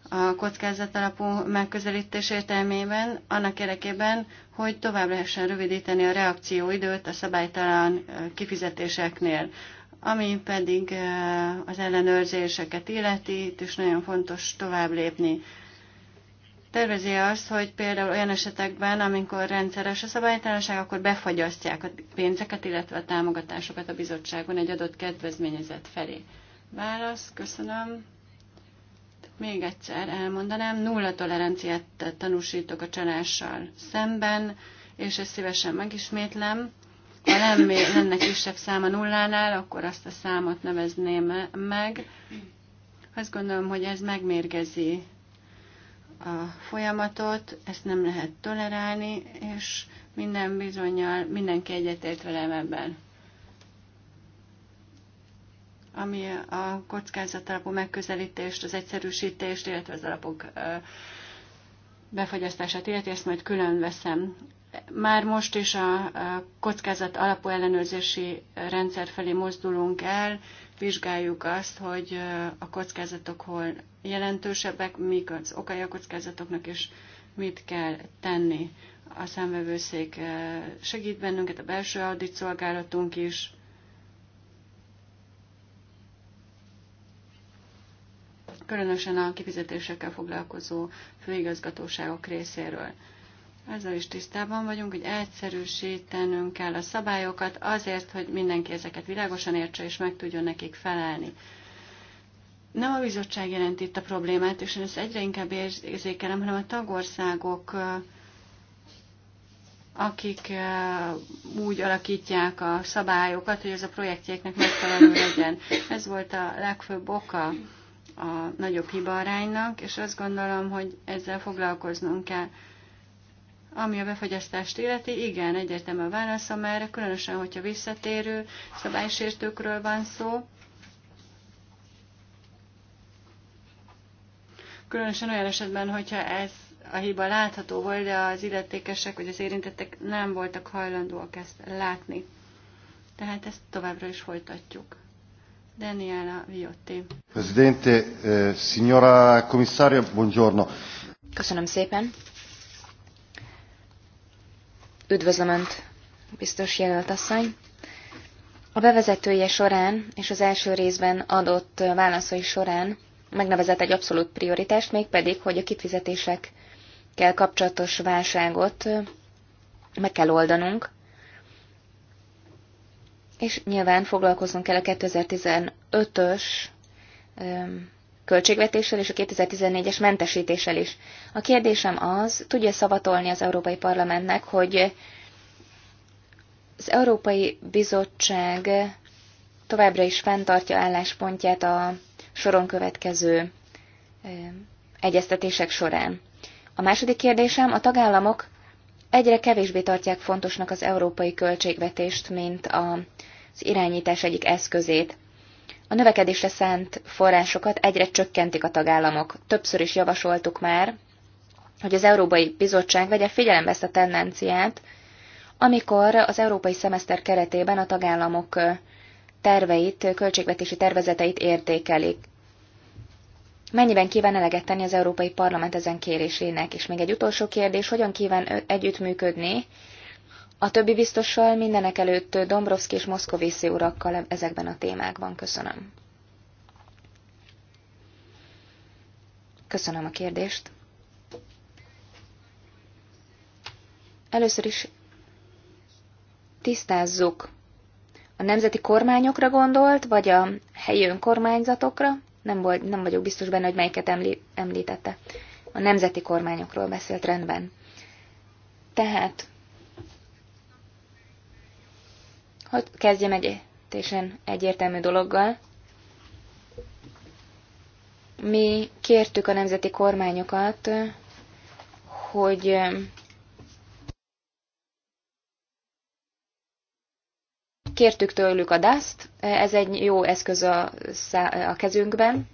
a kockázat alapú megközelítés értelmében, annak érdekében, hogy tovább lehessen rövidíteni a reakcióidőt a szabálytalan kifizetéseknél. Ami pedig az ellenőrzéseket illeti, itt is nagyon fontos tovább lépni. Tervezi azt, hogy például olyan esetekben, amikor rendszeres a szabálytalanság, akkor befagyasztják a pénzeket, illetve a támogatásokat a bizottságon egy adott kedvezményezett felé. Válasz, köszönöm. Még egyszer elmondanám, nulla toleranciát tanúsítok a csalással szemben, és ezt szívesen megismétlem. Ha nem lenne kisebb száma nullánál, akkor azt a számot nevezném meg. Azt gondolom, hogy ez megmérgezi a folyamatot, ezt nem lehet tolerálni, és minden bizonyal mindenki egyetért velem ebben. Ami a kockázat alapú megközelítést, az egyszerűsítést, illetve az alapok befagyasztását illeti, ezt majd külön veszem már most is a kockázat alapú ellenőrzési rendszer felé mozdulunk el, vizsgáljuk azt, hogy a kockázatok hol jelentősebbek, mik az okai a kockázatoknak, és mit kell tenni. A számvevőszék segít bennünket, a belső audit szolgálatunk is. Különösen a kifizetésekkel foglalkozó főigazgatóságok részéről. Azzal is tisztában vagyunk, hogy egyszerűsítenünk kell a szabályokat azért, hogy mindenki ezeket világosan értse és meg tudjon nekik felelni. Nem a bizottság jelent itt a problémát, és én ezt egyre inkább érzékelem, hanem a tagországok, akik úgy alakítják a szabályokat, hogy ez a projektjéknek megfelelő legyen. Ez volt a legfőbb oka a nagyobb hibaránynak, és azt gondolom, hogy ezzel foglalkoznunk kell. Ami a befagyasztást illeti, igen, egyértelmű a válaszom erre, különösen, hogyha visszatérő szabálysértőkről van szó. Különösen olyan esetben, hogyha ez a hiba látható volt, de az illetékesek vagy az érintettek nem voltak hajlandóak ezt látni. Tehát ezt továbbra is folytatjuk. Daniela Viotti. Presidente, eh, signora commissaria, buongiorno. Köszönöm szépen. Üdvözlöm Önt, biztos jelölt asszony. A bevezetője során és az első részben adott válaszai során megnevezett egy abszolút prioritást, mégpedig, hogy a kifizetésekkel kapcsolatos válságot meg kell oldanunk, és nyilván foglalkozunk kell a 2015-ös költségvetéssel és a 2014-es mentesítéssel is. A kérdésem az, tudja szavatolni az Európai Parlamentnek, hogy az Európai Bizottság továbbra is fenntartja álláspontját a soron következő egyeztetések során. A második kérdésem, a tagállamok egyre kevésbé tartják fontosnak az európai költségvetést, mint az irányítás egyik eszközét. A növekedésre szánt forrásokat egyre csökkentik a tagállamok. Többször is javasoltuk már, hogy az Európai Bizottság vegye figyelembe ezt a tendenciát, amikor az európai szemeszter keretében a tagállamok terveit, költségvetési tervezeteit értékelik. Mennyiben kíván eleget tenni az Európai Parlament ezen kérésének? És még egy utolsó kérdés, hogyan kíván együttműködni a többi biztossal mindenek előtt Dombrovszki és Moszkovészi urakkal ezekben a témákban. Köszönöm. Köszönöm a kérdést. Először is tisztázzuk. A nemzeti kormányokra gondolt, vagy a helyi önkormányzatokra? Nem, volt, nem vagyok biztos benne, hogy melyiket említette. A nemzeti kormányokról beszélt rendben. Tehát Hogy kezdjem egy teljesen egyértelmű dologgal. Mi kértük a nemzeti kormányokat, hogy kértük tőlük a DAST, ez egy jó eszköz a, a kezünkben.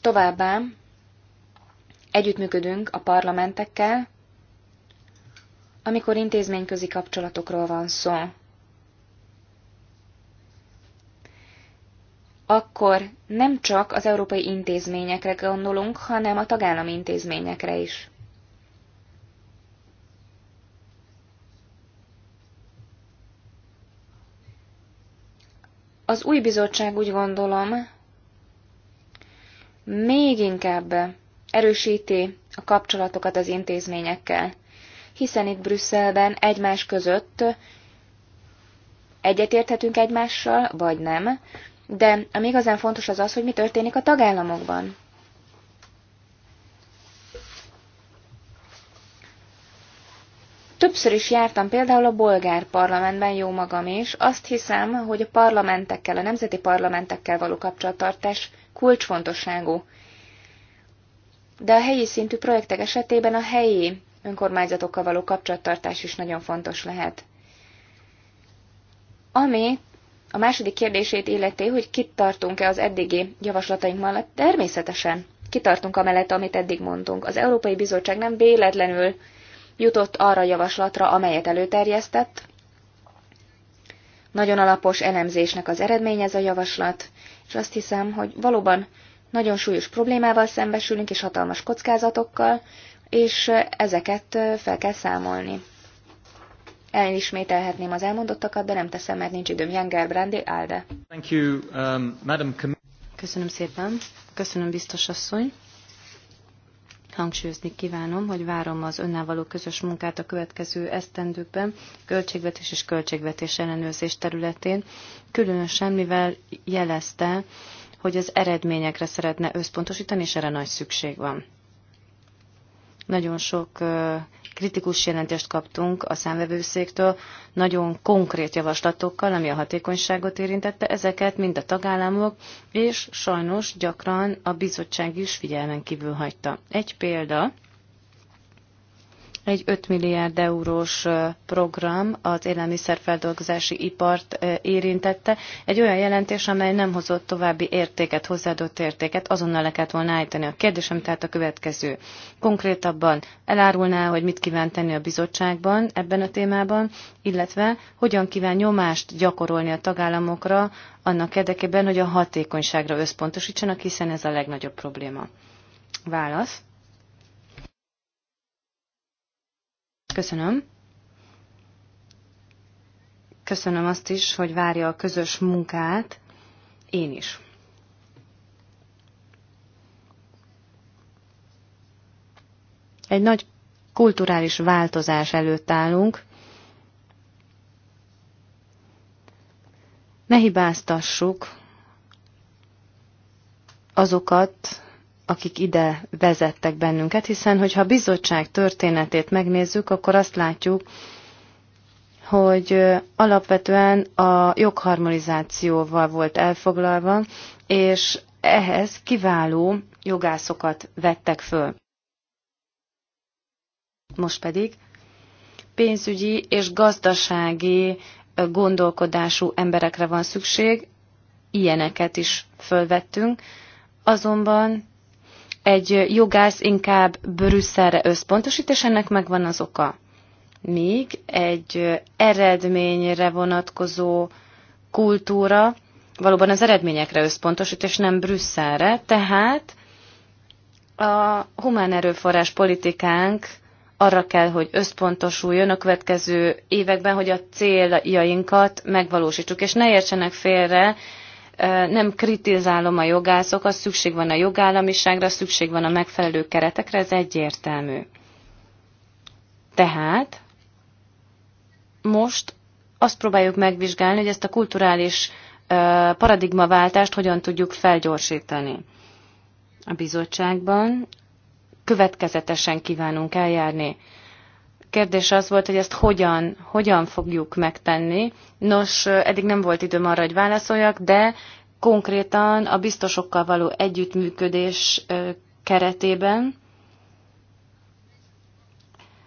Továbbá együttműködünk a parlamentekkel, amikor intézményközi kapcsolatokról van szó. Akkor nem csak az európai intézményekre gondolunk, hanem a tagállami intézményekre is. Az új bizottság úgy gondolom, még inkább erősíti a kapcsolatokat az intézményekkel hiszen itt Brüsszelben egymás között egyetérthetünk egymással, vagy nem, de ami igazán fontos az az, hogy mi történik a tagállamokban. Többször is jártam például a bolgár parlamentben, jó magam is. Azt hiszem, hogy a parlamentekkel, a nemzeti parlamentekkel való kapcsolattartás kulcsfontosságú. De a helyi szintű projektek esetében a helyi önkormányzatokkal való kapcsolattartás is nagyon fontos lehet. Ami a második kérdését illeti, hogy kitartunk-e az eddigi javaslataink mellett, természetesen kitartunk amellett, amit eddig mondtunk. Az Európai Bizottság nem véletlenül jutott arra a javaslatra, amelyet előterjesztett. Nagyon alapos elemzésnek az eredmény ez a javaslat, és azt hiszem, hogy valóban nagyon súlyos problémával szembesülünk, és hatalmas kockázatokkal, és ezeket fel kell számolni. Elismételhetném az elmondottakat, de nem teszem, mert nincs időm. Janger Brandi, Alde. Thank you, um, Madam Köszönöm szépen. Köszönöm, biztos asszony. Hangsúlyozni kívánom, hogy várom az önnel való közös munkát a következő esztendőkben, költségvetés és költségvetés ellenőrzés területén, különösen mivel jelezte, hogy az eredményekre szeretne összpontosítani, és erre nagy szükség van. Nagyon sok kritikus jelentést kaptunk a számvevőszéktől, nagyon konkrét javaslatokkal, ami a hatékonyságot érintette, ezeket mind a tagállamok, és sajnos gyakran a bizottság is figyelmen kívül hagyta. Egy példa, egy 5 milliárd eurós program az élelmiszerfeldolgozási ipart érintette. Egy olyan jelentés, amely nem hozott további értéket, hozzáadott értéket, azonnal le kellett volna állítani. A kérdésem tehát a következő. Konkrétabban elárulná, hogy mit kíván tenni a bizottságban ebben a témában, illetve hogyan kíván nyomást gyakorolni a tagállamokra annak érdekében, hogy a hatékonyságra összpontosítsanak, hiszen ez a legnagyobb probléma. Válasz. Köszönöm. Köszönöm azt is, hogy várja a közös munkát. Én is. Egy nagy kulturális változás előtt állunk. Ne hibáztassuk azokat, akik ide vezettek bennünket, hiszen hogyha a bizottság történetét megnézzük, akkor azt látjuk, hogy alapvetően a jogharmonizációval volt elfoglalva, és ehhez kiváló jogászokat vettek föl. Most pedig pénzügyi és gazdasági gondolkodású emberekre van szükség, ilyeneket is fölvettünk, azonban egy jogász inkább Brüsszelre összpontosít, és ennek megvan az oka. Míg egy eredményre vonatkozó kultúra valóban az eredményekre összpontosít, és nem Brüsszelre, tehát a humán erőforrás politikánk arra kell, hogy összpontosuljon a következő években, hogy a céljainkat megvalósítsuk. És ne értsenek félre, nem kritizálom a jogászokat, szükség van a jogállamiságra, szükség van a megfelelő keretekre, ez egyértelmű. Tehát most azt próbáljuk megvizsgálni, hogy ezt a kulturális paradigmaváltást hogyan tudjuk felgyorsítani. A bizottságban következetesen kívánunk eljárni kérdés az volt, hogy ezt hogyan, hogyan fogjuk megtenni. Nos, eddig nem volt időm arra, hogy válaszoljak, de konkrétan a biztosokkal való együttműködés keretében,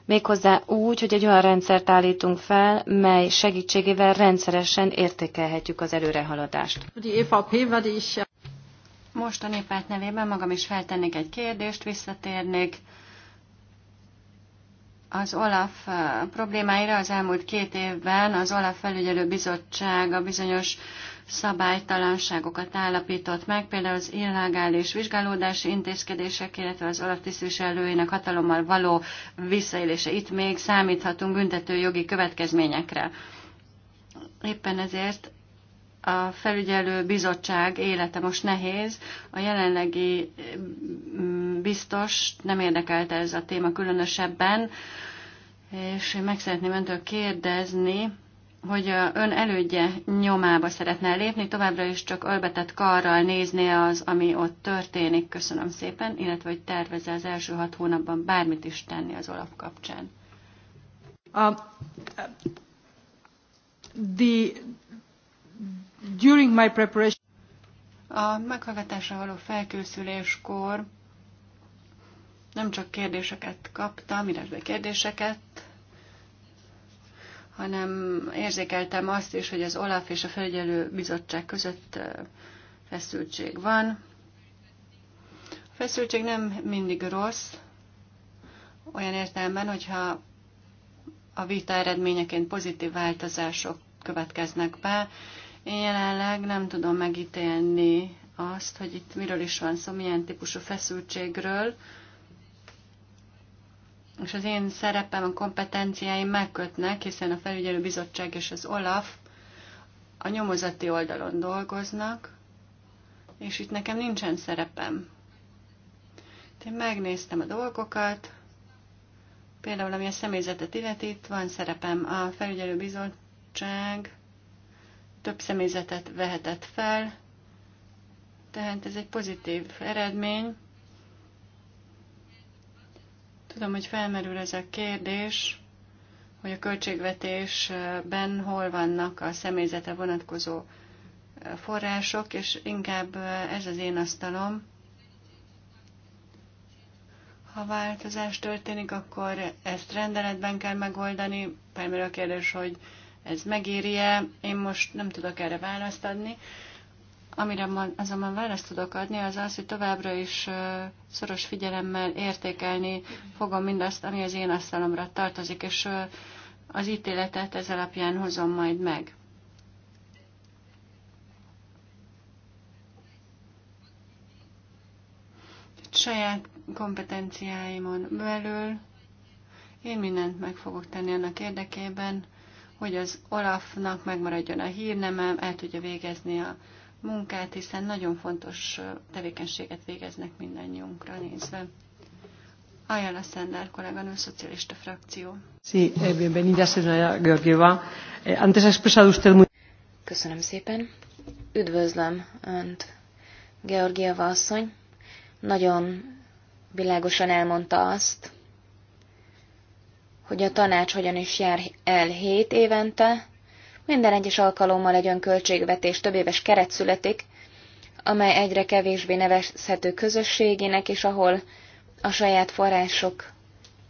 méghozzá úgy, hogy egy olyan rendszert állítunk fel, mely segítségével rendszeresen értékelhetjük az előrehaladást. E Most a néppárt nevében magam is feltennék egy kérdést, visszatérnék az OLAF problémáira az elmúlt két évben az OLAF felügyelő a bizonyos szabálytalanságokat állapított meg, például az illegális vizsgálódási intézkedések, illetve az OLAF tisztviselőinek hatalommal való visszaélése. Itt még számíthatunk büntető jogi következményekre. Éppen ezért a felügyelő bizottság élete most nehéz. A jelenlegi mm, biztos nem érdekelte ez a téma különösebben, és én meg szeretném öntől kérdezni, hogy ön elődje nyomába szeretne lépni, továbbra is csak ölbetett karral nézni az, ami ott történik, köszönöm szépen, illetve hogy tervezze az első hat hónapban bármit is tenni az olap kapcsán. A, the, during my preparation. A meghallgatásra való felkészüléskor nem csak kérdéseket kaptam, illetve kérdéseket, hanem érzékeltem azt is, hogy az OLAF és a Felügyelő Bizottság között feszültség van. A feszültség nem mindig rossz, olyan értelemben, hogyha a vita eredményeként pozitív változások következnek be, én jelenleg nem tudom megítélni azt, hogy itt miről is van szó, milyen típusú feszültségről, és az én szerepem, a kompetenciáim megkötnek, hiszen a felügyelőbizottság és az OLAF a nyomozati oldalon dolgoznak, és itt nekem nincsen szerepem. Én megnéztem a dolgokat, például ami a személyzetet illeti, itt van szerepem a felügyelőbizottság több személyzetet vehetett fel, tehát ez egy pozitív eredmény. Tudom, hogy felmerül ez a kérdés, hogy a költségvetésben hol vannak a személyzete vonatkozó források, és inkább ez az én asztalom. Ha változás történik, akkor ezt rendeletben kell megoldani. Felmerül a kérdés, hogy ez megéri-e, én most nem tudok erre választ adni. Amire azonban választ tudok adni, az az, hogy továbbra is szoros figyelemmel értékelni fogom mindazt, ami az én asztalomra tartozik, és az ítéletet ez alapján hozom majd meg. Saját kompetenciáimon belül én mindent meg fogok tenni annak érdekében, hogy az Olafnak megmaradjon a hírneme, el tudja végezni a munkát, hiszen nagyon fontos tevékenységet végeznek mindannyiunkra nézve. Ajala Szender, kolléganő, szocialista frakció. Sí, eh, bienvenida, señora Georgieva. Eh, antes ha expresado usted muy... Köszönöm szépen. Üdvözlöm Önt, Georgieva asszony. Nagyon világosan elmondta azt, hogy a tanács hogyan is jár el hét évente, minden egyes alkalommal egy olyan költségvetés több éves keret születik, amely egyre kevésbé nevezhető közösségének, és ahol a saját források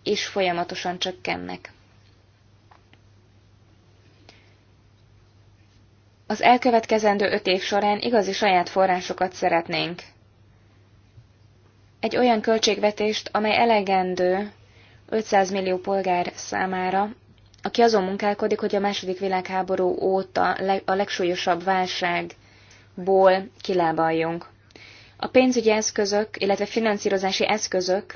is folyamatosan csökkennek. Az elkövetkezendő öt év során igazi saját forrásokat szeretnénk. Egy olyan költségvetést, amely elegendő 500 millió polgár számára, aki azon munkálkodik, hogy a második világháború óta a legsúlyosabb válságból kilábaljunk. A pénzügyi eszközök, illetve finanszírozási eszközök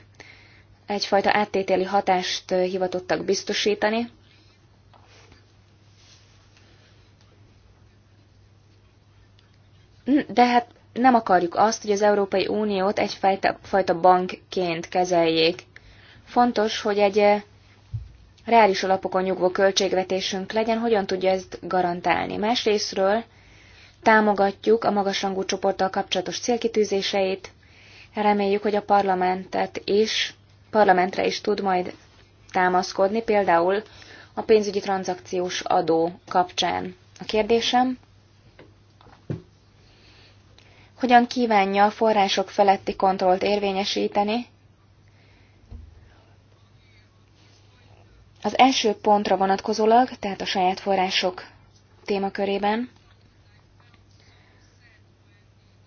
egyfajta áttételi hatást hivatottak biztosítani, de hát nem akarjuk azt, hogy az Európai Uniót egyfajta fajta bankként kezeljék. Fontos, hogy egy eh, reális alapokon nyugvó költségvetésünk legyen, hogyan tudja ezt garantálni. Másrésztről támogatjuk a magasrangú csoporttal kapcsolatos célkitűzéseit, reméljük, hogy a parlamentet is, parlamentre is tud majd támaszkodni, például a pénzügyi tranzakciós adó kapcsán. A kérdésem, hogyan kívánja a források feletti kontrollt érvényesíteni, Az első pontra vonatkozólag, tehát a saját források témakörében,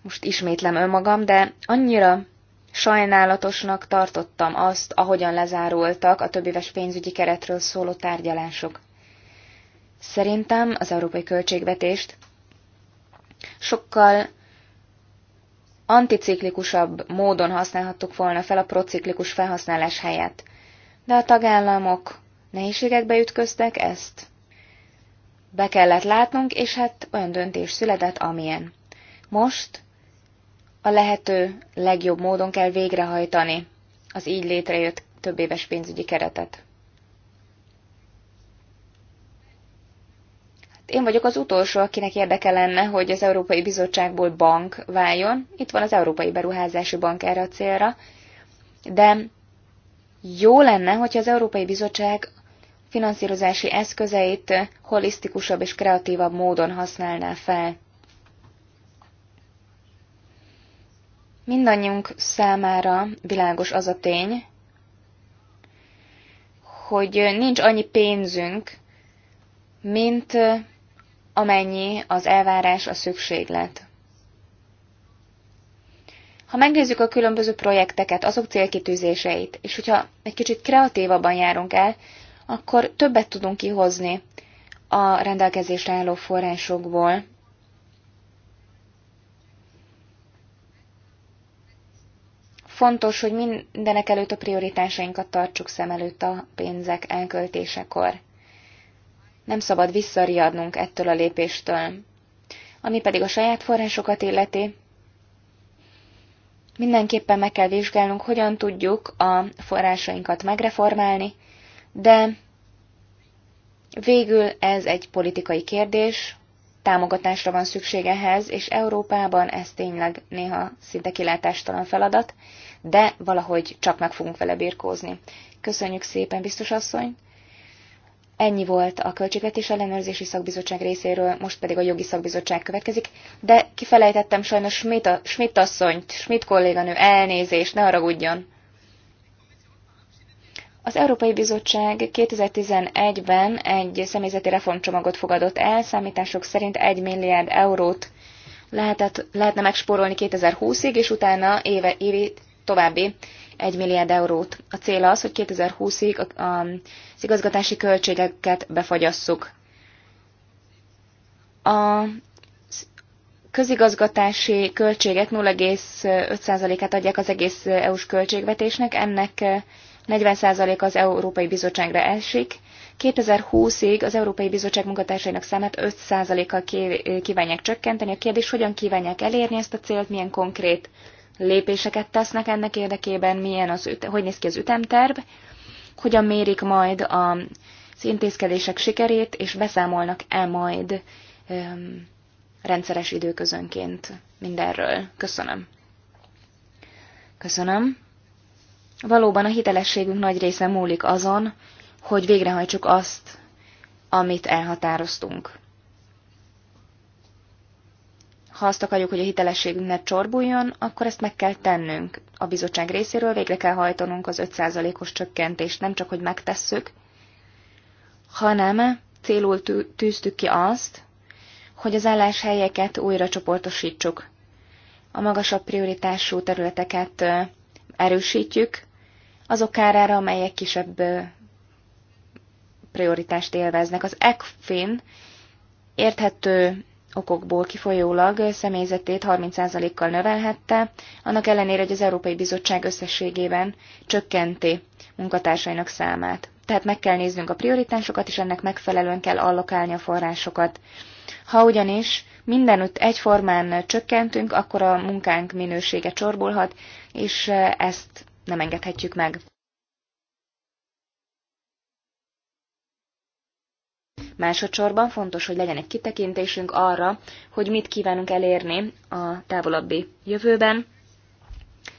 most ismétlem önmagam, de annyira sajnálatosnak tartottam azt, ahogyan lezárultak a többéves pénzügyi keretről szóló tárgyalások. Szerintem az európai költségvetést sokkal anticiklikusabb módon használhattuk volna fel a prociklikus felhasználás helyett. De a tagállamok nehézségekbe ütköztek, ezt be kellett látnunk, és hát olyan döntés született, amilyen. Most a lehető legjobb módon kell végrehajtani az így létrejött több éves pénzügyi keretet. Hát én vagyok az utolsó, akinek érdeke lenne, hogy az Európai Bizottságból bank váljon. Itt van az Európai Beruházási Bank erre a célra. De jó lenne, hogyha az Európai Bizottság finanszírozási eszközeit holisztikusabb és kreatívabb módon használná fel. Mindannyiunk számára világos az a tény, hogy nincs annyi pénzünk, mint amennyi az elvárás, a szükséglet. Ha megnézzük a különböző projekteket, azok célkitűzéseit, és hogyha egy kicsit kreatívabban járunk el, akkor többet tudunk kihozni a rendelkezésre álló forrásokból. Fontos, hogy mindenek előtt a prioritásainkat tartsuk szem előtt a pénzek elköltésekor. Nem szabad visszariadnunk ettől a lépéstől. Ami pedig a saját forrásokat illeti, mindenképpen meg kell vizsgálnunk, hogyan tudjuk a forrásainkat megreformálni, de végül ez egy politikai kérdés, támogatásra van szükség ehhez, és Európában ez tényleg néha szinte kilátástalan feladat, de valahogy csak meg fogunk vele birkózni. Köszönjük szépen, biztos asszony! Ennyi volt a Költségvetés Ellenőrzési Szakbizottság részéről, most pedig a Jogi Szakbizottság következik, de kifelejtettem sajnos Schmidt, asszonyt, Schmidt kolléganő, elnézést, ne haragudjon! Az Európai Bizottság 2011-ben egy személyzeti reformcsomagot fogadott el, számítások szerint 1 milliárd eurót lehetett, lehetne megspórolni 2020-ig, és utána éve, évi további 1 milliárd eurót. A cél az, hogy 2020-ig az igazgatási költségeket befagyasszuk. A közigazgatási költségek 0,5%-át adják az egész EU-s költségvetésnek, ennek 40% az Európai Bizottságra esik, 2020-ig az Európai Bizottság munkatársainak számát 5%-kal kívánják csökkenteni. A kérdés, hogyan kívánják elérni ezt a célt, milyen konkrét lépéseket tesznek ennek érdekében, milyen az, hogy néz ki az ütemterv, hogyan mérik majd a, az intézkedések sikerét, és beszámolnak-e majd öm, rendszeres időközönként mindenről. Köszönöm. Köszönöm. Valóban a hitelességünk nagy része múlik azon, hogy végrehajtsuk azt, amit elhatároztunk. Ha azt akarjuk, hogy a hitelességünk ne csorbuljon, akkor ezt meg kell tennünk. A bizottság részéről végre kell hajtanunk az 5%-os csökkentést, nem csak, hogy megtesszük, hanem célul tűztük ki azt, hogy az álláshelyeket újra csoportosítsuk. A magasabb prioritású területeket erősítjük, azok kárára, amelyek kisebb prioritást élveznek. Az ECFIN érthető okokból kifolyólag személyzetét 30%-kal növelhette, annak ellenére, hogy az Európai Bizottság összességében csökkenti munkatársainak számát. Tehát meg kell néznünk a prioritásokat, és ennek megfelelően kell allokálni a forrásokat. Ha ugyanis mindenütt egyformán csökkentünk, akkor a munkánk minősége csorbulhat, és ezt nem engedhetjük meg. Másodszorban fontos, hogy legyen egy kitekintésünk arra, hogy mit kívánunk elérni a távolabbi jövőben.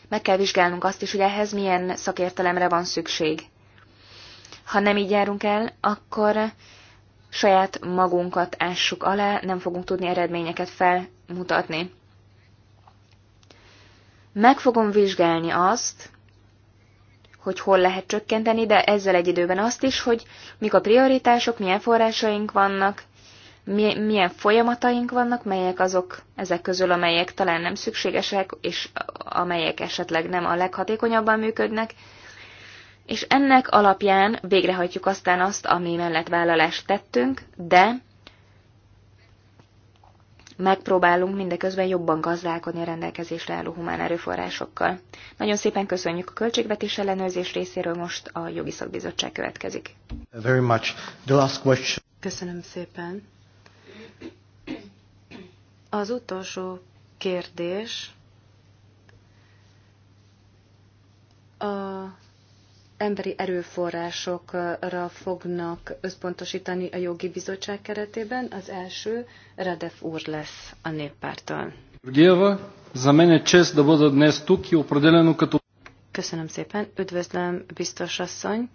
Meg kell vizsgálnunk azt is, hogy ehhez milyen szakértelemre van szükség. Ha nem így járunk el, akkor saját magunkat ássuk alá, nem fogunk tudni eredményeket felmutatni. Meg fogom vizsgálni azt, hogy hol lehet csökkenteni, de ezzel egy időben azt is, hogy mik a prioritások, milyen forrásaink vannak, milyen folyamataink vannak, melyek azok ezek közül, amelyek talán nem szükségesek, és amelyek esetleg nem a leghatékonyabban működnek, és ennek alapján végrehajtjuk aztán azt, ami mellett vállalást tettünk, de megpróbálunk mindeközben jobban gazdálkodni a rendelkezésre álló humán erőforrásokkal. Nagyon szépen köszönjük a költségvetés ellenőrzés részéről, most a jogi szakbizottság következik. Very much. The last question. Köszönöm szépen. Az utolsó kérdés a emberi erőforrásokra fognak összpontosítani a jogi bizottság keretében. Az első Radev úr lesz a néppártól. Köszönöm szépen, üdvözlöm biztos asszony.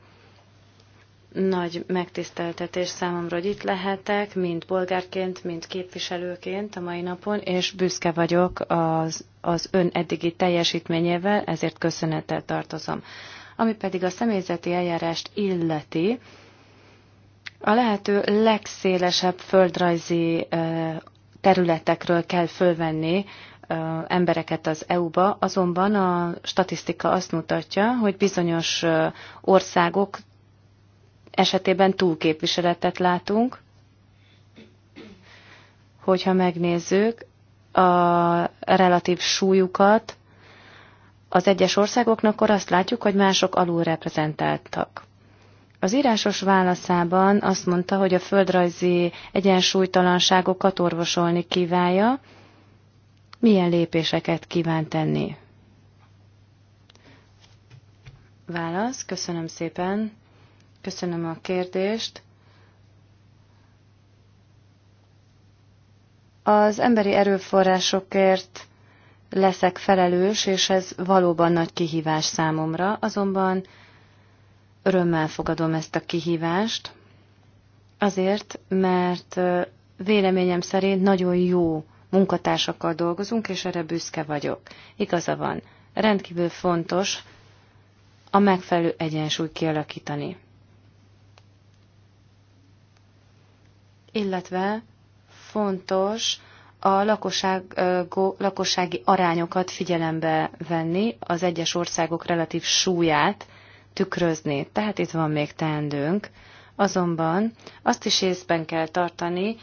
Nagy megtiszteltetés számomra, hogy itt lehetek, mind bolgárként, mind képviselőként a mai napon, és büszke vagyok az, az ön eddigi teljesítményével, ezért köszönettel tartozom. Ami pedig a személyzeti eljárást illeti, a lehető legszélesebb földrajzi területekről kell fölvenni embereket az EU-ba, azonban a statisztika azt mutatja, hogy bizonyos országok esetében túlképviseletet látunk. Hogyha megnézzük a relatív súlyukat, az egyes országoknak, akkor azt látjuk, hogy mások alulreprezentáltak. Az írásos válaszában azt mondta, hogy a földrajzi egyensúlytalanságokat orvosolni kívánja, milyen lépéseket kíván tenni. Válasz, köszönöm szépen, köszönöm a kérdést. Az emberi erőforrásokért leszek felelős, és ez valóban nagy kihívás számomra, azonban örömmel fogadom ezt a kihívást, azért, mert véleményem szerint nagyon jó munkatársakkal dolgozunk, és erre büszke vagyok. Igaza van, rendkívül fontos a megfelelő egyensúly kialakítani. Illetve fontos, a lakosság, lakossági arányokat figyelembe venni, az egyes országok relatív súlyát tükrözni. Tehát itt van még teendőnk. Azonban azt is észben kell tartani,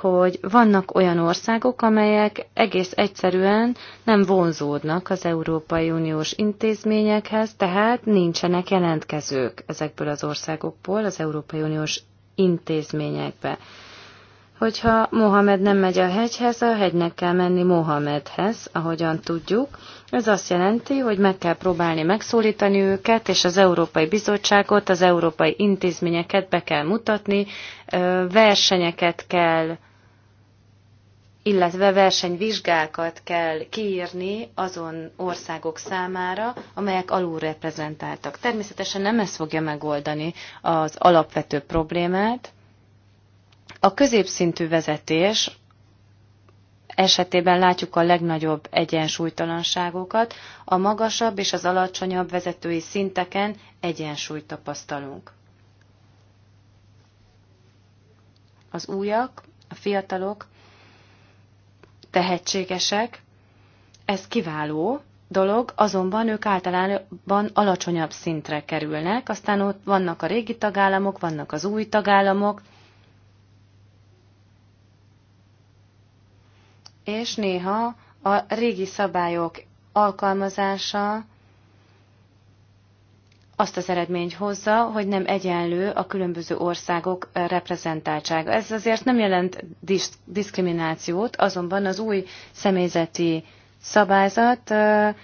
hogy vannak olyan országok, amelyek egész egyszerűen nem vonzódnak az Európai Uniós intézményekhez, tehát nincsenek jelentkezők ezekből az országokból az Európai Uniós intézményekbe hogyha Mohamed nem megy a hegyhez, a hegynek kell menni Mohamedhez, ahogyan tudjuk. Ez azt jelenti, hogy meg kell próbálni megszólítani őket, és az Európai Bizottságot, az európai intézményeket be kell mutatni, versenyeket kell illetve versenyvizsgákat kell kiírni azon országok számára, amelyek alulreprezentáltak. Természetesen nem ez fogja megoldani az alapvető problémát, a középszintű vezetés esetében látjuk a legnagyobb egyensúlytalanságokat, a magasabb és az alacsonyabb vezetői szinteken egyensúlyt tapasztalunk. Az újak, a fiatalok tehetségesek, ez kiváló dolog, azonban ők általában alacsonyabb szintre kerülnek, aztán ott vannak a régi tagállamok, vannak az új tagállamok, és néha a régi szabályok alkalmazása azt az eredményt hozza, hogy nem egyenlő a különböző országok reprezentáltsága. Ez azért nem jelent disz- diszkriminációt, azonban az új személyzeti szabályzat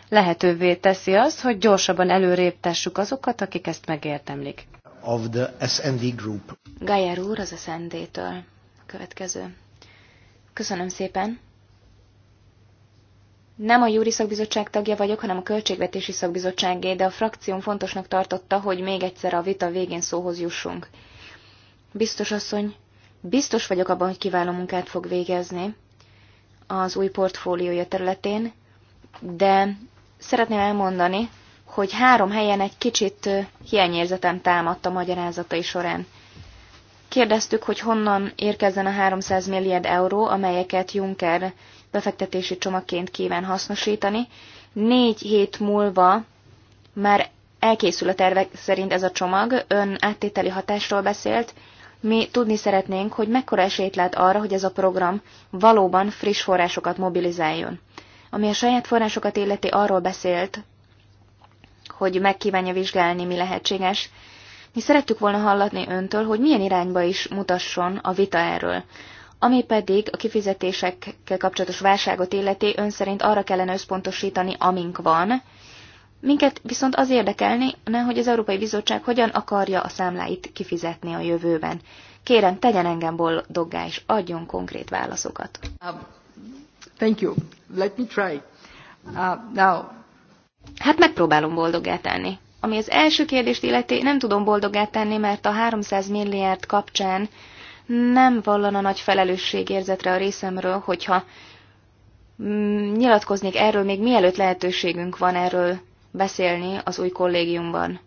lehetővé teszi azt, hogy gyorsabban előrébb tessük azokat, akik ezt megértemlik. Of the SND Group. Gajer úr az SND-től. Következő. Köszönöm szépen nem a Júri Szakbizottság tagja vagyok, hanem a Költségvetési Szakbizottságé, de a frakcióm fontosnak tartotta, hogy még egyszer a vita végén szóhoz jussunk. Biztos asszony, biztos vagyok abban, hogy kiváló munkát fog végezni az új portfóliója területén, de szeretném elmondani, hogy három helyen egy kicsit hiányérzetem támadt a magyarázatai során. Kérdeztük, hogy honnan érkezzen a 300 milliárd euró, amelyeket Juncker befektetési csomagként kíván hasznosítani. Négy hét múlva már elkészül a tervek szerint ez a csomag, ön áttételi hatásról beszélt, mi tudni szeretnénk, hogy mekkora esélyt lát arra, hogy ez a program valóban friss forrásokat mobilizáljon. Ami a saját forrásokat illeti, arról beszélt, hogy megkívánja vizsgálni, mi lehetséges. Mi szerettük volna hallatni öntől, hogy milyen irányba is mutasson a vita erről. Ami pedig a kifizetésekkel kapcsolatos válságot illeti, ön szerint arra kellene összpontosítani, amink van. Minket viszont az érdekelni, hogy az Európai Bizottság hogyan akarja a számláit kifizetni a jövőben. Kérem, tegyen engem boldoggá, és adjon konkrét válaszokat. Uh, thank you. Let me try. Uh, now. Hát megpróbálom boldoggá tenni. Ami az első kérdést illeti, nem tudom boldoggá tenni, mert a 300 milliárd kapcsán nem vallana nagy felelősségérzetre a részemről, hogyha nyilatkoznék erről még mielőtt lehetőségünk van erről beszélni az új kollégiumban.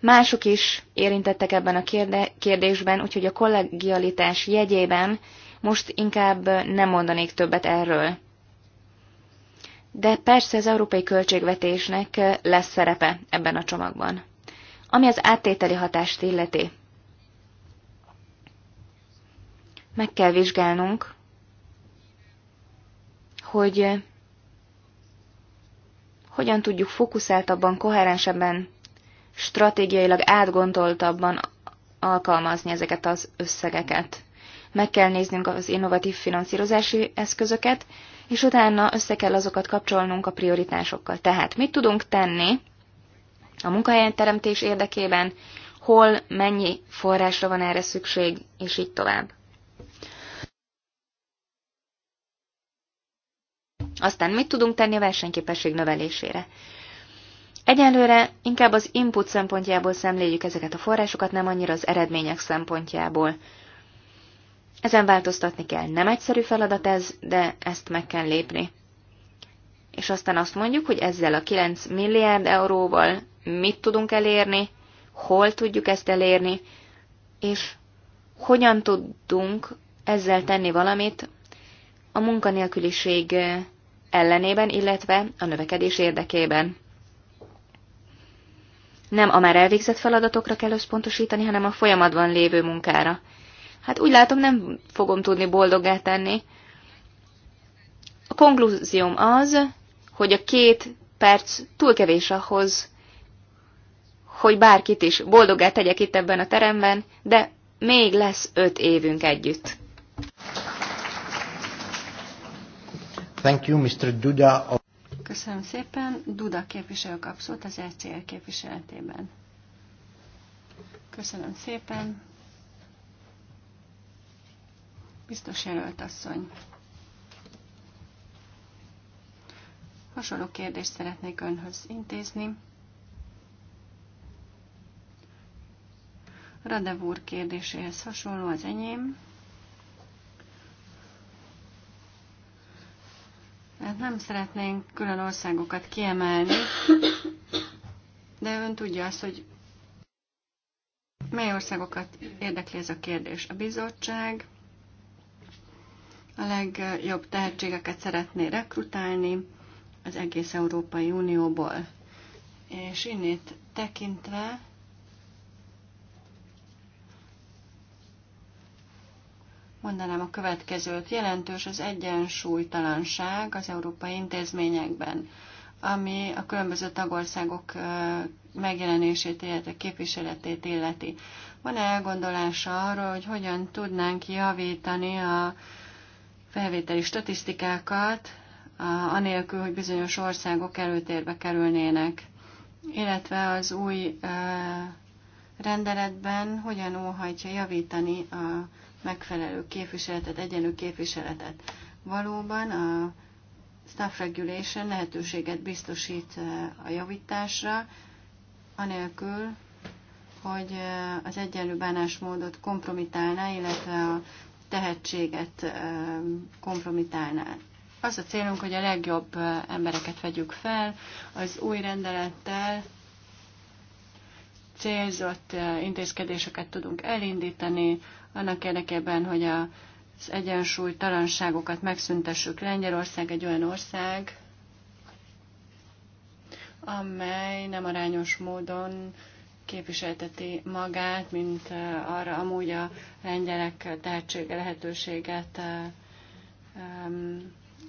Mások is érintettek ebben a kérdésben, úgyhogy a kollegialitás jegyében most inkább nem mondanék többet erről. De persze az európai költségvetésnek lesz szerepe ebben a csomagban. Ami az áttételi hatást illeti. meg kell vizsgálnunk, hogy eh, hogyan tudjuk fokuszáltabban, koherensebben, stratégiailag átgondoltabban alkalmazni ezeket az összegeket. Meg kell néznünk az innovatív finanszírozási eszközöket, és utána össze kell azokat kapcsolnunk a prioritásokkal. Tehát mit tudunk tenni a munkahelyen teremtés érdekében, hol mennyi forrásra van erre szükség, és így tovább. Aztán mit tudunk tenni a versenyképesség növelésére? Egyelőre inkább az input szempontjából szemléljük ezeket a forrásokat, nem annyira az eredmények szempontjából. Ezen változtatni kell. Nem egyszerű feladat ez, de ezt meg kell lépni. És aztán azt mondjuk, hogy ezzel a 9 milliárd euróval mit tudunk elérni, hol tudjuk ezt elérni, és hogyan tudunk ezzel tenni valamit a munkanélküliség ellenében, illetve a növekedés érdekében. Nem a már elvégzett feladatokra kell összpontosítani, hanem a folyamatban lévő munkára. Hát úgy látom, nem fogom tudni boldoggá tenni. A konklúzióm az, hogy a két perc túl kevés ahhoz, hogy bárkit is boldoggá tegyek itt ebben a teremben, de még lesz öt évünk együtt. Thank you, Mr. Duda. Köszönöm szépen. Duda képviselő kapszót az ECR képviseletében. Köszönöm szépen. Biztos jelölt asszony. Hasonló kérdést szeretnék önhöz intézni. Radevúr kérdéséhez hasonló az enyém. Hát nem szeretnénk külön országokat kiemelni, de ön tudja azt, hogy mely országokat érdekli ez a kérdés. A bizottság a legjobb tehetségeket szeretné rekrutálni az egész Európai Unióból. És innét tekintve mondanám a következőt. Jelentős az egyensúlytalanság az európai intézményekben, ami a különböző tagországok megjelenését, illetve képviseletét illeti. Van -e elgondolása arról, hogy hogyan tudnánk javítani a felvételi statisztikákat, anélkül, hogy bizonyos országok előtérbe kerülnének, illetve az új rendeletben hogyan óhajtja javítani a megfelelő képviseletet, egyenlő képviseletet. Valóban a staff regulation lehetőséget biztosít eh, a javításra, anélkül, hogy eh, az egyenlő bánásmódot kompromitálná, illetve a tehetséget eh, kompromitálná. Az a célunk, hogy a legjobb embereket vegyük fel, az új rendelettel célzott intézkedéseket tudunk elindítani, annak érdekében, hogy az talanságokat megszüntessük. Lengyelország egy olyan ország, amely nem arányos módon képviselteti magát, mint arra amúgy a lengyelek tehetsége, lehetőséget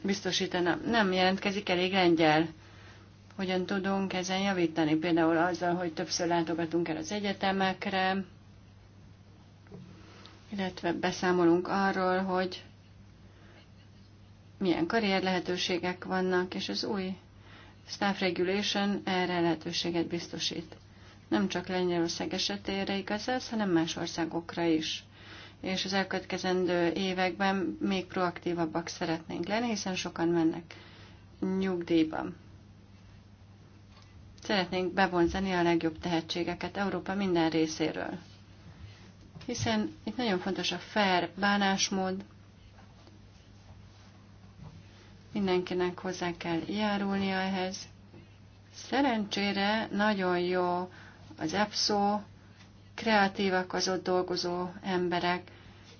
biztosítana. Nem jelentkezik elég lengyel. Hogyan tudunk ezen javítani? Például azzal, hogy többször látogatunk el az egyetemekre, illetve beszámolunk arról, hogy milyen karrier lehetőségek vannak, és az új staff regulation erre lehetőséget biztosít. Nem csak Lengyelország esetére igaz ez, hanem más országokra is. És az elkövetkezendő években még proaktívabbak szeretnénk lenni, hiszen sokan mennek nyugdíjban. Szeretnénk bevonzani a legjobb tehetségeket Európa minden részéről hiszen itt nagyon fontos a fair bánásmód, mindenkinek hozzá kell járulnia ehhez. Szerencsére nagyon jó az EPSO, kreatívak az ott dolgozó emberek,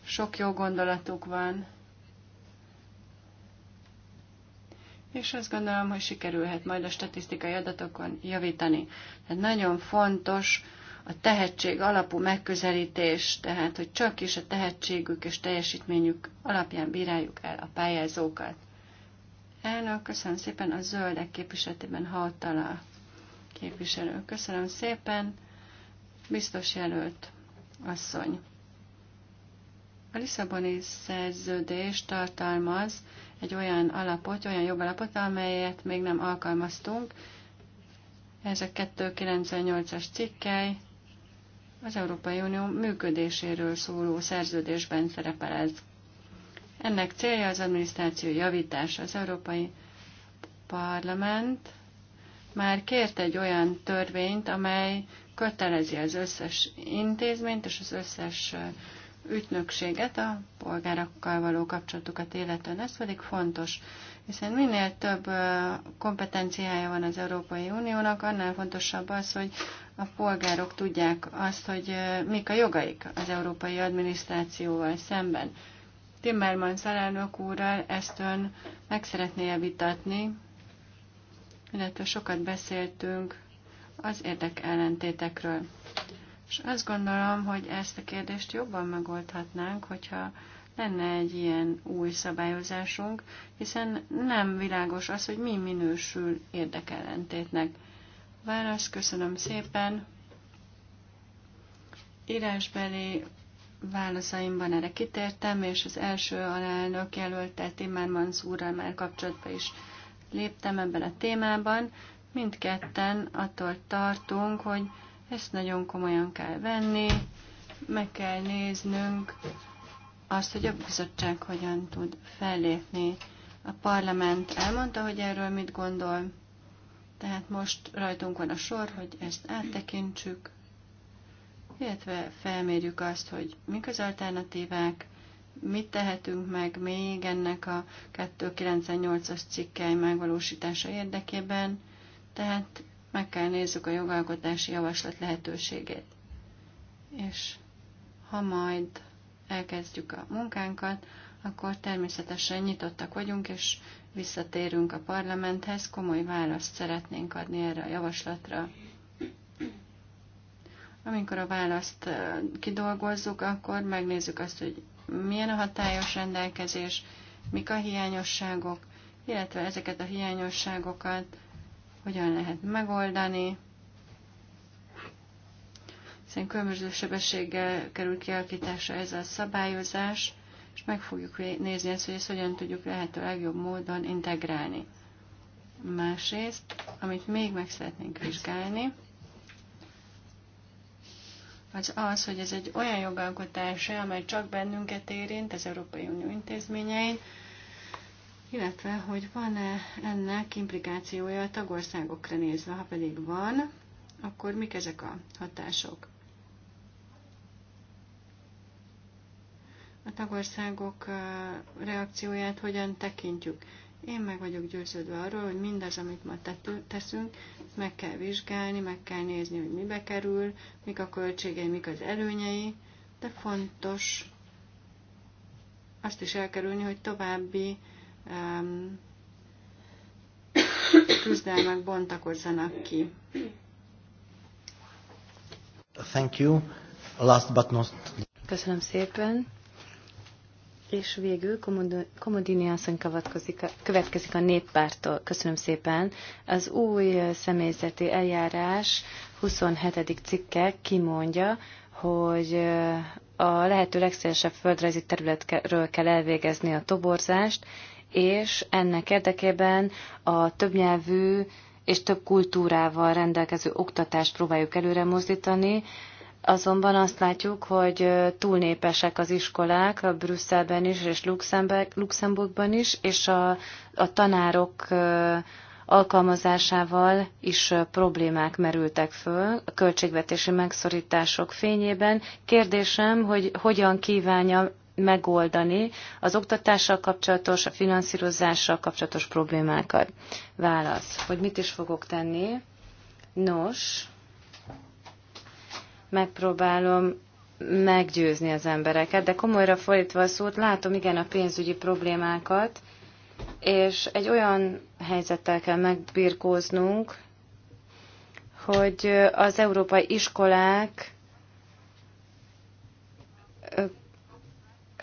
sok jó gondolatuk van, és azt gondolom, hogy sikerülhet majd a statisztikai adatokon javítani. Tehát nagyon fontos a tehetség alapú megközelítés, tehát hogy csak is a tehetségük és teljesítményük alapján bíráljuk el a pályázókat. Elnök, köszönöm szépen a zöldek képviseletében a képviselő. Köszönöm szépen, biztos jelölt asszony. A Lisszaboni szerződés tartalmaz egy olyan alapot, olyan jobb alapot, amelyet még nem alkalmaztunk. Ez a 298-as cikkely, az Európai Unió működéséről szóló szerződésben szerepel ez. Ennek célja az adminisztráció javítása. Az Európai Parlament már kért egy olyan törvényt, amely kötelezi az összes intézményt és az összes ügynökséget a polgárokkal való kapcsolatukat illetően. Ez pedig fontos, hiszen minél több kompetenciája van az Európai Uniónak, annál fontosabb az, hogy a polgárok tudják azt, hogy mik a jogaik az európai adminisztrációval szemben. Timmermans alelnök úrral ezt ön meg szeretné vitatni, illetve sokat beszéltünk az érdekellentétekről. És azt gondolom, hogy ezt a kérdést jobban megoldhatnánk, hogyha lenne egy ilyen új szabályozásunk, hiszen nem világos az, hogy mi minősül érdekellentétnek. Válasz, köszönöm szépen. Írásbeli válaszaimban erre kitértem, és az első alelnök jelöltel Timán Manzúrral már kapcsolatba is léptem ebben a témában. Mindketten attól tartunk, hogy ezt nagyon komolyan kell venni, meg kell néznünk azt, hogy a bizottság hogyan tud fellépni. A parlament elmondta, hogy erről mit gondol, tehát most rajtunk van a sor, hogy ezt áttekintsük, illetve felmérjük azt, hogy mik az alternatívák, mit tehetünk meg még ennek a 298-as cikkely megvalósítása érdekében. Tehát meg kell nézzük a jogalkotási javaslat lehetőségét. És ha majd elkezdjük a munkánkat, akkor természetesen nyitottak vagyunk, és visszatérünk a parlamenthez, komoly választ szeretnénk adni erre a javaslatra. Amikor a választ kidolgozzuk, akkor megnézzük azt, hogy milyen a hatályos rendelkezés, mik a hiányosságok, illetve ezeket a hiányosságokat hogyan lehet megoldani, hiszen különböző sebességgel kerül kialakításra ez a szabályozás, és meg fogjuk nézni ezt, hogy ezt hogyan tudjuk lehető legjobb módon integrálni. Másrészt, amit még meg szeretnénk vizsgálni, az az, hogy ez egy olyan jogalkotás, amely csak bennünket érint, az Európai Unió intézményein, illetve hogy van-e ennek implikációja a tagországokra nézve, ha pedig van, akkor mik ezek a hatások? A tagországok reakcióját hogyan tekintjük? Én meg vagyok győződve arról, hogy mindaz, amit ma teszünk, meg kell vizsgálni, meg kell nézni, hogy mibe kerül, mik a költségei, mik az előnyei, de fontos azt is elkerülni, hogy további küzdelmek bontakozzanak ki. Thank you. Last but not... Köszönöm szépen. És végül Komodini asszony következik a néppártól. Köszönöm szépen. Az új személyzeti eljárás 27. cikke kimondja, hogy a lehető legszélesebb földrajzi területről kell elvégezni a toborzást, és ennek érdekében a többnyelvű és több kultúrával rendelkező oktatást próbáljuk előre mozdítani, Azonban azt látjuk, hogy túlnépesek az iskolák a Brüsszelben is, és Luxemburg, Luxemburgban is, és a, a tanárok alkalmazásával is problémák merültek föl a költségvetési megszorítások fényében. Kérdésem, hogy hogyan kívánja megoldani az oktatással kapcsolatos, a finanszírozással kapcsolatos problémákat. Válasz, hogy mit is fogok tenni? Nos, megpróbálom meggyőzni az embereket, de komolyra fordítva a szót, látom igen a pénzügyi problémákat, és egy olyan helyzettel kell megbirkóznunk, hogy az európai iskolák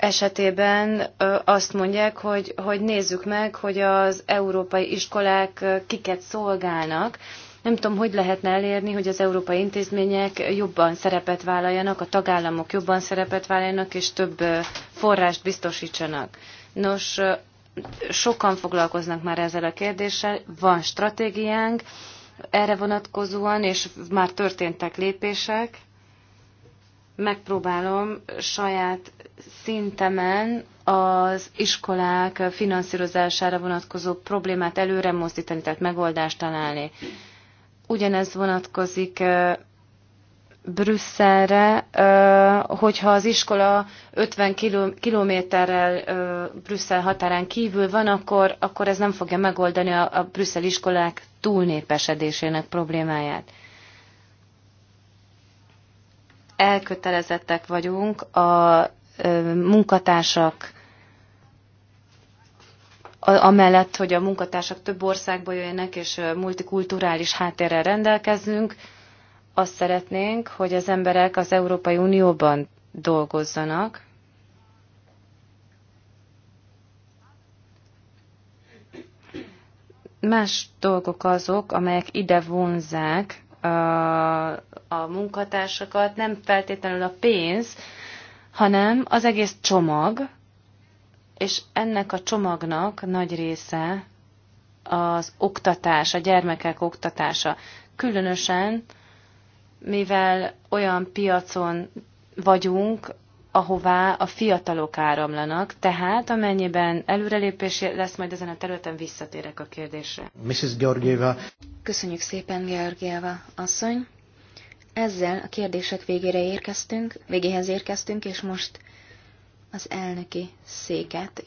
esetében azt mondják, hogy, hogy nézzük meg, hogy az európai iskolák kiket szolgálnak. Nem tudom, hogy lehetne elérni, hogy az európai intézmények jobban szerepet vállaljanak, a tagállamok jobban szerepet vállaljanak, és több forrást biztosítsanak. Nos, sokan foglalkoznak már ezzel a kérdéssel, van stratégiánk erre vonatkozóan, és már történtek lépések megpróbálom saját szintemen az iskolák finanszírozására vonatkozó problémát előre mozdítani, tehát megoldást találni. Ugyanez vonatkozik Brüsszelre, hogyha az iskola 50 kilométerrel Brüsszel határán kívül van, akkor, akkor ez nem fogja megoldani a, a brüsszel iskolák túlnépesedésének problémáját elkötelezettek vagyunk a munkatársak amellett, hogy a munkatársak több országból jöjjenek, és multikulturális háttérrel rendelkezünk, azt szeretnénk, hogy az emberek az Európai Unióban dolgozzanak, Más dolgok azok, amelyek ide vonzák a munkatársakat, nem feltétlenül a pénz, hanem az egész csomag, és ennek a csomagnak nagy része az oktatás, a gyermekek oktatása. Különösen, mivel olyan piacon vagyunk, ahová a fiatalok áramlanak, tehát amennyiben előrelépés lesz majd ezen a területen, visszatérek a kérdésre. Mrs. Georgieva. Köszönjük szépen, Georgieva asszony. Ezzel a kérdések végére érkeztünk, végéhez érkeztünk, és most az elnöki széket és